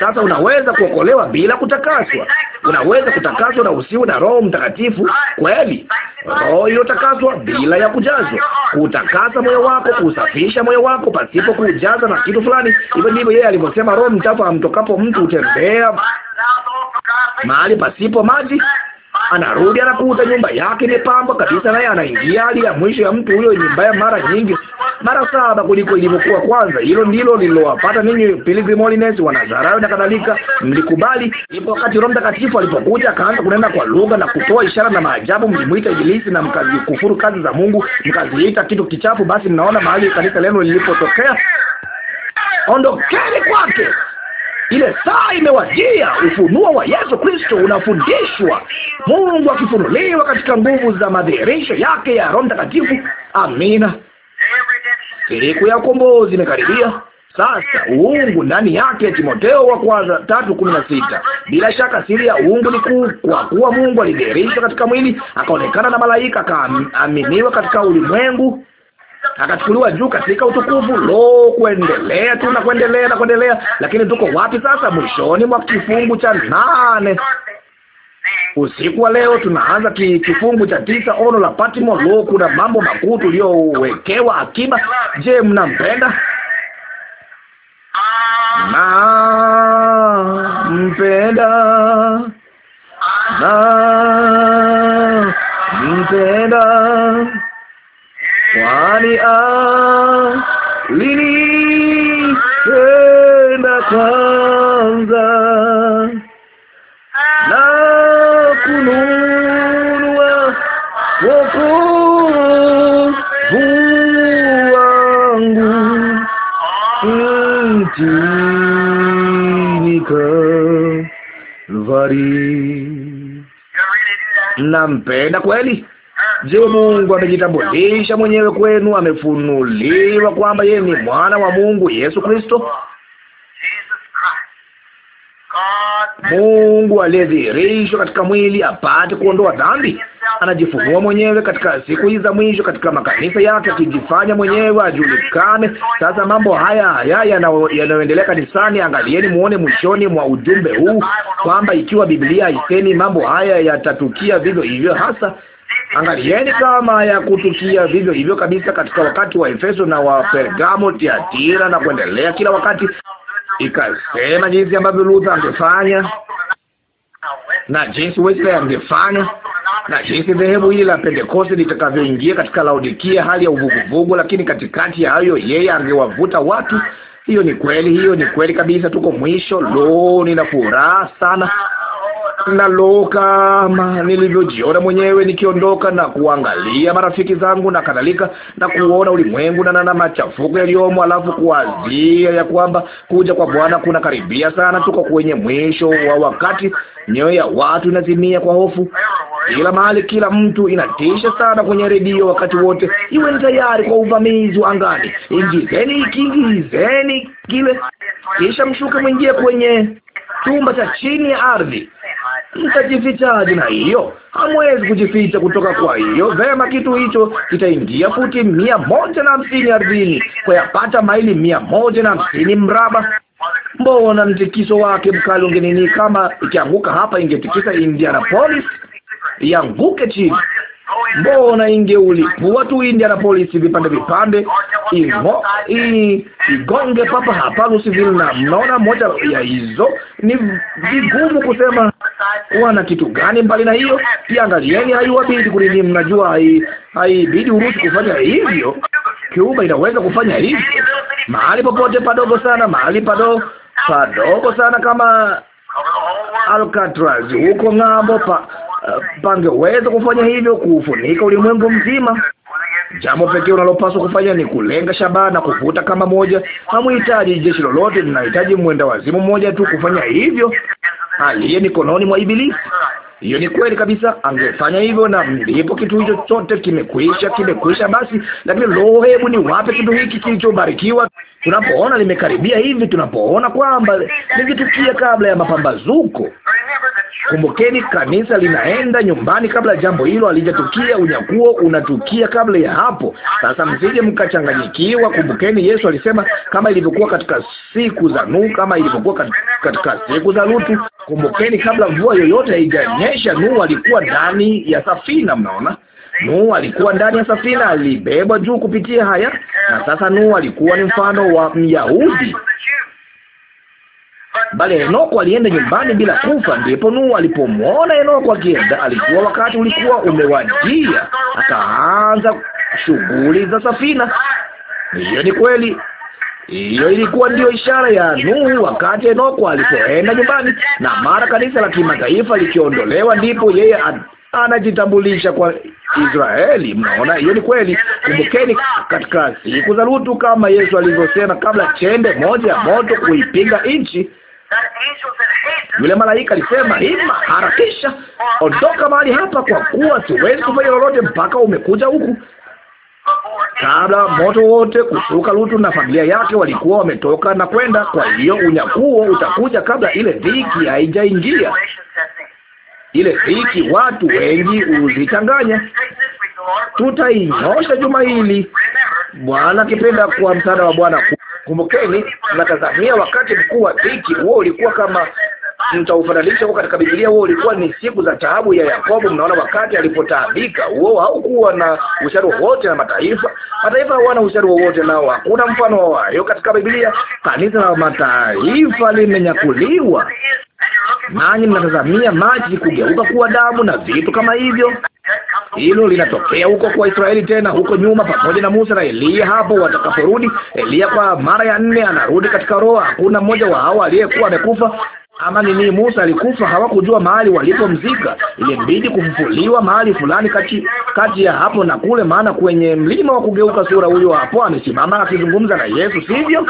Sasa unaweza kuokolewa bila kutakaswa, unaweza kutakaswa na usiwe na Roho Mtakatifu kweli, roho iliyotakaswa bila ya kujazwa. Kutakasa moyo wako, kusafisha moyo wako pasipo kujaza na kitu fulani. Hivyo ndivyo yeye alivyosema, Roho Mtakatifu amtokapo mtu hutembea mahali pasipo maji anarudi anakuta nyumba yake imepambwa kabisa, naye anaingia. Hali ya mwisho ya mtu huyo ni mara nyingi, mara saba kuliko ilivyokuwa kwanza. Hilo ndilo lililowapata ninyi Pilgrim Holiness, Wanazarayo na kadhalika. Mlikubali. Ndipo wakati Roho Mtakatifu alipokuja akaanza kunena kwa lugha na kutoa ishara na maajabu, mlimwita Ibilisi na mkazikufuru kazi za Mungu, mkaziita kitu kichafu. Basi mnaona mahali kanisa leno lilipotokea. Ondokeni kwake. Ile saa imewajia. Ufunuo wa Yesu Kristo unafundishwa, Mungu akifunuliwa katika nguvu za madhihirisho yake ya Roho Mtakatifu. Amina. Siku ya ukombozi imekaribia. Sasa uungu ndani yake, Timotheo wa kwanza tatu kumi na sita. Bila shaka siri ya uungu ni kuu, kwa kuwa Mungu alidhihirishwa katika mwili, akaonekana na malaika, akaaminiwa katika ulimwengu akachukuliwa juu katika utukufu. Lo, kuendelea tu na kuendelea na kuendelea. Lakini tuko wapi sasa? Mwishoni mwa kifungu cha nane usiku wa leo tunaanza kifungu cha tisa, ono la Patimo. Lo, kuna mambo makuu tuliyowekewa akiba. Je, mnampenda? Na mpenda na mpenda kwani alinipenda kwanza na kununua wokovu wangu mtini Kalvari. Nampenda kweli. Je, Mungu amejitambulisha mwenyewe kwenu? Amefunuliwa kwamba yeye ni mwana wa Mungu, Yesu Kristo, Mungu aliyedhihirishwa katika mwili apate kuondoa dhambi. Anajifunua mwenyewe katika siku hizi za mwisho katika makanisa yake, akijifanya mwenyewe ajulikane. Sasa mambo haya haya yanayoendelea kanisani, angalieni muone mwishoni mwa ujumbe huu kwamba ikiwa Biblia haisemi mambo haya, yatatukia vivyo hivyo hasa. Angalieni kama ya kutukia vivyo hivyo kabisa katika wakati wa Efeso na wa Pergamo, Tiatira na kuendelea, kila wakati ikasema jinsi ambavyo Luther angefanya na jinsi Wesley angefanya na jinsi dhehebu hili la Pentekoste litakavyoingia katika Laodikia, hali ya uvuguvugu, lakini katikati ya hayo yeye angewavuta watu. Hiyo ni kweli, hiyo ni kweli kabisa. Tuko mwisho. Lo, nina furaha sana loka ama nilivyojiona mwenyewe nikiondoka na kuangalia marafiki zangu na kadhalika, na kuona ulimwengu na nana machafuko yaliyomo, alafu kuwazia ya kwamba kuja kwa Bwana kuna karibia sana, tuko kwenye mwisho wa wakati. Mioyo ya watu inazimia kwa hofu kila mahali, kila mtu inatisha sana kwenye redio wakati wote, iwe ni tayari kwa uvamizi wa angani, ingizeni kiingizeni kile, kisha mshuke mwingie kwenye chumba cha chini ya ardhi mtajificha na hiyo, hamwezi kujificha kutoka kwa hiyo. Vema, kitu hicho kitaingia futi mia moja na hamsini ardhini kwa yapata maili mia moja na hamsini mraba. Mbona mtikiso wake mkali ungenini! Kama ikianguka hapa, ingetikisa Indianapolis, ianguke chini. Mbona ingeulipua tu polisi vipande vipande, igonge papa hapa Louisville. Na mnaona moja ya hizo ni vigumu kusema wana kitu gani mbali na hiyo. Iangalieni, haiwabidi kulini, Mnajua hai haibidi Urusi kufanya hivyo. Cuba inaweza kufanya hivyo mahali popote padogo sana, mahali pado padogo sana kama Alcatraz huko ng'ambo pa pangeweza kufanya hivyo, kuufunika ulimwengu mzima. Jambo pekee unalopaswa kufanya ni kulenga shabaha na kuvuta kama moja. Hamuhitaji jeshi lolote, linahitaji mwenda wazimu mmoja tu kufanya hivyo, aliye mikononi mwa Ibilisi. Hiyo ni kweli kabisa, angefanya hivyo, na ndipo kitu hicho chote kimekwisha, kimekwisha basi. Lakini lo, hebu ni wape kitu hiki kilichobarikiwa, tunapoona limekaribia hivi, tunapoona kwamba likitukia kabla ya mapambazuko. Kumbukeni, kanisa linaenda nyumbani kabla jambo hilo alijatukia. Unyakuo unatukia kabla ya hapo. Sasa msije mkachanganyikiwa. Kumbukeni, Yesu alisema kama ilivyokuwa katika siku za Nuhu, kama ilivyokuwa katika siku za Lutu. Kumbukeni, kabla mvua yoyote haijanye inaonyesha Nuhu alikuwa ndani ya safina. Mnaona, Nuhu alikuwa ndani ya safina, alibebwa juu kupitia haya. Na sasa Nuhu alikuwa ni mfano wa Myahudi, bali Henoko alienda nyumbani bila kufa. Ndipo Nuhu alipomwona Henoko akienda, alikuwa wakati ulikuwa umewajia, akaanza shughuli za safina. Hiyo ni kweli. Hiyo ilikuwa ndiyo ishara ya Nuhu wakati Enoko alipoenda nyumbani, na mara kanisa la kimataifa likiondolewa, ndipo yeye anajitambulisha kwa Israeli. Mnaona, hiyo ni kweli. Kumbukeni katika siku za Lutu, kama Yesu alivyosema, kabla chembe moja ya moto kuipinga nchi, yule malaika alisema, hima, harakisha, ondoka mahali hapa, kwa kuwa siwezi kufanya lolote mpaka umekuja huku kabla moto wote kushuka. Lutu na familia yake walikuwa wametoka na kwenda. Kwa hiyo unyakuo utakuja kabla ile dhiki haijaingia. Ile dhiki watu wengi huzichanganya. Tutainyosha juma hili, Bwana akipenda, kwa msaada wa Bwana. Kumbukeni, mnatazamia wakati mkuu wa dhiki. Huo ulikuwa kama mtaufananisha huko katika Biblia, huo ulikuwa ni siku za taabu ya Yakobo. Mnaona wakati alipotaabika, huo haukuwa na uhusiano wowote na mataifa. Mataifa hawana uhusiano wowote nao, hakuna mfano wa hiyo katika Biblia. Kanisa la mataifa limenyakuliwa, nanyi mnatazamia maji kugeuka kuwa damu na vitu kama hivyo. Hilo linatokea huko kwa Israeli tena huko nyuma, pamoja na Musa na Eliya. Hapo watakaporudi, Eliya kwa mara ya nne anarudi katika roho. Hakuna mmoja wa hao aliyekuwa amekufa ama nini, Musa alikufa, hawakujua mahali walipomzika. Ilimbidi kufufuliwa mahali fulani kati kati ya hapo na kule, maana kwenye mlima wa kugeuka sura huyo hapo amesimama akizungumza na Yesu, sivyo?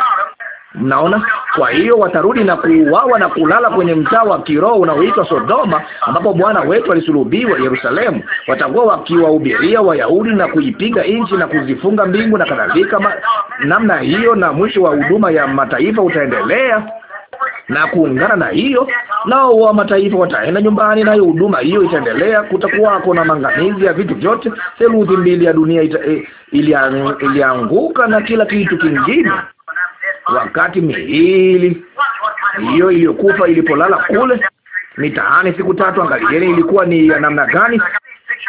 Mnaona, kwa hiyo watarudi na kuuawa na kulala kwenye mtaa wa kiroho unaoitwa Sodoma, ambapo Bwana wetu alisulubiwa Yerusalemu. Watakuwa wakiwahubiria Wayahudi na kuipiga nchi na kuzifunga mbingu na kadhalika, namna hiyo, na mwisho wa huduma ya mataifa utaendelea na kuungana na hiyo, nao wa mataifa wataenda nyumbani, nayo huduma hiyo itaendelea. Kutakuwako na mangamizi ya vitu vyote. Theluthi mbili ya dunia ita, e, ilianguka na kila kitu kingine, wakati miili hiyo iliyokufa ilipolala kule mitaani siku tatu. Angalieni ilikuwa ni ya namna gani.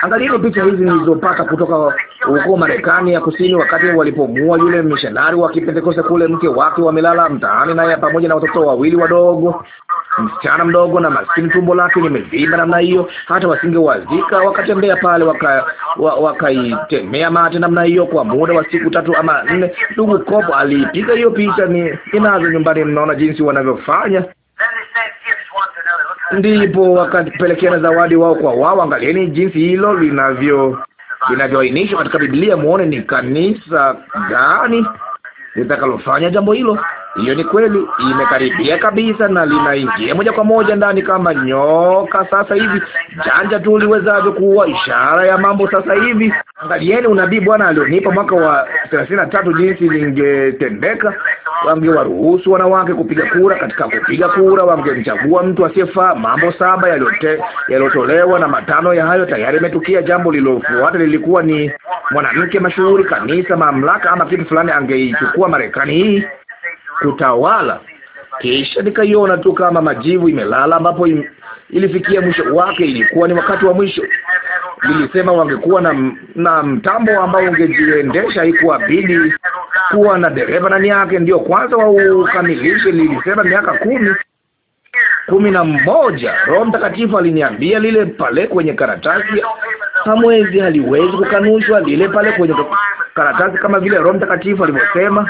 Angalieni picha hizi nilizopata kutoka huko Marekani ya Kusini, wakati walipomua yule mishonari wa Kipentekoste kule, mke wake wamelala mtaani naye pamoja na watoto wawili wadogo, msichana mdogo na maskini, tumbo lake limevimba namna hiyo, hata wasingewazika wakatembea pale, wakaitemea waka mate namna hiyo kwa muda wa siku tatu ama nne. Ndugu Kopo aliipiga hiyo picha, ni ninazo nyumbani. Mnaona jinsi wanavyofanya ndipo wakapelekea na zawadi wao kwa wao. Angalieni jinsi hilo linavyo linavyoainishwa katika Biblia, muone ni kanisa gani litakalofanya jambo hilo. Hiyo ni kweli, imekaribia kabisa na linaingia moja kwa moja ndani kama nyoka. Sasa hivi janja tu liwezavyo kuwa ishara ya mambo sasa hivi. Angalieni unabii Bwana alionipa mwaka wa thelathini na tatu, jinsi lingetendeka. Wangewaruhusu wanawake kupiga kura. Katika kupiga kura, wangemchagua mtu asiyefaa. Mambo saba yaliyotolewa na matano ya hayo tayari imetukia. Jambo lilofuata lilikuwa ni mwanamke mashuhuri, kanisa, mamlaka ama kitu fulani angeichukua Marekani hii kutawala. Kisha nikaiona tu kama majivu imelala, ambapo im, ilifikia mwisho wake. Ilikuwa ni wakati wa mwisho. Nilisema wangekuwa na, na mtambo ambao ungejiendesha, haikuabidi kuwa na dereva ndani yake, ndio kwanza waukamilishe. Nilisema miaka kumi kumi na mmoja. Roho Mtakatifu aliniambia lile pale kwenye karatasi, hamwezi haliwezi kukanushwa, lile pale kwenye karatasi, kama vile Roho Mtakatifu alivyosema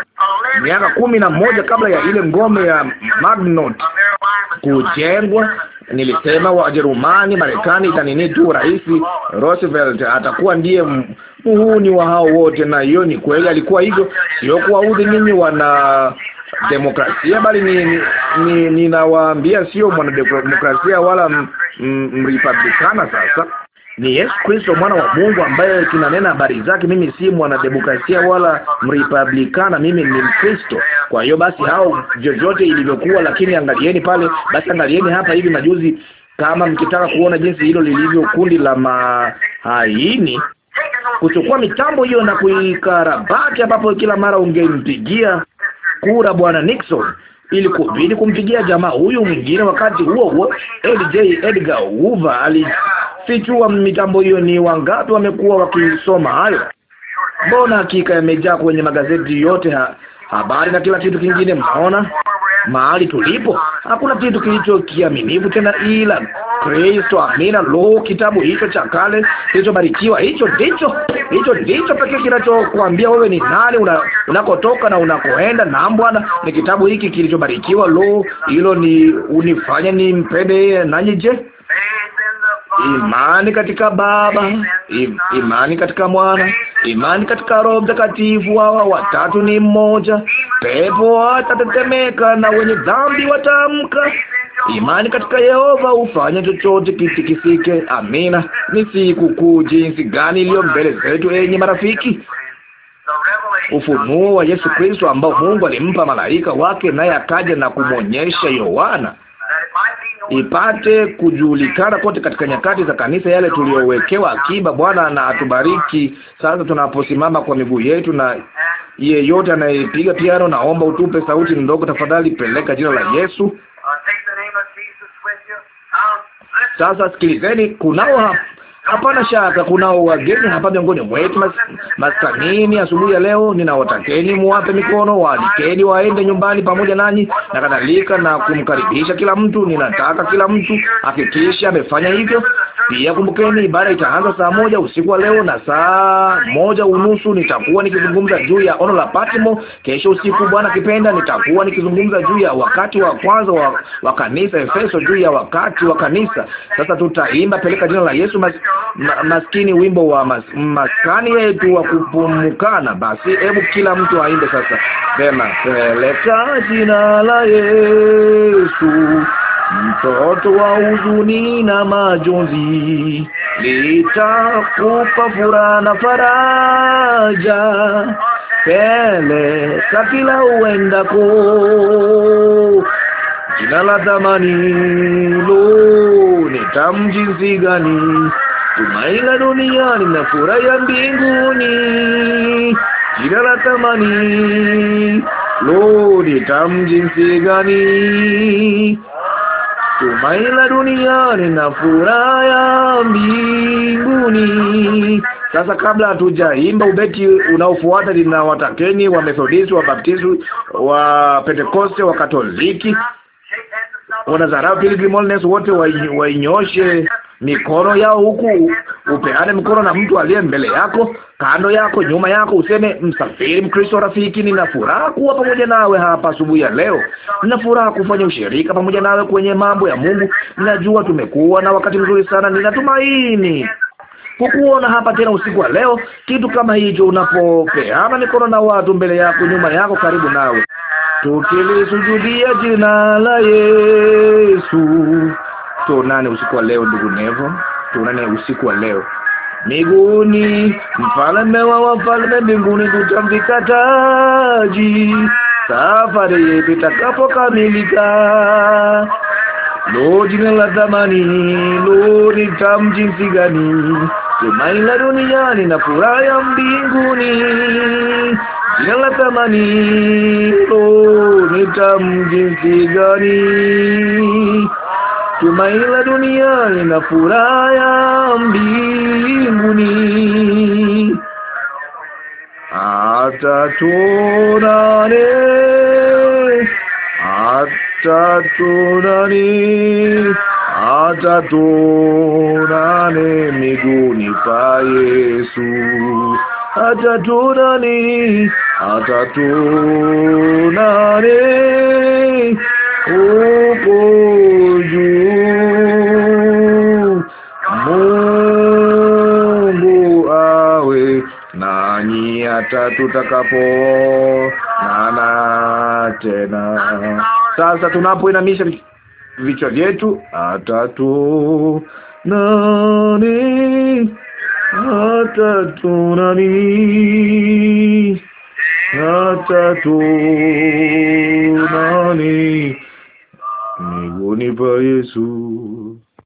miaka kumi na moja kabla ya ile ngome ya Magnot kujengwa. Nilisema Wajerumani, Marekani itanini tu, Rais Roosevelt atakuwa ndiye muhuni wa hao wote, na hiyo ni kweli, alikuwa hivyo. Sio kuwaudhi ninyi wana demokrasia, bali ninawaambia ni, ni, ni sio mwanademokrasia wala mrepublikana. Sasa ni Yesu Kristo mwana wa Mungu ambaye tunanena habari zake. Mimi si mwanademokrasia wala mrepublikana, mimi ni Mkristo. Kwa hiyo basi, hao vyovyote ilivyokuwa, lakini angalieni pale basi, angalieni hapa hivi majuzi, kama mkitaka kuona jinsi hilo lilivyo kundi la mahaini, kuchukua mitambo hiyo na kuikarabati, ambapo kila mara ungempigia kura bwana Nixon ili kubidi kumpigia jamaa huyu mwingine. Wakati huo huo, LJ Edgar Hoover ali Sijua mitambo hiyo ni wangapi wamekuwa wakisoma hayo. Mbona hakika yamejaa kwenye magazeti yote ha, habari na kila kitu kingine. Mnaona mahali tulipo, hakuna kitu kilicho kiaminifu tena ila Kristo. Amina. Lo, kitabu hicho cha kale kilichobarikiwa, hicho ndicho hicho ndicho pekee kinachokuambia wewe ni nani, una, unakotoka na unakoenda. Na Bwana ni kitabu hiki kilichobarikiwa. Lo, hilo ni unifanya ni yeye. Nanyi je? imani katika Baba, imani katika Mwana, imani katika Roho Mtakatifu. Hawa watatu ni mmoja. Pepo watatetemeka na wenye dhambi watamka. Imani katika Yehova hufanya chochote kitikisike. Amina. Ni siku kuu jinsi gani iliyo mbele zetu, enyi marafiki! Ufunuo wa Yesu Kristo ambao Mungu alimpa malaika wake, naye akaja na kumwonyesha Yohana ipate kujulikana kote katika nyakati za kanisa, yale tuliyowekewa akiba. Bwana na atubariki sasa tunaposimama kwa miguu yetu, na yeyote anayepiga piano, naomba utupe sauti ndogo tafadhali, peleka jina la Yesu. Um, sasa sikilizeni, kunao Hapana shaka kuna wageni hapa miongoni mwetu maskanini asubuhi ya leo. Ninawatakeni muwape mikono, waalikeni waende nyumbani pamoja nanyi na kadhalika, na kumkaribisha kila mtu. Ninataka kila mtu afikishe amefanya hivyo. Pia kumbukeni, ibada itaanza saa moja usiku wa leo, na saa moja unusu nitakuwa nikizungumza juu ya ono la Patmo. Kesho usiku, Bwana kipenda, nitakuwa nikizungumza juu ya wakati wa kwanza wa, wa kanisa Efeso, juu ya wakati wa kanisa. Sasa tutaimba peleka jina la Yesu mas ma, maskini wimbo wa mas, maskani yetu wa kupumukana. Basi hebu kila mtu aimbe sasa, sema peleka jina la Yesu mtoto wa huzuni na majonzi, litakupa furaha na faraja, peleka kila uendako. Jina la thamani, lu ni tamu jinsi gani! tumaini la duniani na furaha ya mbinguni, jina la thamani. Lo, ni tamu jinsi gani! Tumaini la duniani na furaha ya mbinguni. Sasa, kabla hatujaimba ubeti unaofuata, ninawatakeni wa Methodisti, wa Pentekoste, wa Katoliki, Wanazarayo, Pilgrim Oneness, wote wainyoshe mikono yao huku, upeane mikono na mtu aliye mbele yako, kando yako, nyuma yako, useme msafiri Mkristo rafiki, nina furaha kuwa pamoja nawe hapa asubuhi ya leo. Nina furaha kufanya ushirika pamoja nawe kwenye mambo ya Mungu. Ninajua tumekuwa na wakati mzuri sana, ninatumaini kukuona hapa tena usiku wa leo. Kitu kama hicho, unapopeana mikono na watu mbele yako, nyuma yako, karibu nawe, tukilisujudia jina la Yesu tuonane usiku wa leo, ndugu Nevo, tuonane usiku wa leo. Miguuni mfalme wa wafalme mbinguni tutamvika taji safari yetu itakapokamilika. Lo, jina la thamani! Lo, ni tamu jinsi gani! Tumaini la duniani na furaha ya mbinguni. Jina la thamani! Lo, ni tamu jinsi gani! tumaini la duniani na furaha ya mbinguni. Hata tuonane, hata tuonane, hata tuonane miguuni pa Yesu. Hata tuonane, hata tuonane uko juu. tutakapoonana tena. Sasa tunapoinamisha vichwa vyetu, hata tu nani atatu nani atatu, nani Univa Jesus.